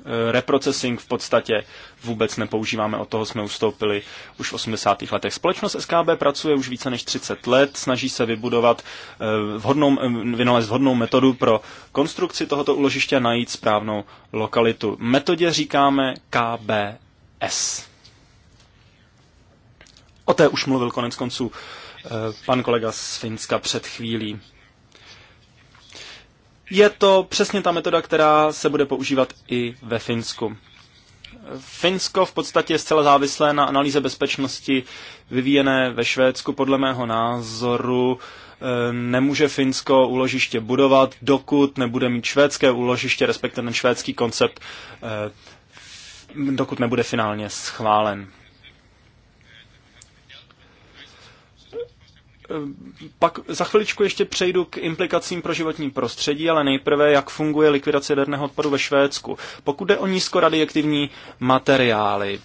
Eh, reprocessing v podstatě vůbec nepoužíváme, od toho jsme ustoupili už v 80. letech. Společnost SKB pracuje už více než 30 let, snaží se vybudovat eh, vhodnou, eh, vynalézt vhodnou metodu pro konstrukci tohoto uložiště najít správnou lokalitu. Metodě říkáme KBS. O té už mluvil konec konců pan kolega z Finska před chvílí. Je to přesně ta metoda, která se bude používat i ve Finsku. Finsko v podstatě je zcela závislé na analýze bezpečnosti vyvíjené ve Švédsku. Podle mého názoru eh, nemůže Finsko úložiště budovat, dokud nebude mít švédské úložiště, respektive ten švédský koncept, eh, dokud nebude finálně schválen. Eh, pak za chviličku ještě přejdu k implikacím pro životní prostředí, ale nejprve, jak funguje likvidace jaderného odpadu ve Švédsku. Pokud jde o nízkoradioaktivní materiály,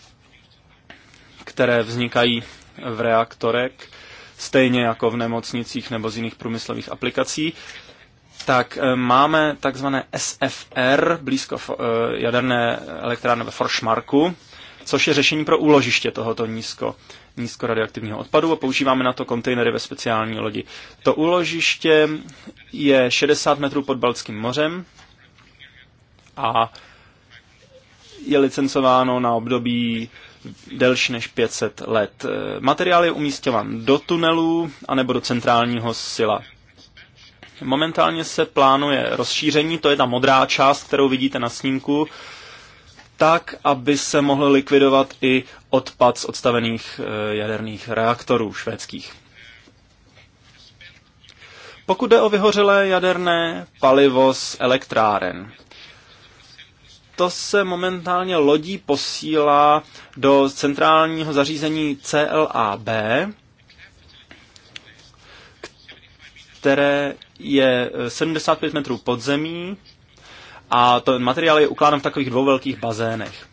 které vznikají v reaktorech, stejně jako v nemocnicích nebo z jiných průmyslových aplikací, tak eh, máme takzvané SFR, blízko eh, jaderné elektrárny ve Forsmarku, což je řešení pro úložiště tohoto nízko nízkoradioaktivního odpadu a používáme na to kontejnery ve speciální lodi. To úložiště je 60 metrů pod Baltským mořem a je licencováno na období delší než 500 let. Materiál je umístěvan do tunelů anebo do centrálního sila. Momentálně se plánuje rozšíření, to je ta modrá část, kterou vidíte na snímku tak, aby se mohl likvidovat i odpad z odstavených eh, jaderných reaktorů švédských. Pokud jde o vyhořelé jaderné palivo z elektráren, to se momentálně lodí posílá do centrálního zařízení CLAB, které je 75 eh, metrů pod zemí a ten materiál je ukládán v takových dvou velkých bazénech.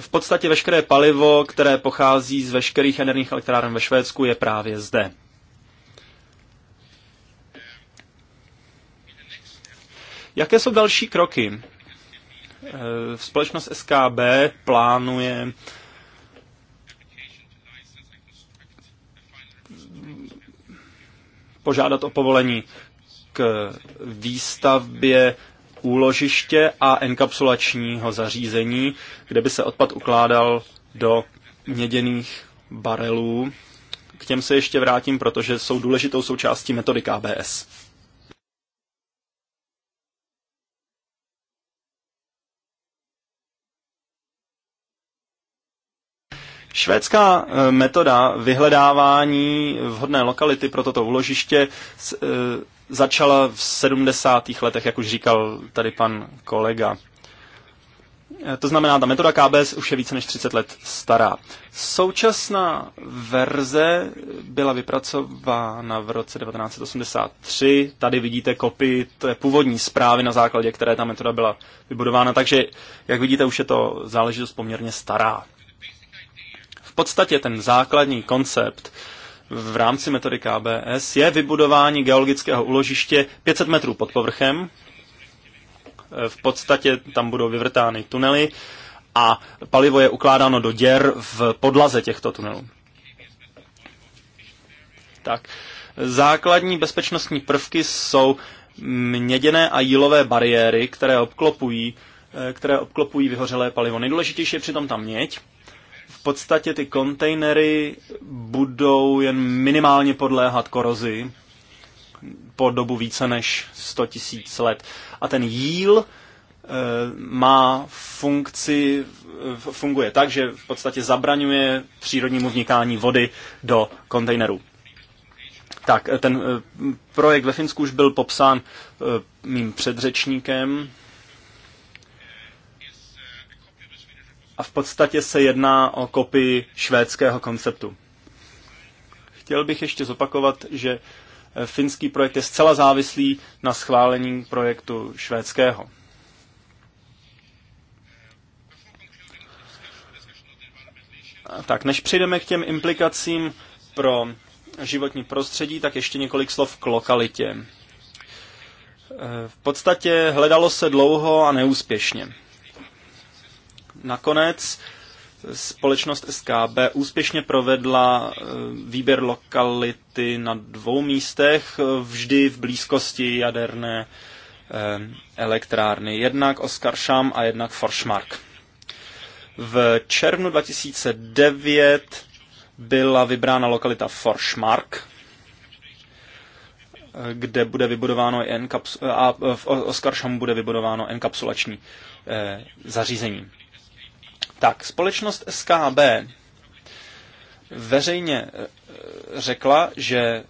V podstatě veškeré palivo, které pochází z veškerých jaderných elektráren ve Švédsku, je právě zde. Jaké jsou další kroky? E, společnost SKB plánuje požádat o povolení k výstavbě úložiště a enkapsulačního zařízení, kde by se odpad ukládal do měděných barelů. K těm se ještě vrátím, protože jsou důležitou součástí metody KBS. Švédská e, metoda vyhledávání vhodné lokality pro toto úložiště e, začala v 70. letech, jak už říkal tady pan kolega. E, to znamená, ta metoda KBS už je více než 30 let stará. Současná verze byla vypracována v roce 1983. Tady vidíte kopii té původní zprávy, na základě které ta metoda byla vybudována. Takže, jak vidíte, už je to záležitost poměrně stará. V podstatě ten základní koncept v rámci metody KBS je vybudování geologického uložiště 500 metrů pod povrchem. V podstatě tam budou vyvrtány tunely a palivo je ukládáno do děr v podlaze těchto tunelů. Tak. Základní bezpečnostní prvky jsou měděné a jílové bariéry, které obklopují, eh, které obklopují vyhořelé palivo. Nejdůležitější je přitom ta měď, v podstatě ty kontejnery budou jen minimálně podléhat korozi po dobu více než 100 tisíc let. A ten jíl eh, má funkci, eh, funguje tak, že v podstatě zabraňuje přírodnímu vnikání vody do kontejnerů. Tak, eh, ten projekt ve Finsku už byl popsán mým předřečníkem, a v podstatě se jedná o kopii švédského konceptu. Chtěl bych ještě zopakovat, že eh, finský projekt je zcela závislý na schválení projektu švédského. Tak, než přijdeme k těm implikacím pro životní prostředí, tak ještě několik slov k lokalitě. Eh, v podstatě hledalo se dlouho a neúspěšně. Nakonec společnost SKB úspěšně provedla e, výběr lokality na dvou místech, e, vždy v blízkosti jaderné e, elektrárny. Jednak Oskarshamn a jednak Forsmark. V červnu 2009 byla vybrána lokalita Forsmark, kde bude vybudováno enkapsu- a v Oskaršamu bude vybudováno enkapsulační zařízení. Tak, společnost SKB veřejně eh, řekla, že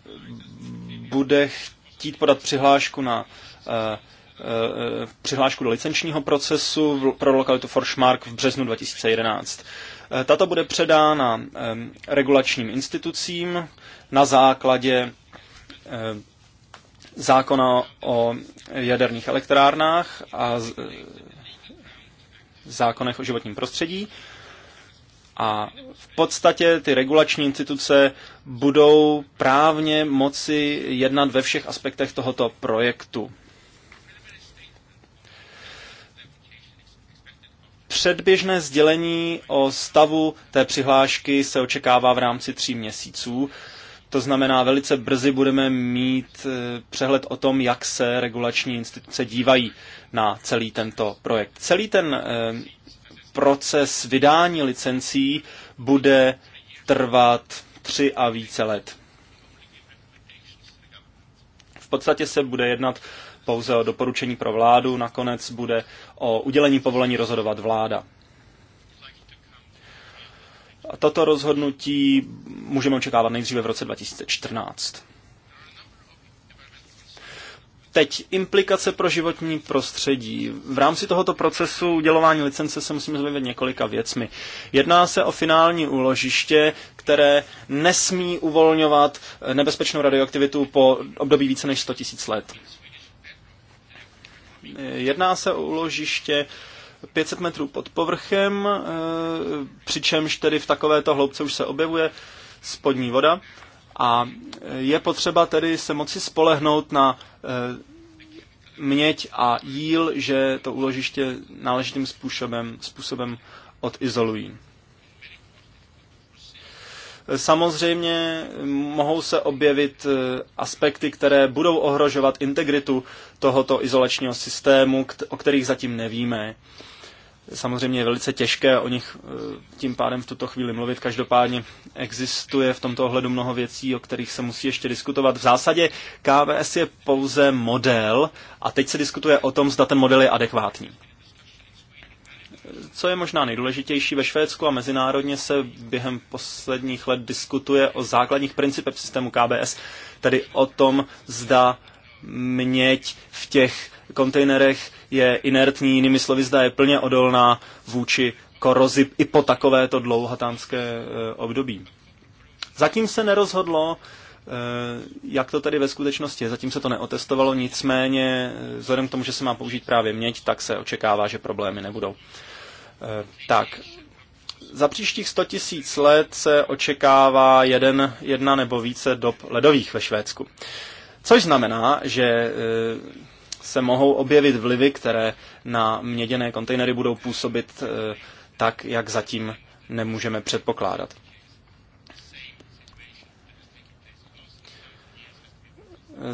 bude chtít podat přihlášku na eh, eh, přihlášku do licenčního procesu pro lokalitu Forschmark v březnu 2011. Tato bude předána regulačním institucím na základě zákona o jaderných elektrárnách a zákonech o životním prostředí. A v podstatě ty regulační instituce budou právně moci jednat ve všech aspektech tohoto projektu. Předběžné sdělení o stavu té přihlášky se očekává v rámci tří měsíců to znamená, velice brzy budeme mít eh, přehled o tom, jak se regulační instituce dívají na celý tento projekt. Celý ten eh, proces vydání licencí bude trvat tři a více let. V podstatě se bude jednat pouze o doporučení pro vládu, nakonec bude o udělení povolení rozhodovat vláda. A toto rozhodnutí můžeme očekávat nejdříve v roce 2014. Teď implikace pro životní prostředí. V rámci tohoto procesu udělování licence se musíme zabývat několika věcmi. Jedná se o finální úložiště, které nesmí uvolňovat nebezpečnou radioaktivitu po období více než 100 000 let. Jedná se o úložiště, 500 metrů pod povrchem, eh, přičemž tedy v takovéto hloubce už se objevuje spodní voda. A eh, je potřeba tedy se moci spolehnout na eh, měď a jíl, že to úložiště náležitým způsobem, způsobem odizolují. Samozřejmě mohou se objevit aspekty, které budou ohrožovat integritu tohoto izolačního systému, o kterých zatím nevíme. Samozřejmě je velice těžké o nich eh, tím pádem v tuto chvíli mluvit. Každopádně existuje v tomto ohledu mnoho věcí, o kterých se musí ještě diskutovat. V zásadě KVS je pouze model a teď se diskutuje o tom, zda ten model je adekvátní. Co je možná nejdůležitější ve Švédsku a mezinárodně se během posledních let diskutuje o základních principech systému KBS, tedy o tom, zda měť v těch kontejnerech je inertní, jinými slovy zda je plně odolná vůči korozi i po takovéto dlouhatánské eh, období. Zatím se nerozhodlo, eh, jak to tedy ve skutečnosti je. Zatím se to neotestovalo, nicméně eh, vzhledem k tomu, že se má použít právě měď, tak se očekává, že problémy nebudou. Tak, za příštích 100 tisíc let se očekává jeden, jedna nebo více dob ledových ve Švédsku. Což znamená, že se mohou objevit vlivy, které na měděné kontejnery budou působit eh, tak, jak zatím nemůžeme předpokládat.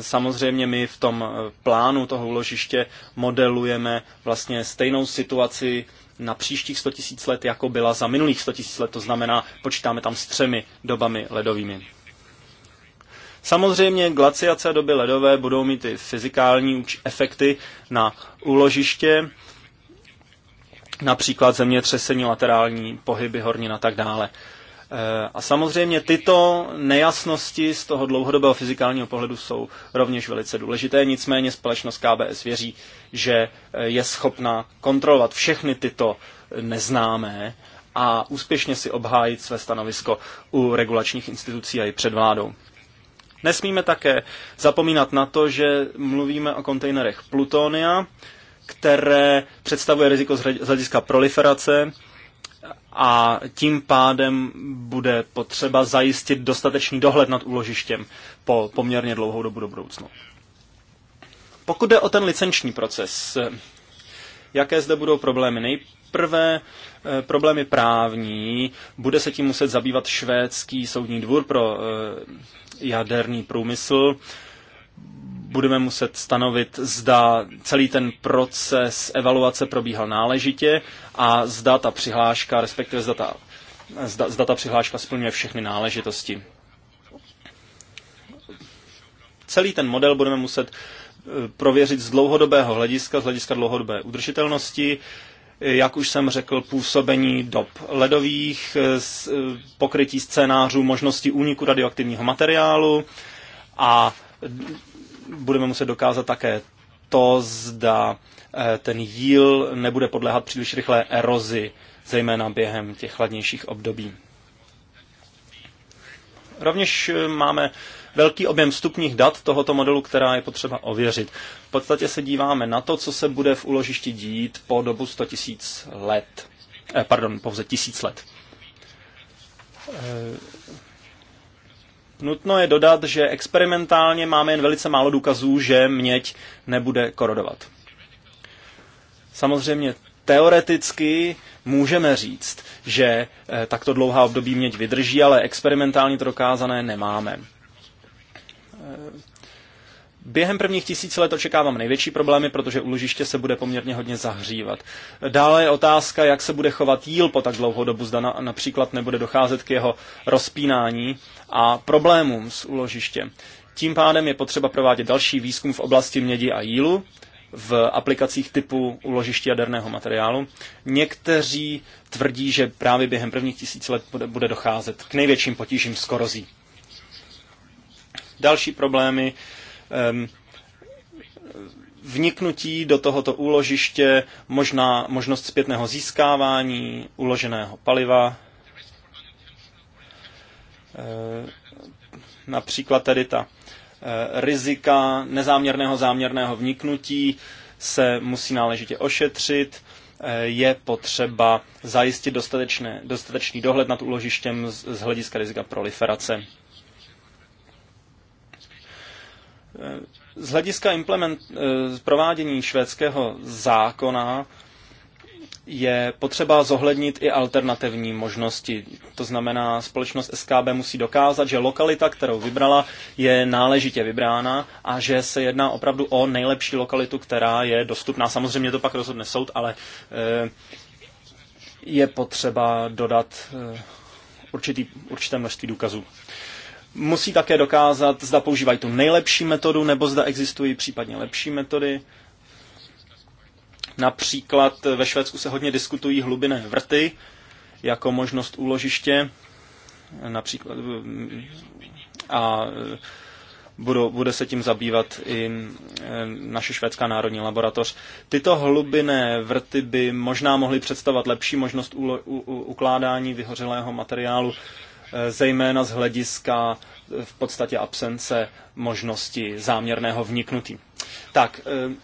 Samozřejmě my v tom eh, plánu toho úložiště modelujeme vlastně stejnou situaci na příštích 100 000 let, jako byla za minulých 100 000 let, to znamená, počítáme tam s třemi dobami ledovými. Samozřejmě glaciace a doby ledové budou mít i fyzikální efekty na úložiště, například zemětřesení, laterální pohyby hornin a tak dále. Eh, a samozřejmě tyto nejasnosti z toho dlouhodobého fyzikálního pohledu jsou rovněž velice důležité, nicméně společnost KBS věří, že eh, je schopna kontrolovat všechny tyto neznámé a úspěšně si obhájit své stanovisko u regulačních institucí a i před vládou. Nesmíme také zapomínat na to, že mluvíme o kontejnerech plutonia, které představuje riziko z hlediska proliferace a tím pádem bude potřeba zajistit dostatečný dohled nad úložištěm po poměrně dlouhou dobu do budoucnu. Pokud jde o ten licenční proces, jaké zde budou problémy? Nejprve eh, problémy právní. Bude se tím muset zabývat švédský soudní dvůr pro eh, jaderný průmysl. Budeme muset stanovit, zda celý ten proces evaluace probíhal náležitě a zda ta přihláška, respektive zda ta, zda, zda ta přihláška splňuje všechny náležitosti. Celý ten model budeme muset eh, prověřit z dlouhodobého hlediska, z hlediska dlouhodobé udržitelnosti, jak už jsem řekl, působení dob ledových, pokrytí scénářů, možnosti úniku radioaktivního materiálu a budeme muset dokázat také to, zda eh, ten jíl nebude podléhat příliš rychlé erozi, zejména během těch chladnějších období. Rovněž eh, máme velký objem vstupních dat tohoto modelu, která je potřeba ověřit. V podstatě se díváme na to, co se bude v úložišti dít po dobu 100 tisíc let. Eh, pardon, pouze tisíc let. Eh, nutno je dodat, že experimentálně máme jen velice málo důkazů, že měď nebude korodovat. Samozřejmě teoreticky můžeme říct, že eh, takto dlouhá období měď vydrží, ale experimentálně to dokázané nemáme. Během prvních tisíc let očekávám největší problémy, protože úložiště se bude poměrně hodně zahřívat. Dále je otázka, jak se bude chovat jíl po tak dlouhou dobu, zda na, například nebude docházet k jeho rozpínání a problémům s úložištěm. Tím pádem je potřeba provádět další výzkum v oblasti mědi a jílu v aplikacích typu uložiště jaderného materiálu. Někteří tvrdí, že právě během prvních tisíc let bude, bude docházet k největším potížím s korozí další problémy vniknutí do tohoto úložiště, možná možnost zpětného získávání uloženého paliva. Například tedy ta e, rizika nezáměrného záměrného vniknutí se musí náležitě ošetřit. E, je potřeba zajistit dostatečné, dostatečný dohled nad úložištěm z, z hlediska rizika proliferace. Eh, z hlediska implement, eh, provádění švédského zákona je potřeba zohlednit i alternativní možnosti. To znamená, společnost SKB musí dokázat, že lokalita, kterou vybrala, je náležitě vybrána a že se jedná opravdu o nejlepší lokalitu, která je dostupná. Samozřejmě to pak rozhodne soud, ale eh, je potřeba dodat určitý, určité množství důkazů musí také dokázat, zda používají tu nejlepší metodu, nebo zda existují případně lepší metody. Například ve Švédsku se hodně diskutují hlubinné vrty jako možnost úložiště. Například a budou, bude se tím zabývat i e, naše švédská národní laboratoř. Tyto hlubinné vrty by možná mohly představovat lepší možnost ulo, u, u, ukládání vyhořelého materiálu Eh, zejména z hlediska eh, v podstatě absence možnosti záměrného vniknutí. Tak, eh,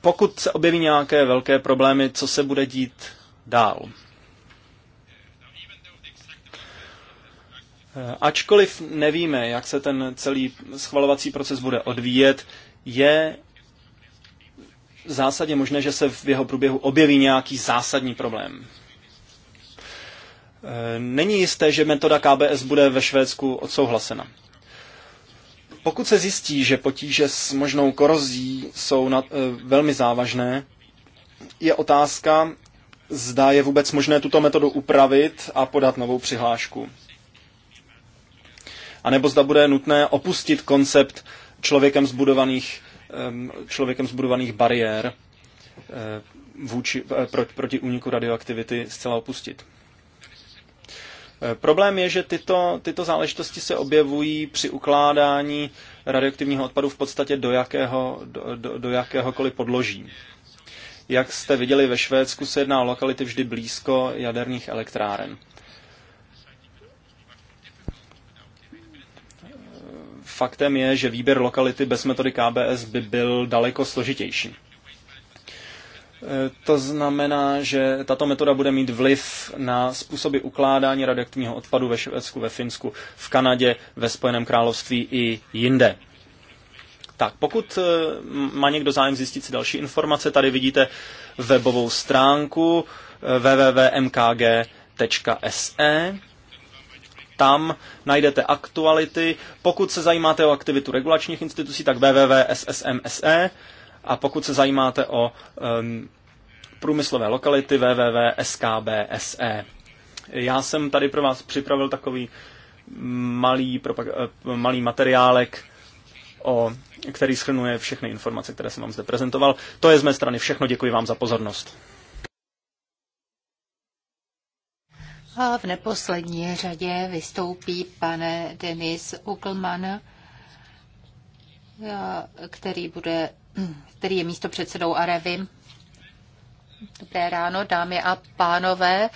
pokud se objeví nějaké velké problémy, co se bude dít dál? Ačkoliv nevíme, jak se ten celý schvalovací proces bude odvíjet, je v zásadě možné, že se v jeho průběhu objeví nějaký zásadní problém. Eh, není jisté, že metoda KBS bude ve Švédsku odsouhlasena. Pokud se zjistí, že potíže s možnou korozí jsou na, e, velmi závažné, je otázka, zda je vůbec možné tuto metodu upravit a podat novou přihlášku. A nebo zda bude nutné opustit koncept člověkem zbudovaných, e, člověkem zbudovaných bariér e, vůči, e, proti, proti úniku radioaktivity zcela opustit. Eh, problém je, že tyto, tyto záležitosti se objevují při ukládání radioaktivního odpadu v podstatě do, jakého, do, do, do jakéhokoliv podloží. Jak jste viděli ve Švédsku, se jedná o lokality vždy blízko jaderných elektráren. Faktem je, že výběr lokality bez metody KBS by byl daleko složitější. To znamená, že tato metoda bude mít vliv na způsoby ukládání radioaktivního odpadu ve Švédsku, ve Finsku, v Kanadě, ve Spojeném království i jinde. Tak, pokud eh, má někdo zájem zjistit si další informace, tady vidíte webovou stránku eh, www.mkg.se. Tam najdete aktuality. Pokud se zajímáte o aktivitu regulačních institucí, tak www.ssmse. A pokud se zajímáte o um, průmyslové lokality www.skbse. Já jsem tady pro vás připravil takový malý, eh, malý materiálek, o, který schrnuje všechny informace, které jsem vám zde prezentoval. To je z mé strany všechno. Děkuji vám za pozornost. A v neposlední řadě vystoupí pane Denis Uglman, eh, který bude který je místo předsedou Arevy. Dobré ráno, dámy a pánové.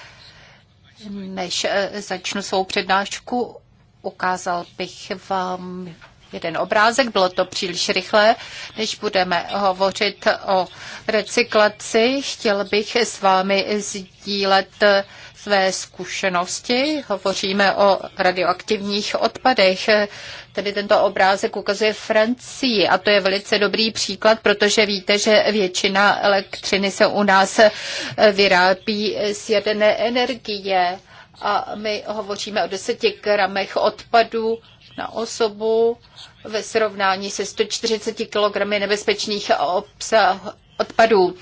Než eh, začnu svou přednášku, ukázal bych vám jeden obrázek, bylo to příliš rychle, Než budeme hovořit o recyklaci, chtěl bych s vámi sdílet své zkušenosti. Hovoříme o radioaktivních odpadech. Tedy tento obrázek ukazuje Francii a to je velice dobrý příklad, protože víte, že většina elektřiny se u nás vyrábí z jedné energie a my hovoříme o deseti gramech odpadu na osobu ve srovnání se 140 kg nebezpečných obsah, odpadů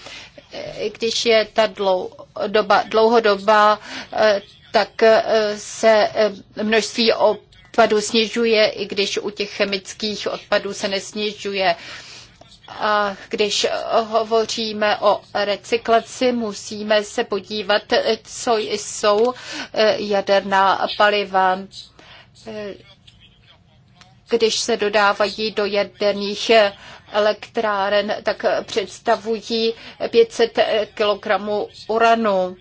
když je ta dlou, doba dlouhodobá, eh, tak eh, se eh, množství odpadů snižuje, i když u těch chemických odpadů se nesnižuje. A když hovoříme o recyklaci, musíme se podívat, co jsou jaderná paliva. Když se dodávají do jaderných elektráren, tak představují 500 kg uranu.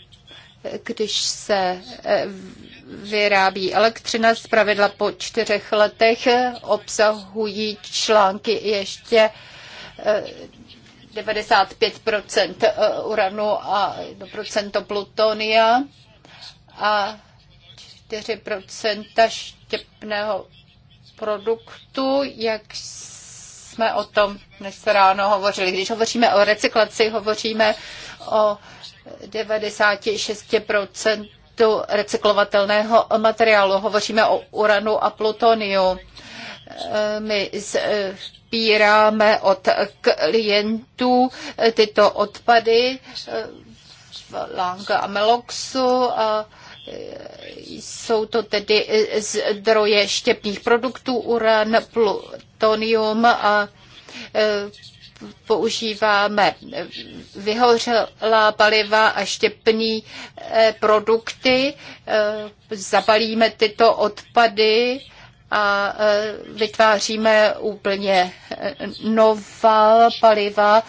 Když se eh, vyrábí elektřina, zpravidla po čtyřech letech obsahují články ještě 95 eh, eh, uranu a 1 plutonia a 4 štěpného produktu, jak jsme o tom dnes ráno hovořili. Když hovoříme o recyklaci, hovoříme o 96% recyklovatelného materiálu. Hovoříme o uranu a plutoniu. My zbíráme od klientů tyto odpady v Lang a Meloxu a jsou to tedy zdroje štěpných produktů, uran, plutonium a e, používáme vyhořelá paliva a štěpný e, produkty, e, zabalíme tyto odpady a vytváříme úplně nová paliva,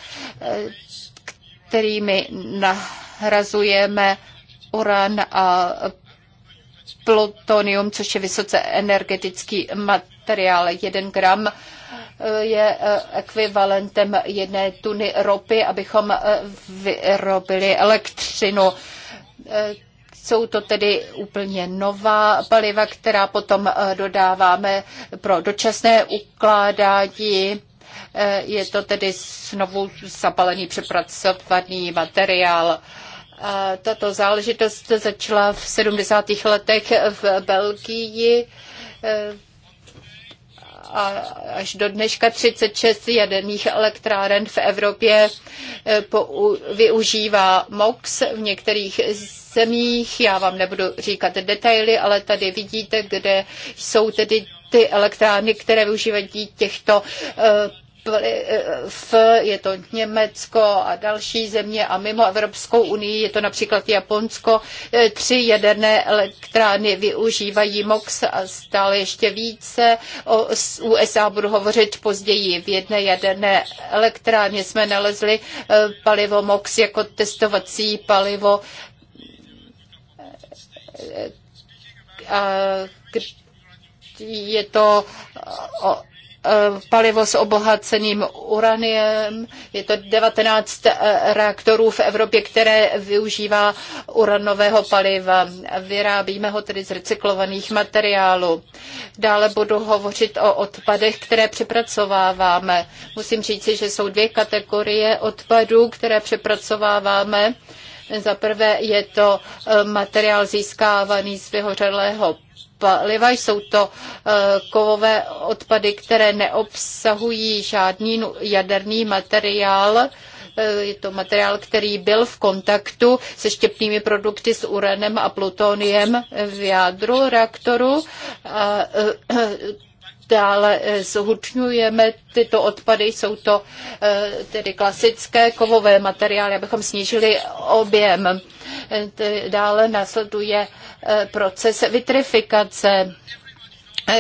kterými nahrazujeme uran a plutonium, což je vysoce energetický materiál. Jeden gram eh, je eh, ekvivalentem jedné tuny ropy, abychom eh, vyrobili elektřinu. Jsou to tedy úplně nová paliva, která potom dodáváme pro dočasné ukládání. Je to tedy znovu zapalený, přepracovaný materiál tato záležitost začala v 70. letech v Belgii eh, a až do dneška 36 jaderných elektráren v Evropě eh, využívá MOX v některých zemích. Já vám nebudu říkat detaily, ale tady vidíte, kde jsou tedy ty elektrárny, které využívají těchto eh, Eh, F, je to Německo a další země a mimo Evropskou unii je to například Japonsko. Eh, tři jaderné elektrárny využívají MOX a stále ještě více. O USA budu hovořit později. V jedné jaderné elektrárně jsme nalezli eh, palivo MOX jako testovací palivo a je to Eh, palivo s obohaceným uraniem. Je to 19 eh, reaktorů v Evropě, které využívá uranového paliva. Vyrábíme ho tedy z recyklovaných materiálů. Dále budu hovořit o odpadech, které přepracováváme. Musím říci, že jsou dvě kategorie odpadů, které přepracováváme. Za prvé je to eh, materiál získávaný z vyhořelého paliva. Jsou to eh, kovové odpady, které neobsahují žádný jaderný materiál. Eh, je to materiál, který byl v kontaktu se štěpnými produkty s uranem a plutoniem v jádru reaktoru. A eh, dále eh, zhutňujeme tyto odpady. Jsou to eh, tedy klasické kovové materiály, abychom snížili objem. Eh, dále následuje proces vitrifikace.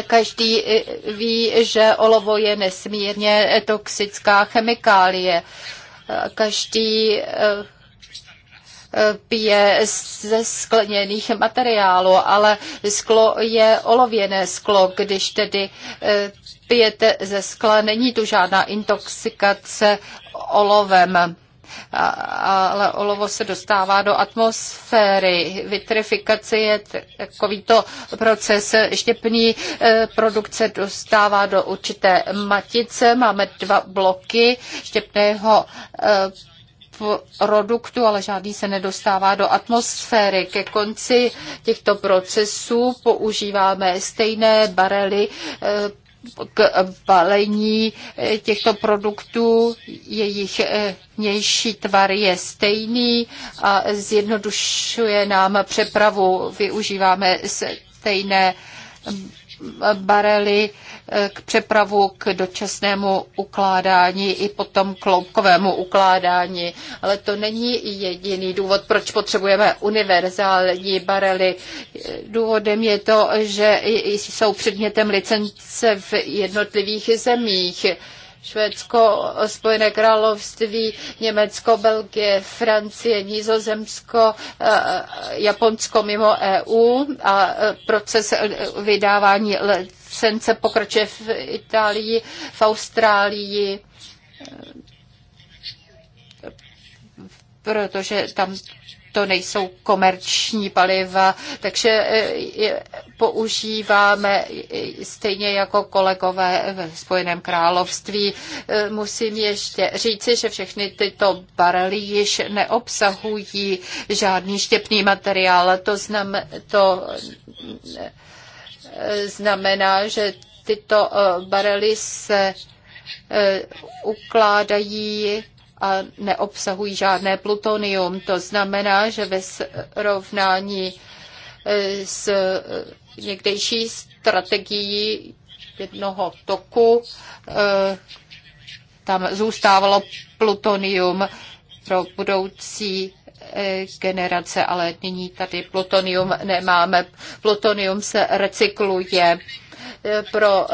Každý ví, že olovo je nesmírně toxická chemikálie. Každý Pije ze skleněných materiálů, ale sklo je olověné sklo, když tedy eh, pijete ze skla, není tu žádná intoxikace olovem ale olovo se dostává do atmosféry. Vitrifikace je takovýto proces štěpný. Eh, produkce dostává do určité matice. Máme dva bloky štěpného eh, produktu, ale žádný se nedostává do atmosféry. Ke konci těchto procesů používáme stejné barely eh, k balení těchto produktů. Jejich eh, vnější tvar je stejný a zjednodušuje nám přepravu. Využíváme stejné barely eh, k přepravu, k dočasnému ukládání i potom k loukovému ukládání. Ale to není jediný důvod, proč potřebujeme univerzální barely. Důvodem je to, že jsou předmětem licence v jednotlivých zemích. Švédsko, Spojené království, Německo, Belgie, Francie, Nizozemsko, eh, Japonsko mimo EU a eh, proces eh, vydávání licence pokračuje v Itálii, v Austrálii, protože tam to nejsou komerční paliva, takže e, používáme stejně jako kolegové ve Spojeném království. E, musím ještě říci, že všechny tyto barely již neobsahují žádný štěpný materiál. To, znam, to e, znamená, že tyto barely se ukládají a neobsahují žádné plutonium. To znamená, že ve srovnání e, s e, někdejší strategií jednoho toku e, tam zůstávalo plutonium pro budoucí generace, ale nyní tady plutonium nemáme. Plutonium se recykluje pro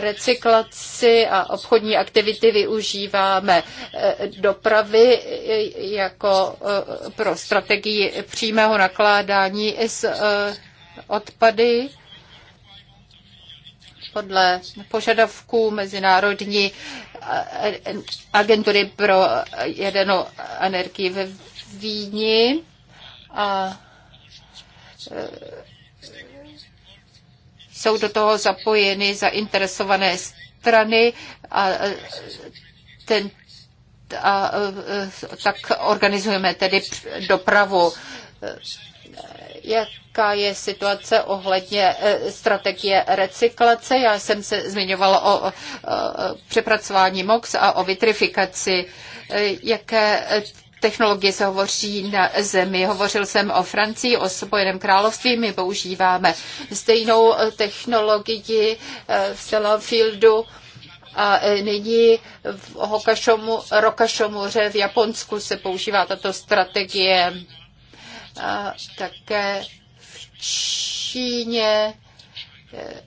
recyklaci a obchodní aktivity využíváme eh, dopravy eh, jako eh, pro strategii přímého nakládání s odpady podle požadavků Mezinárodní agentury pro jedenou energii ve Víni a jsou do toho zapojeny zainteresované strany a, ten, a tak organizujeme tedy dopravu jaká je situace ohledně e, strategie recyklace. Já jsem se zmiňovala o přepracování MOX a o vitrifikaci. E, jaké Technologie se hovoří na zemi. Hovořil jsem o Francii, o Spojeném království, my používáme stejnou technologii eh, v celém fieldu a eh, nyní v Hokašomu, Rokašomuře v Japonsku se používá tato strategie. A také v Číně eh,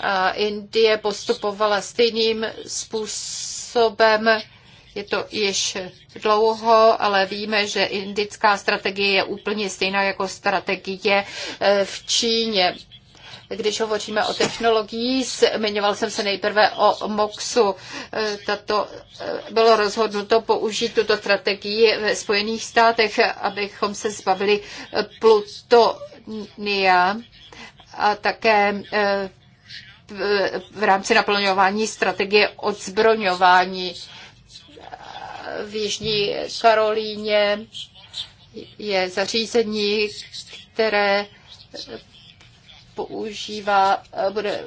a Indie postupovala stejným způsobem je to již dlouho, ale víme, že indická strategie je úplně stejná jako strategie eh, v Číně když hovoříme o technologií, zmiňoval jsem se nejprve o MOXu. Eh, tato, eh, bylo rozhodnuto použít tuto strategii ve Spojených státech, abychom se zbavili plutonia a také v rámci naplňování strategie odzbroňování v Jižní Karolíně je zařízení, které používá, bude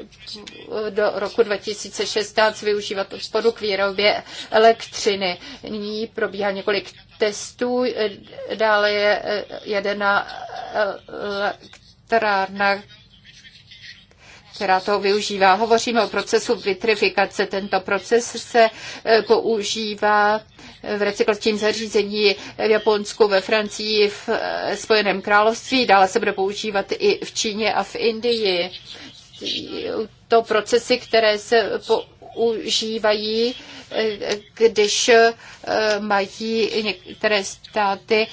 do roku 2016 využívat odporu k výrobě elektřiny. Nyní probíhá několik testů, dále je jedna elektrárna, která toho využívá. Hovoříme o procesu vitrifikace. Tento proces se používá v recyklačním zařízení v Japonsku, ve Francii, v eh, Spojeném království, dále se bude používat i v Číně a v Indii. To procesy, které se používají, eh, když eh, mají některé státy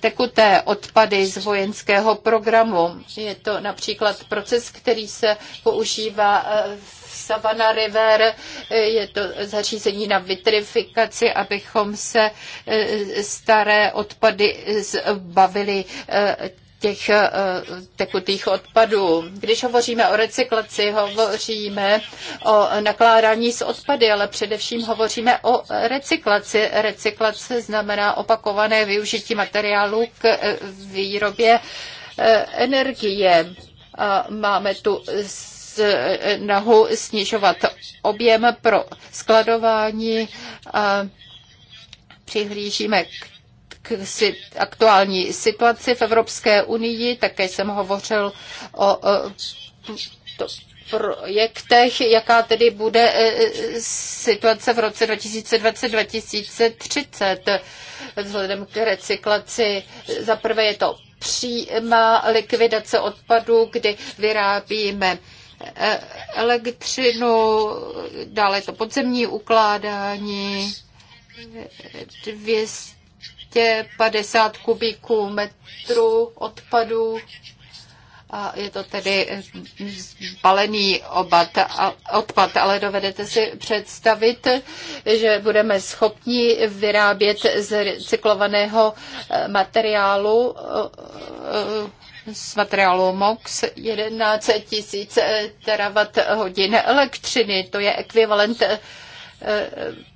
tekuté odpady z vojenského programu. Je to například proces, který se používá v Savana River, je to zařízení na vitrifikaci, abychom se e, staré odpady zbavili e, těch e, tekutých odpadů. Když hovoříme o recyklaci, hovoříme o nakládání s odpady, ale především hovoříme o recyklaci. Recyklace znamená opakované využití materiálů k výrobě energie. Máme tu snahu e, snižovat objem pro skladování. přihlížíme k k aktuální situaci v Evropské unii. Také jsem hovořil o, projektech, jaká tedy bude e, situace v roce 2020-2030 vzhledem k recyklaci. Za prvé je to přímá likvidace odpadů, kdy vyrábíme elektřinu, dále to podzemní ukládání, 250 kubíků metru odpadu a je to tedy zbalený obat, odpad, ale dovedete si představit, že budeme schopni vyrábět z recyklovaného materiálu z materiálu MOX 11 000 terawatt hodin elektřiny. To je ekvivalent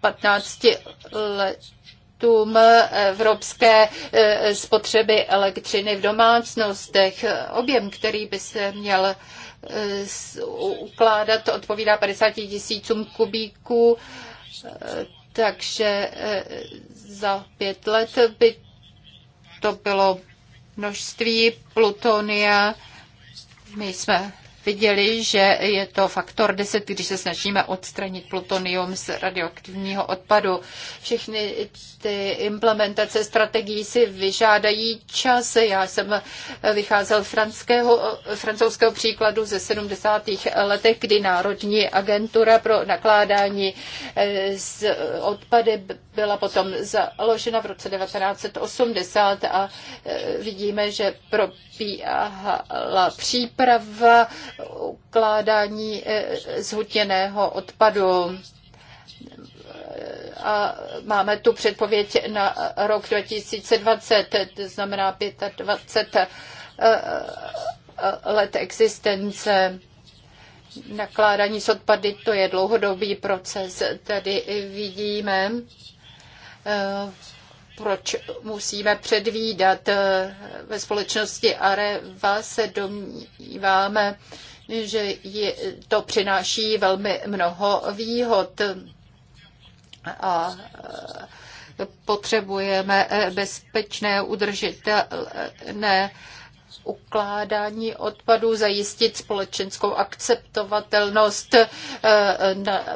15 eh, letům evropské eh, spotřeby elektřiny v domácnostech. Objem, který by se měl eh, ukládat, odpovídá 50 tisícům kubíků, takže za pět let by to bylo množství plutonia. My jsme viděli, že je to faktor 10, když se snažíme odstranit plutonium z radioaktivního odpadu. Všechny ty implementace strategií si vyžádají čas. Já jsem vycházel franského, francouzského příkladu ze 70. letech, kdy Národní agentura pro nakládání z eh, odpady byla potom založena v roce 1980 a eh, vidíme, že probíhala příprava ukládání eh, zhutněného odpadu. A máme tu předpověď na rok 2020, to znamená 25 eh, eh, let existence. Nakládání s odpady to je dlouhodobý proces. Tady vidíme, proč musíme předvídat. Ve společnosti Areva se domníváme, že je, to přináší velmi mnoho výhod. A e, potřebujeme e, bezpečné, udržitelné ukládání odpadů, zajistit společenskou akceptovatelnost, e,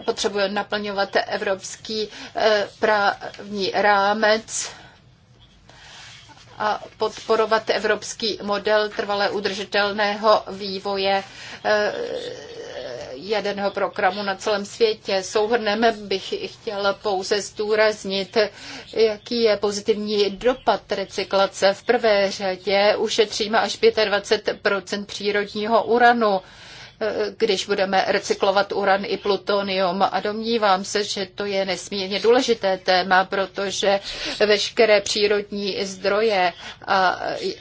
potřebujeme naplňovat evropský právní rámec a podporovat evropský model trvale udržitelného vývoje eh, jedného programu na celém světě. Souhrnem bych chtěl pouze zdůraznit, jaký je pozitivní dopad recyklace. V prvé řadě ušetříme až 25 přírodního uranu. Eh, když budeme recyklovat uran i plutonium. A domnívám se, že to je nesmírně důležité téma, protože veškeré přírodní zdroje a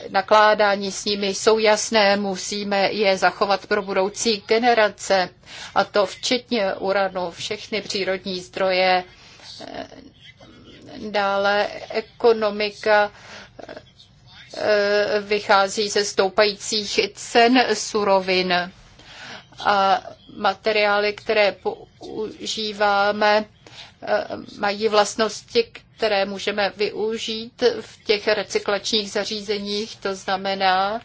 nakládání s nimi jsou jasné, musíme je zachovat pro budoucí generace. A to včetně uranu, všechny přírodní zdroje, eh, dále ekonomika eh, vychází ze stoupajících cen surovin a materiály, které používáme, e, mají vlastnosti, které můžeme využít v těch recyklačních zařízeních. To znamená,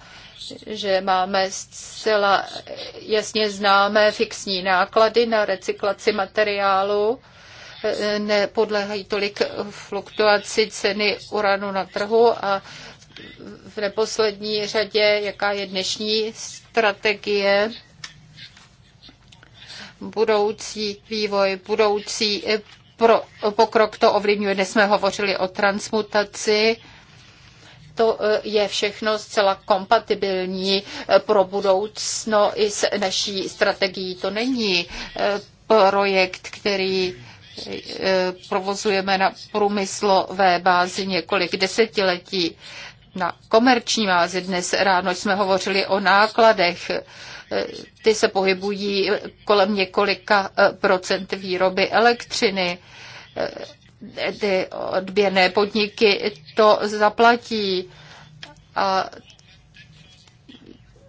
že máme zcela jasně známé fixní náklady na recyklaci materiálu, e, nepodléhají tolik fluktuaci ceny uranu na trhu a v neposlední řadě, jaká je dnešní strategie budoucí vývoj, budoucí eh, pro, pokrok to ovlivňuje. Dnes jsme hovořili o transmutaci. To eh, je všechno zcela kompatibilní eh, pro budoucno i s naší strategií. To není projekt, který provozujeme na průmyslové bázi několik desetiletí na komerční vázi. Dnes ráno jsme hovořili o nákladech. Ty se pohybují kolem několika eh, procent výroby elektřiny. Eh, ty odběrné podniky to zaplatí. A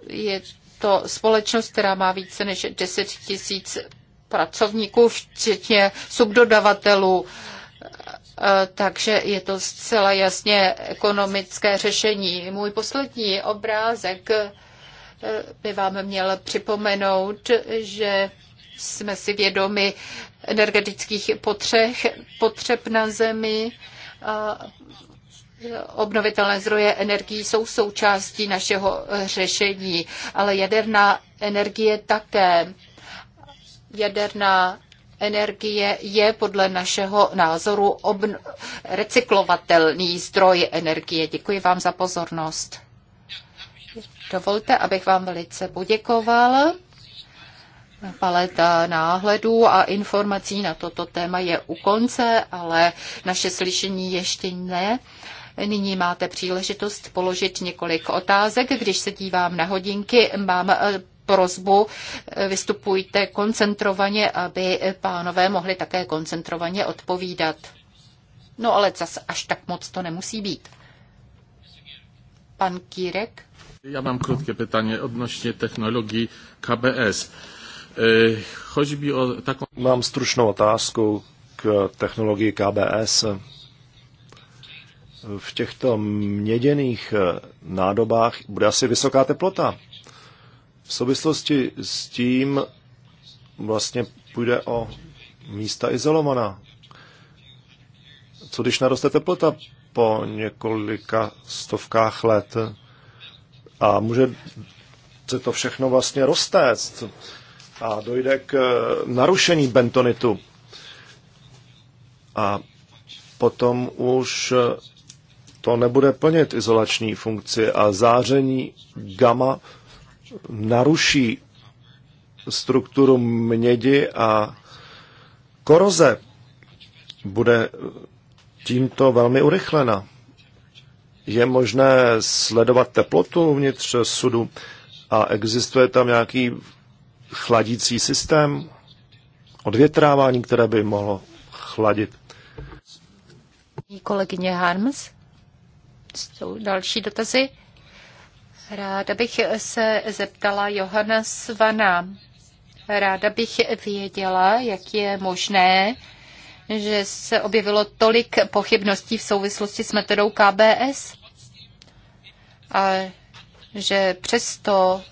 je to společnost, která má více než 10 tisíc pracovníků, včetně subdodavatelů. Eh, takže je to zcela jasně ekonomické řešení. Můj poslední obrázek eh, by vám měl připomenout, že jsme si vědomi energetických potřeb, potřeb na zemi. A obnovitelné zdroje energií jsou součástí našeho řešení, ale jaderná energie také. Jaderná energie je podle našeho názoru obn- recyklovatelný zdroj energie. Děkuji vám za pozornost. Dovolte, abych vám velice poděkoval. Paleta náhledů a informací na toto téma je u konce, ale naše slyšení ještě ne. Nyní máte příležitost položit několik otázek. Když se dívám na hodinky, mám eh, prozbu, eh, vystupujte koncentrovaně, aby pánové mohli také koncentrovaně odpovídat. No ale zas až tak moc to nemusí být. Pan Kírek? Já mám krótkie pytanie odnośnie technologii KBS. Eh, chodzi mi o taką... Mám stručnou otázku k technologii KBS. V těchto měděných eh, nádobách bude asi vysoká teplota. V souvislosti s tím vlastně půjde o místa izolovaná. Co když naroste teplota po několika stovkách let a může se to všechno vlastně roztéct a dojde k eh, narušení bentonitu. A potom už eh, to nebude plnit izolační funkci a záření gamma naruší strukturu mědi a koroze bude tímto velmi urychlena. Je možné sledovat teplotu uvnitř sudu a existuje tam nějaký chladící systém odvětrávání, které by mohlo chladit. Kolegyně Harms, jsou další dotazy? Ráda bych se zeptala Johana Svana. Ráda bych věděla, jak je možné, že se objevilo tolik pochybností v souvislosti s metodou KBS a že přesto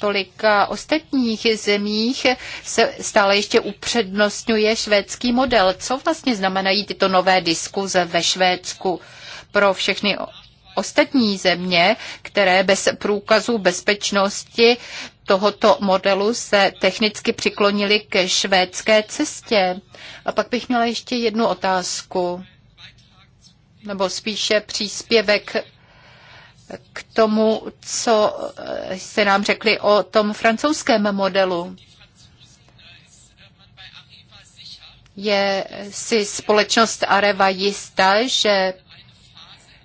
tolika ostatních zemích se stále ještě upřednostňuje švédský model. Co vlastně znamenají tyto nové diskuze ve Švédsku pro všechny ostatní země, které bez průkazu bezpečnosti tohoto modelu se technicky přiklonili ke švédské cestě. A pak bych měla ještě jednu otázku, nebo spíše příspěvek k tomu, co se nám řekli o tom francouzském modelu. Je si společnost Areva jistá, že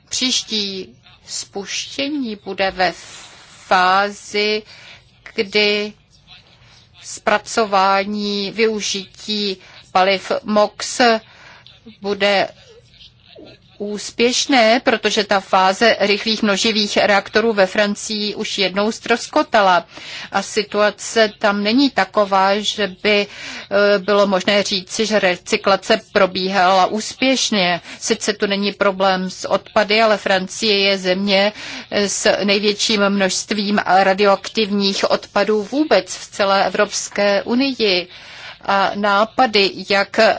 Příští spuštění bude ve fázi, kdy zpracování využití paliv MOX bude úspěšné, protože ta fáze rychlých množivých reaktorů ve Francii už jednou ztroskotala a situace tam není taková, že by e, bylo možné říci, že recyklace probíhala úspěšně. Sice tu není problém s odpady, ale Francie je země s největším množstvím radioaktivních odpadů vůbec v celé Evropské unii a nápady, jak e,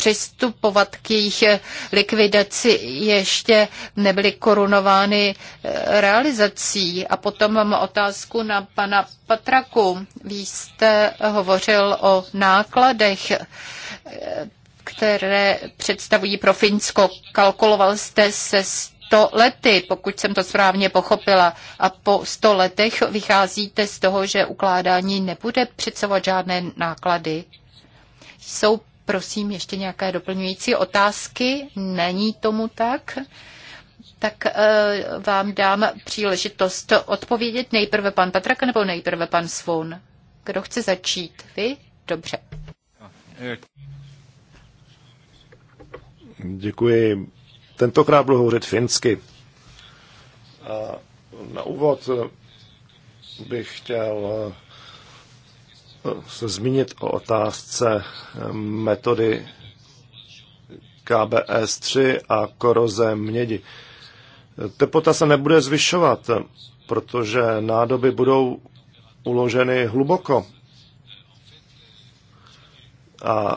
přistupovat k jejich likvidaci, ještě nebyly korunovány eh, realizací. A potom mám otázku na pana Patraku. Vy jste hovořil o nákladech eh, které představují pro Finsko. Kalkuloval jste se 100 lety, pokud jsem to správně pochopila. A po 100 letech vycházíte z toho, že ukládání nebude představovat žádné náklady. Jsou Prosím, ještě nějaké doplňující otázky? Není tomu tak? Tak eh, vám dám příležitost odpovědět nejprve pan Patrak nebo nejprve pan Svon. Kdo chce začít? Vy? Dobře. Děkuji. Tentokrát budu hovořit finsky. A na úvod bych chtěl eh, se zmínit o otázce metody KBS3 a koroze mědi. Teplota se nebude zvyšovat, protože nádoby budou uloženy hluboko. A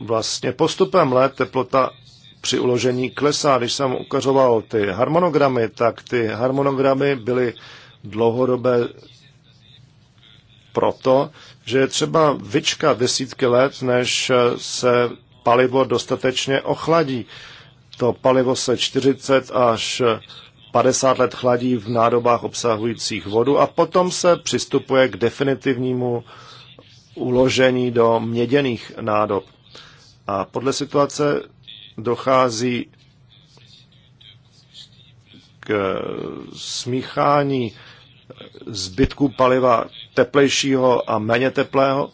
vlastně postupem let teplota při uložení klesá. Když jsem ukazoval ty harmonogramy, tak ty harmonogramy byly dlouhodobé proto, že je třeba vyčkat desítky let, než se palivo dostatečně ochladí. To palivo se 40 až 50 let chladí v nádobách obsahujících vodu a potom se přistupuje k definitivnímu uložení do měděných nádob. A podle situace dochází k smíchání Zbytku paliva teplejšího a méně teplého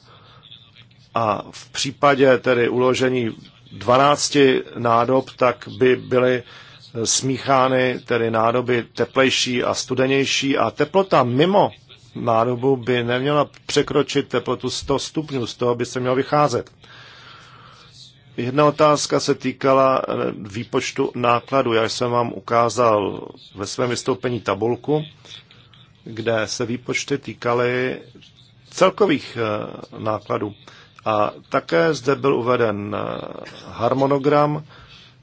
a v případě tedy uložení 12 nádob, tak by byly eh, smíchány tedy nádoby teplejší a studenější a teplota mimo nádobu by neměla překročit teplotu 100 stupňů, z toho by se mělo vycházet. Jedna otázka se týkala eh, výpočtu nákladu. Já jsem vám ukázal ve svém vystoupení tabulku, kde se výpočty týkaly celkových eh, nákladů. A také zde byl uveden eh, harmonogram,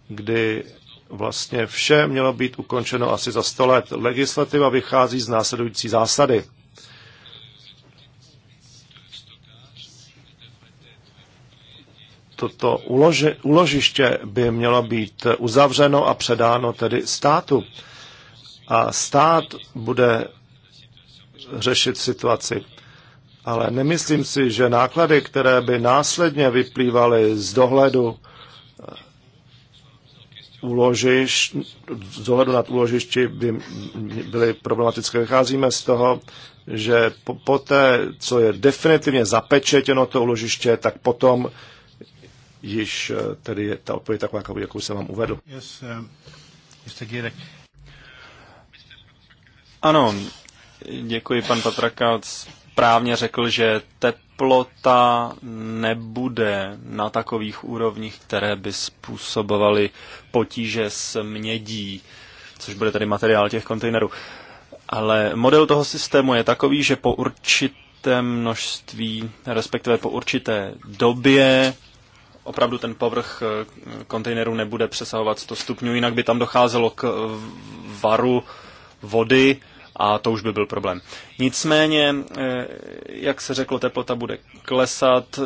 kdy vlastně vše mělo být ukončeno asi za 100 let. Legislativa vychází z následující zásady. Toto uloži, uložiště by mělo být uzavřeno a předáno tedy státu. A stát bude řešit situaci. Ale nemyslím si, že náklady, které by následně vyplývaly z dohledu uložiš, eh, z dohledu nad úložišti by byly problematické. Vycházíme z toho, že po, poté, co je definitivně zapečetěno to úložiště, tak potom již eh, tedy je ta odpověď taková, jakou jsem vám uvedl. Yes, um, Ano, Děkuji, pan Patraka správně řekl, že teplota nebude na takových úrovních, které by způsobovaly potíže s mědí, což bude tedy materiál těch kontejnerů. Ale model toho systému je takový, že po určité množství, respektive po určité době, opravdu ten povrch eh, kontejneru nebude přesahovat 100 stupňů, jinak by tam docházelo k varu vody, a to už by byl problém. Nicméně, eh, jak se řeklo, teplota bude klesat, eh,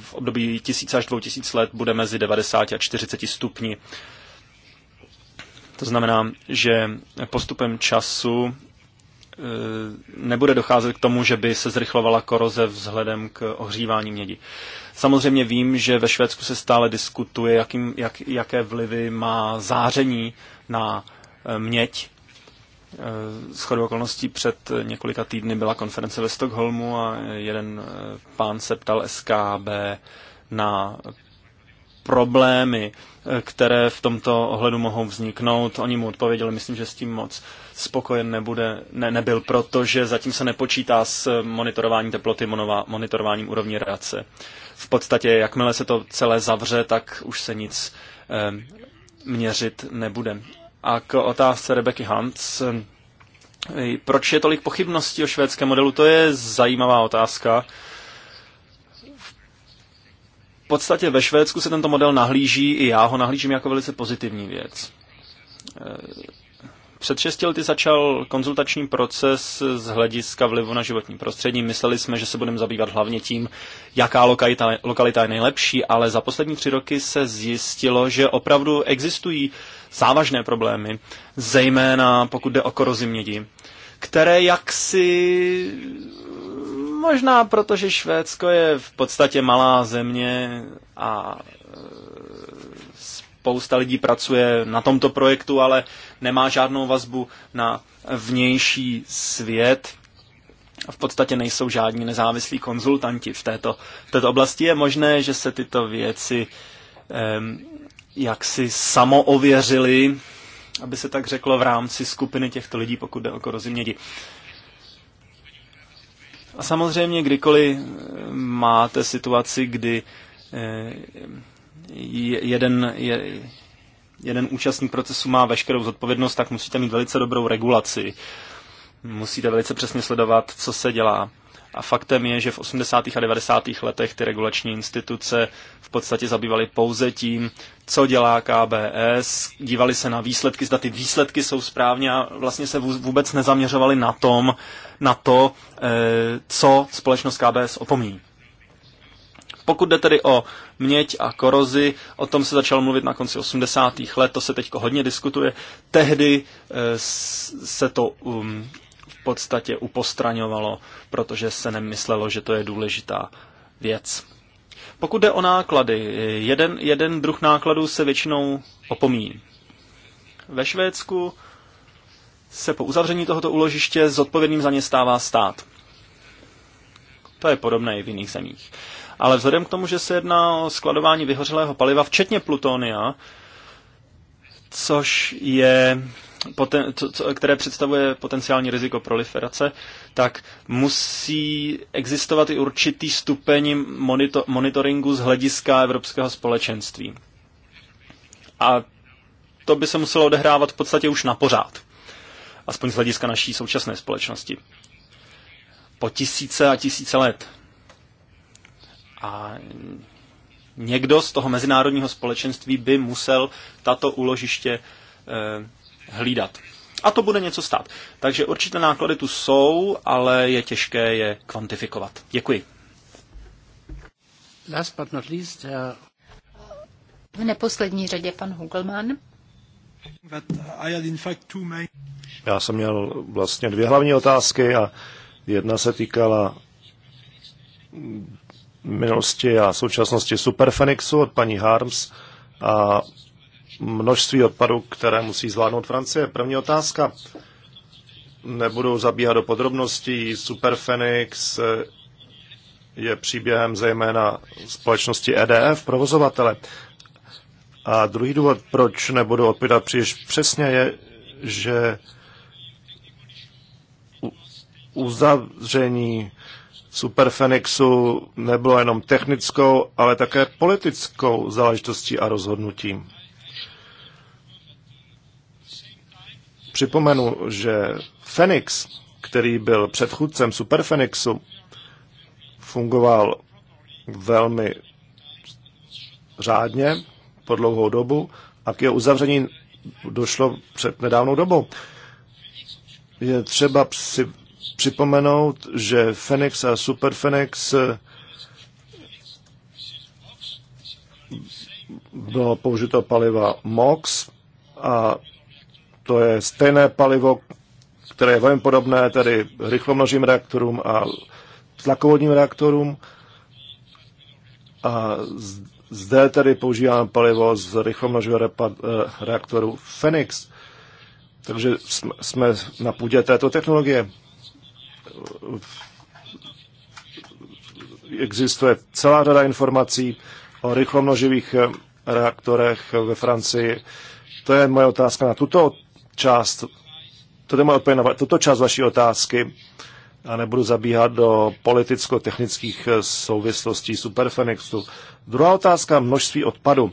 v období 1000 až 2000 let bude mezi 90 a 40 stupni. To znamená, že postupem času eh, nebude docházet k tomu, že by se zrychlovala koroze vzhledem k ohřívání mědi. Samozřejmě vím, že ve Švédsku se stále diskutuje, jakým, jak, jaké vlivy má záření na měď Eh, s chodou okolností před několika týdny byla konference ve Stockholmu a jeden eh, pán se ptal SKB na problémy, eh, které v tomto ohledu mohou vzniknout. Oni mu odpověděli, myslím, že s tím moc spokojen nebude, ne, nebyl, protože zatím se nepočítá s monitorováním teploty, monitorováním úrovně radce. V podstatě, jakmile se to celé zavře, tak už se nic eh, měřit nebude. A k otázce Rebeky Hans. Proč je tolik pochybností o švédském modelu? To je zajímavá otázka. V podstatě ve Švédsku se tento model nahlíží, i já ho nahlížím jako velice pozitivní věc. Před šesti lety začal konzultační proces z hlediska vlivu na životní prostředí. Mysleli jsme, že se budeme zabývat hlavně tím, jaká lokalita, lokalita je nejlepší, ale za poslední tři roky se zjistilo, že opravdu existují závažné problémy, zejména pokud jde o korozi mědi, které jaksi možná protože Švédsko je v podstatě malá země a spousta lidí pracuje na tomto projektu, ale nemá žádnou vazbu na vnější svět. V podstatě nejsou žádní nezávislí konzultanti v této, v této oblasti. Je možné, že se tyto věci um, jaksi samoověřily, aby se tak řeklo, v rámci skupiny těchto lidí, pokud jde o korozimědi. A samozřejmě, kdykoliv máte situaci, kdy jeden, je, jeden účastník procesu má veškerou zodpovědnost, tak musíte mít velice dobrou regulaci. Musíte velice přesně sledovat, co se dělá. A faktem je, že v 80. a 90. letech ty regulační instituce v podstatě zabývaly pouze tím, co dělá KBS, dívali se na výsledky, zda ty výsledky jsou správně a vlastně se vůbec nezaměřovali na tom, na to, eh, co společnost KBS opomíní. Pokud jde tedy o měď a korozi. O tom se začal mluvit na konci 80. let, to se teď hodně diskutuje. Tehdy eh, se to um, v podstatě upostraňovalo, protože se nemyslelo, že to je důležitá věc. Pokud jde o náklady, jeden, jeden druh nákladů se většinou opomíjí. Ve Švédsku se po uzavření tohoto úložiště zodpovědným za ně stává stát. To je podobné i v jiných zemích ale vzhledem k tomu, že se jedná o skladování vyhořelého paliva, včetně plutonia, což je poten, co, co, které představuje potenciální riziko proliferace, tak musí existovat i určitý stupeň monitor, monitoringu z hlediska Evropského společenství. A to by se muselo odehrávat v podstatě už na pořád. Aspoň z hlediska naší současné společnosti. Po tisíce a tisíce let. A někdo z toho mezinárodního společenství by musel tato úložiště eh, hlídat. A to bude něco stát. Takže určité náklady tu jsou, ale je těžké je kvantifikovat. Děkuji. Last but not least, uh... V neposlední řadě pan Hugelmann. Já jsem měl vlastně dvě hlavní otázky a jedna se týkala minulosti a současnosti Superfenixu od paní Harms a množství odpadů, které musí zvládnout Francie. První otázka. Nebudu zabíhat do podrobností. Superfenix je příběhem zejména společnosti EDF, provozovatele. A druhý důvod, proč nebudu odpovídat příliš přesně, je, že uzavření Superfenixu nebylo jenom technickou, ale také politickou záležitostí a rozhodnutím. Připomenu, že Fenix, který byl předchůdcem Superfenixu, fungoval velmi řádně po dlouhou dobu a k jeho uzavření došlo před nedávnou dobou. Je třeba si připomenout, že Fenix a Superfenix eh, bylo použito paliva MOX a to je stejné palivo, které je velmi podobné tedy rychlomnožím reaktorům a tlakovodním reaktorům. A zde tedy používáme palivo z rychlomnožího eh, reaktoru Fenix. Takže jsme na půdě této technologie existuje celá řada informací o rychlomnoživých eh, reaktorech ve Francii. To je moje otázka na tuto část, to je moje odpověď na tuto část vaší otázky a nebudu zabíhat do politicko-technických eh, souvislostí Superfenixu. Druhá otázka, množství odpadu.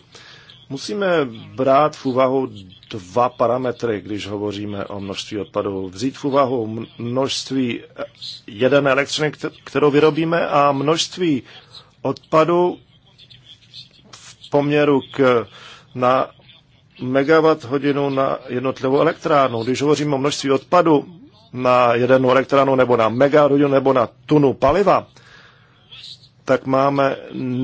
Musíme brát v úvahu dva parametry, když hovoříme o množství odpadu. Vzít v úvahu množství jeden elektřiny, kterou vyrobíme, a množství odpadu v poměru k, na megawatt hodinu na jednotlivou elektrárnu. Když hovoříme o množství odpadu na jednu elektrárnu nebo na megawatt hodinu nebo na tunu paliva, tak máme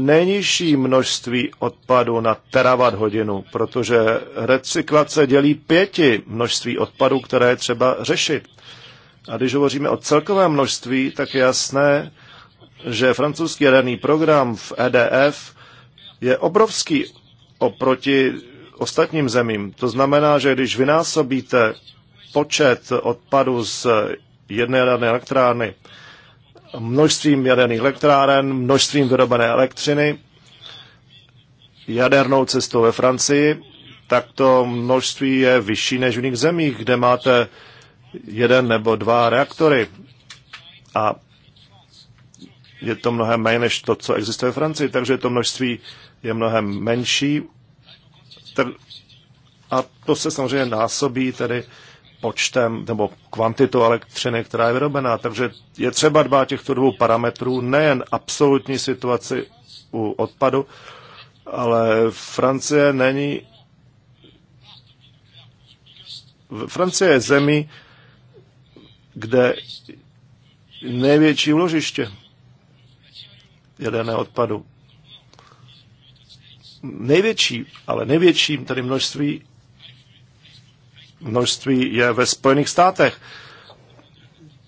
nejnižší množství odpadu na teravat hodinu, protože recyklace dělí pěti množství odpadu, které je třeba řešit. A když hovoříme o celkovém množství, tak je jasné, že francouzský jaderný program v EDF je obrovský oproti ostatním zemím. To znamená, že když vynásobíte počet odpadu z jedné jaderné elektrárny množstvím jaderných elektráren, množstvím vyrobené elektřiny, jadernou cestou ve Francii, tak to množství je vyšší než v jiných zemích, kde máte jeden nebo dva reaktory. A je to mnohem méně než to, co existuje ve Francii, takže to množství je mnohem menší. A to se samozřejmě násobí tedy počtem nebo kvantitou elektřiny, která je vyrobená. Takže je třeba dbát těchto dvou parametrů, nejen absolutní situaci u odpadu, ale Francie není. Francie je zemí, kde největší uložiště jedené odpadu. Největší, ale největším tady množství množství je ve Spojených státech.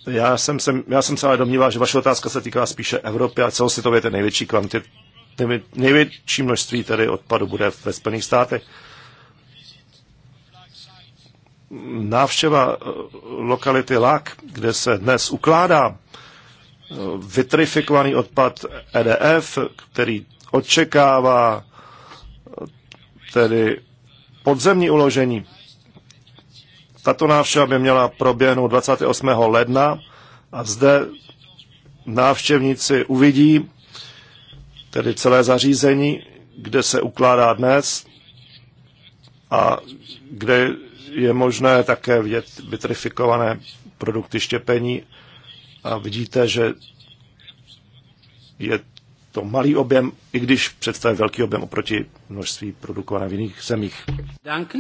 Já jsem, se, já jsem se ale domníval, že vaše otázka se týká spíše Evropy a celosvětově ten největší kvantit, největší množství tedy odpadu bude ve Spojených státech. Návštěva eh, lokality Lak, kde se dnes ukládá eh, vitrifikovaný odpad EDF, který očekává eh, tedy podzemní uložení tato návštěva by měla proběhnout 28. ledna a zde návštěvníci uvidí, tedy celé zařízení, kde se ukládá dnes a kde je možné také vidět vitrifikované produkty štěpení a vidíte, že je to malý objem, i když představuje velký objem oproti množství produkované v jiných zemích. Danke.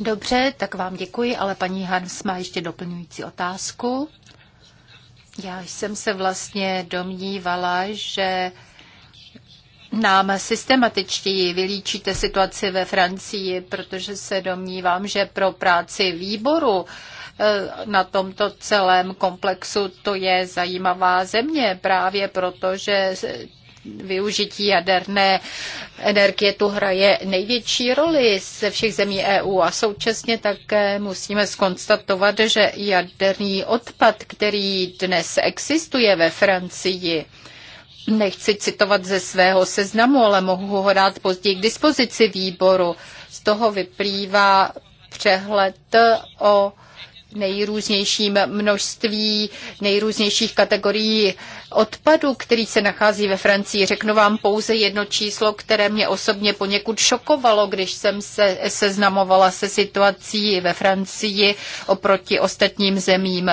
Dobře, tak vám děkuji, ale paní Hans má ještě doplňující otázku. Já jsem se vlastně domnívala, že nám systematičtěji vylíčíte situaci ve Francii, protože se domnívám, že pro práci výboru eh, na tomto celém komplexu to je zajímavá země, právě proto, že využití jaderné energie tu hraje největší roli ze všech zemí EU a současně také musíme skonstatovat, že jaderný odpad, který dnes existuje ve Francii, nechci citovat ze svého seznamu, ale mohu ho dát později k dispozici výboru. Z toho vyplývá přehled o nejrůznějším množství nejrůznějších kategorií odpadu, který se nachází ve Francii. Řeknu vám pouze jedno číslo, které mě osobně poněkud šokovalo, když jsem se seznamovala se situací ve Francii oproti ostatním zemím.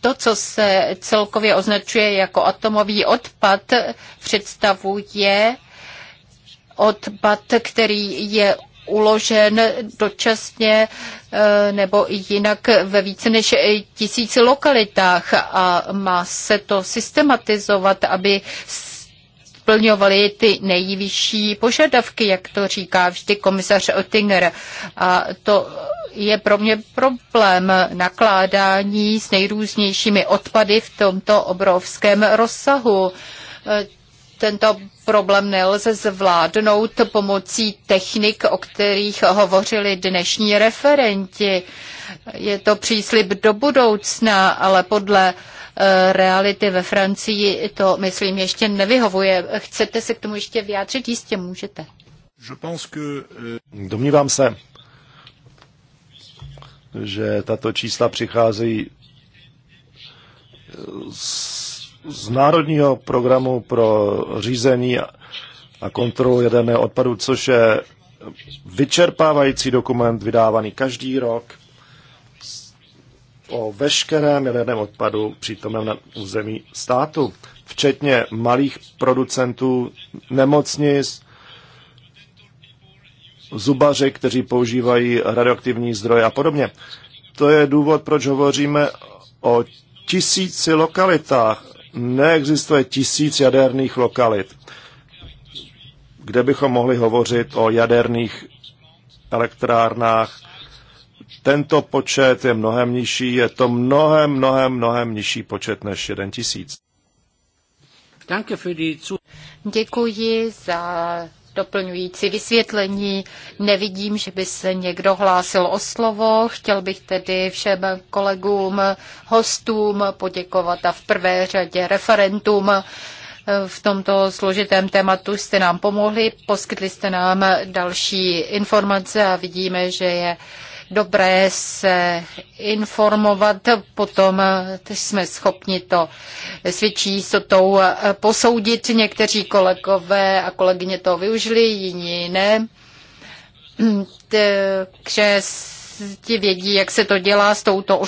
To, co se celkově označuje jako atomový odpad, představuje odpad, který je uložen dočasně eh, nebo jinak ve více než tisíci lokalitách a má se to systematizovat, aby splňovaly ty nejvyšší požadavky, jak to říká vždy komisař Oettinger. A to je pro mě problém nakládání s nejrůznějšími odpady v tomto obrovském rozsahu eh, tento problém nelze zvládnout pomocí technik, o kterých hovořili dnešní referenti. Je to příslip do budoucna, ale podle eh, reality ve Francii to, myslím, ještě nevyhovuje. Chcete se k tomu ještě vyjádřit? Jistě můžete. Eh, Domnívám se, že tato čísla přicházejí eh, z z Národního programu pro řízení a kontrolu jaderného odpadu, což je vyčerpávající dokument vydávaný každý rok o veškerém jaderném odpadu přítomném na území státu, včetně malých producentů nemocnic, zubaři, kteří používají radioaktivní zdroje a podobně. To je důvod, proč hovoříme o tisíci lokalitách neexistuje tisíc jaderných lokalit, kde bychom mohli hovořit o jaderných elektrárnách. Tento počet je mnohem nižší, je to mnohem, mnohem, mnohem nižší počet než jeden tisíc. Děkuji za doplňující vysvětlení. Nevidím, že by se někdo hlásil o slovo. Chtěl bych tedy všem kolegům, hostům poděkovat a v prvé řadě referentům. V tomto složitém tématu jste nám pomohli, poskytli jste nám další informace a vidíme, že je dobré se informovat, potom jsme schopni to svědčí sotou posoudit. Někteří kolegové a kolegyně to využili, jiní ne. Takže ti vědí, jak se to dělá s touto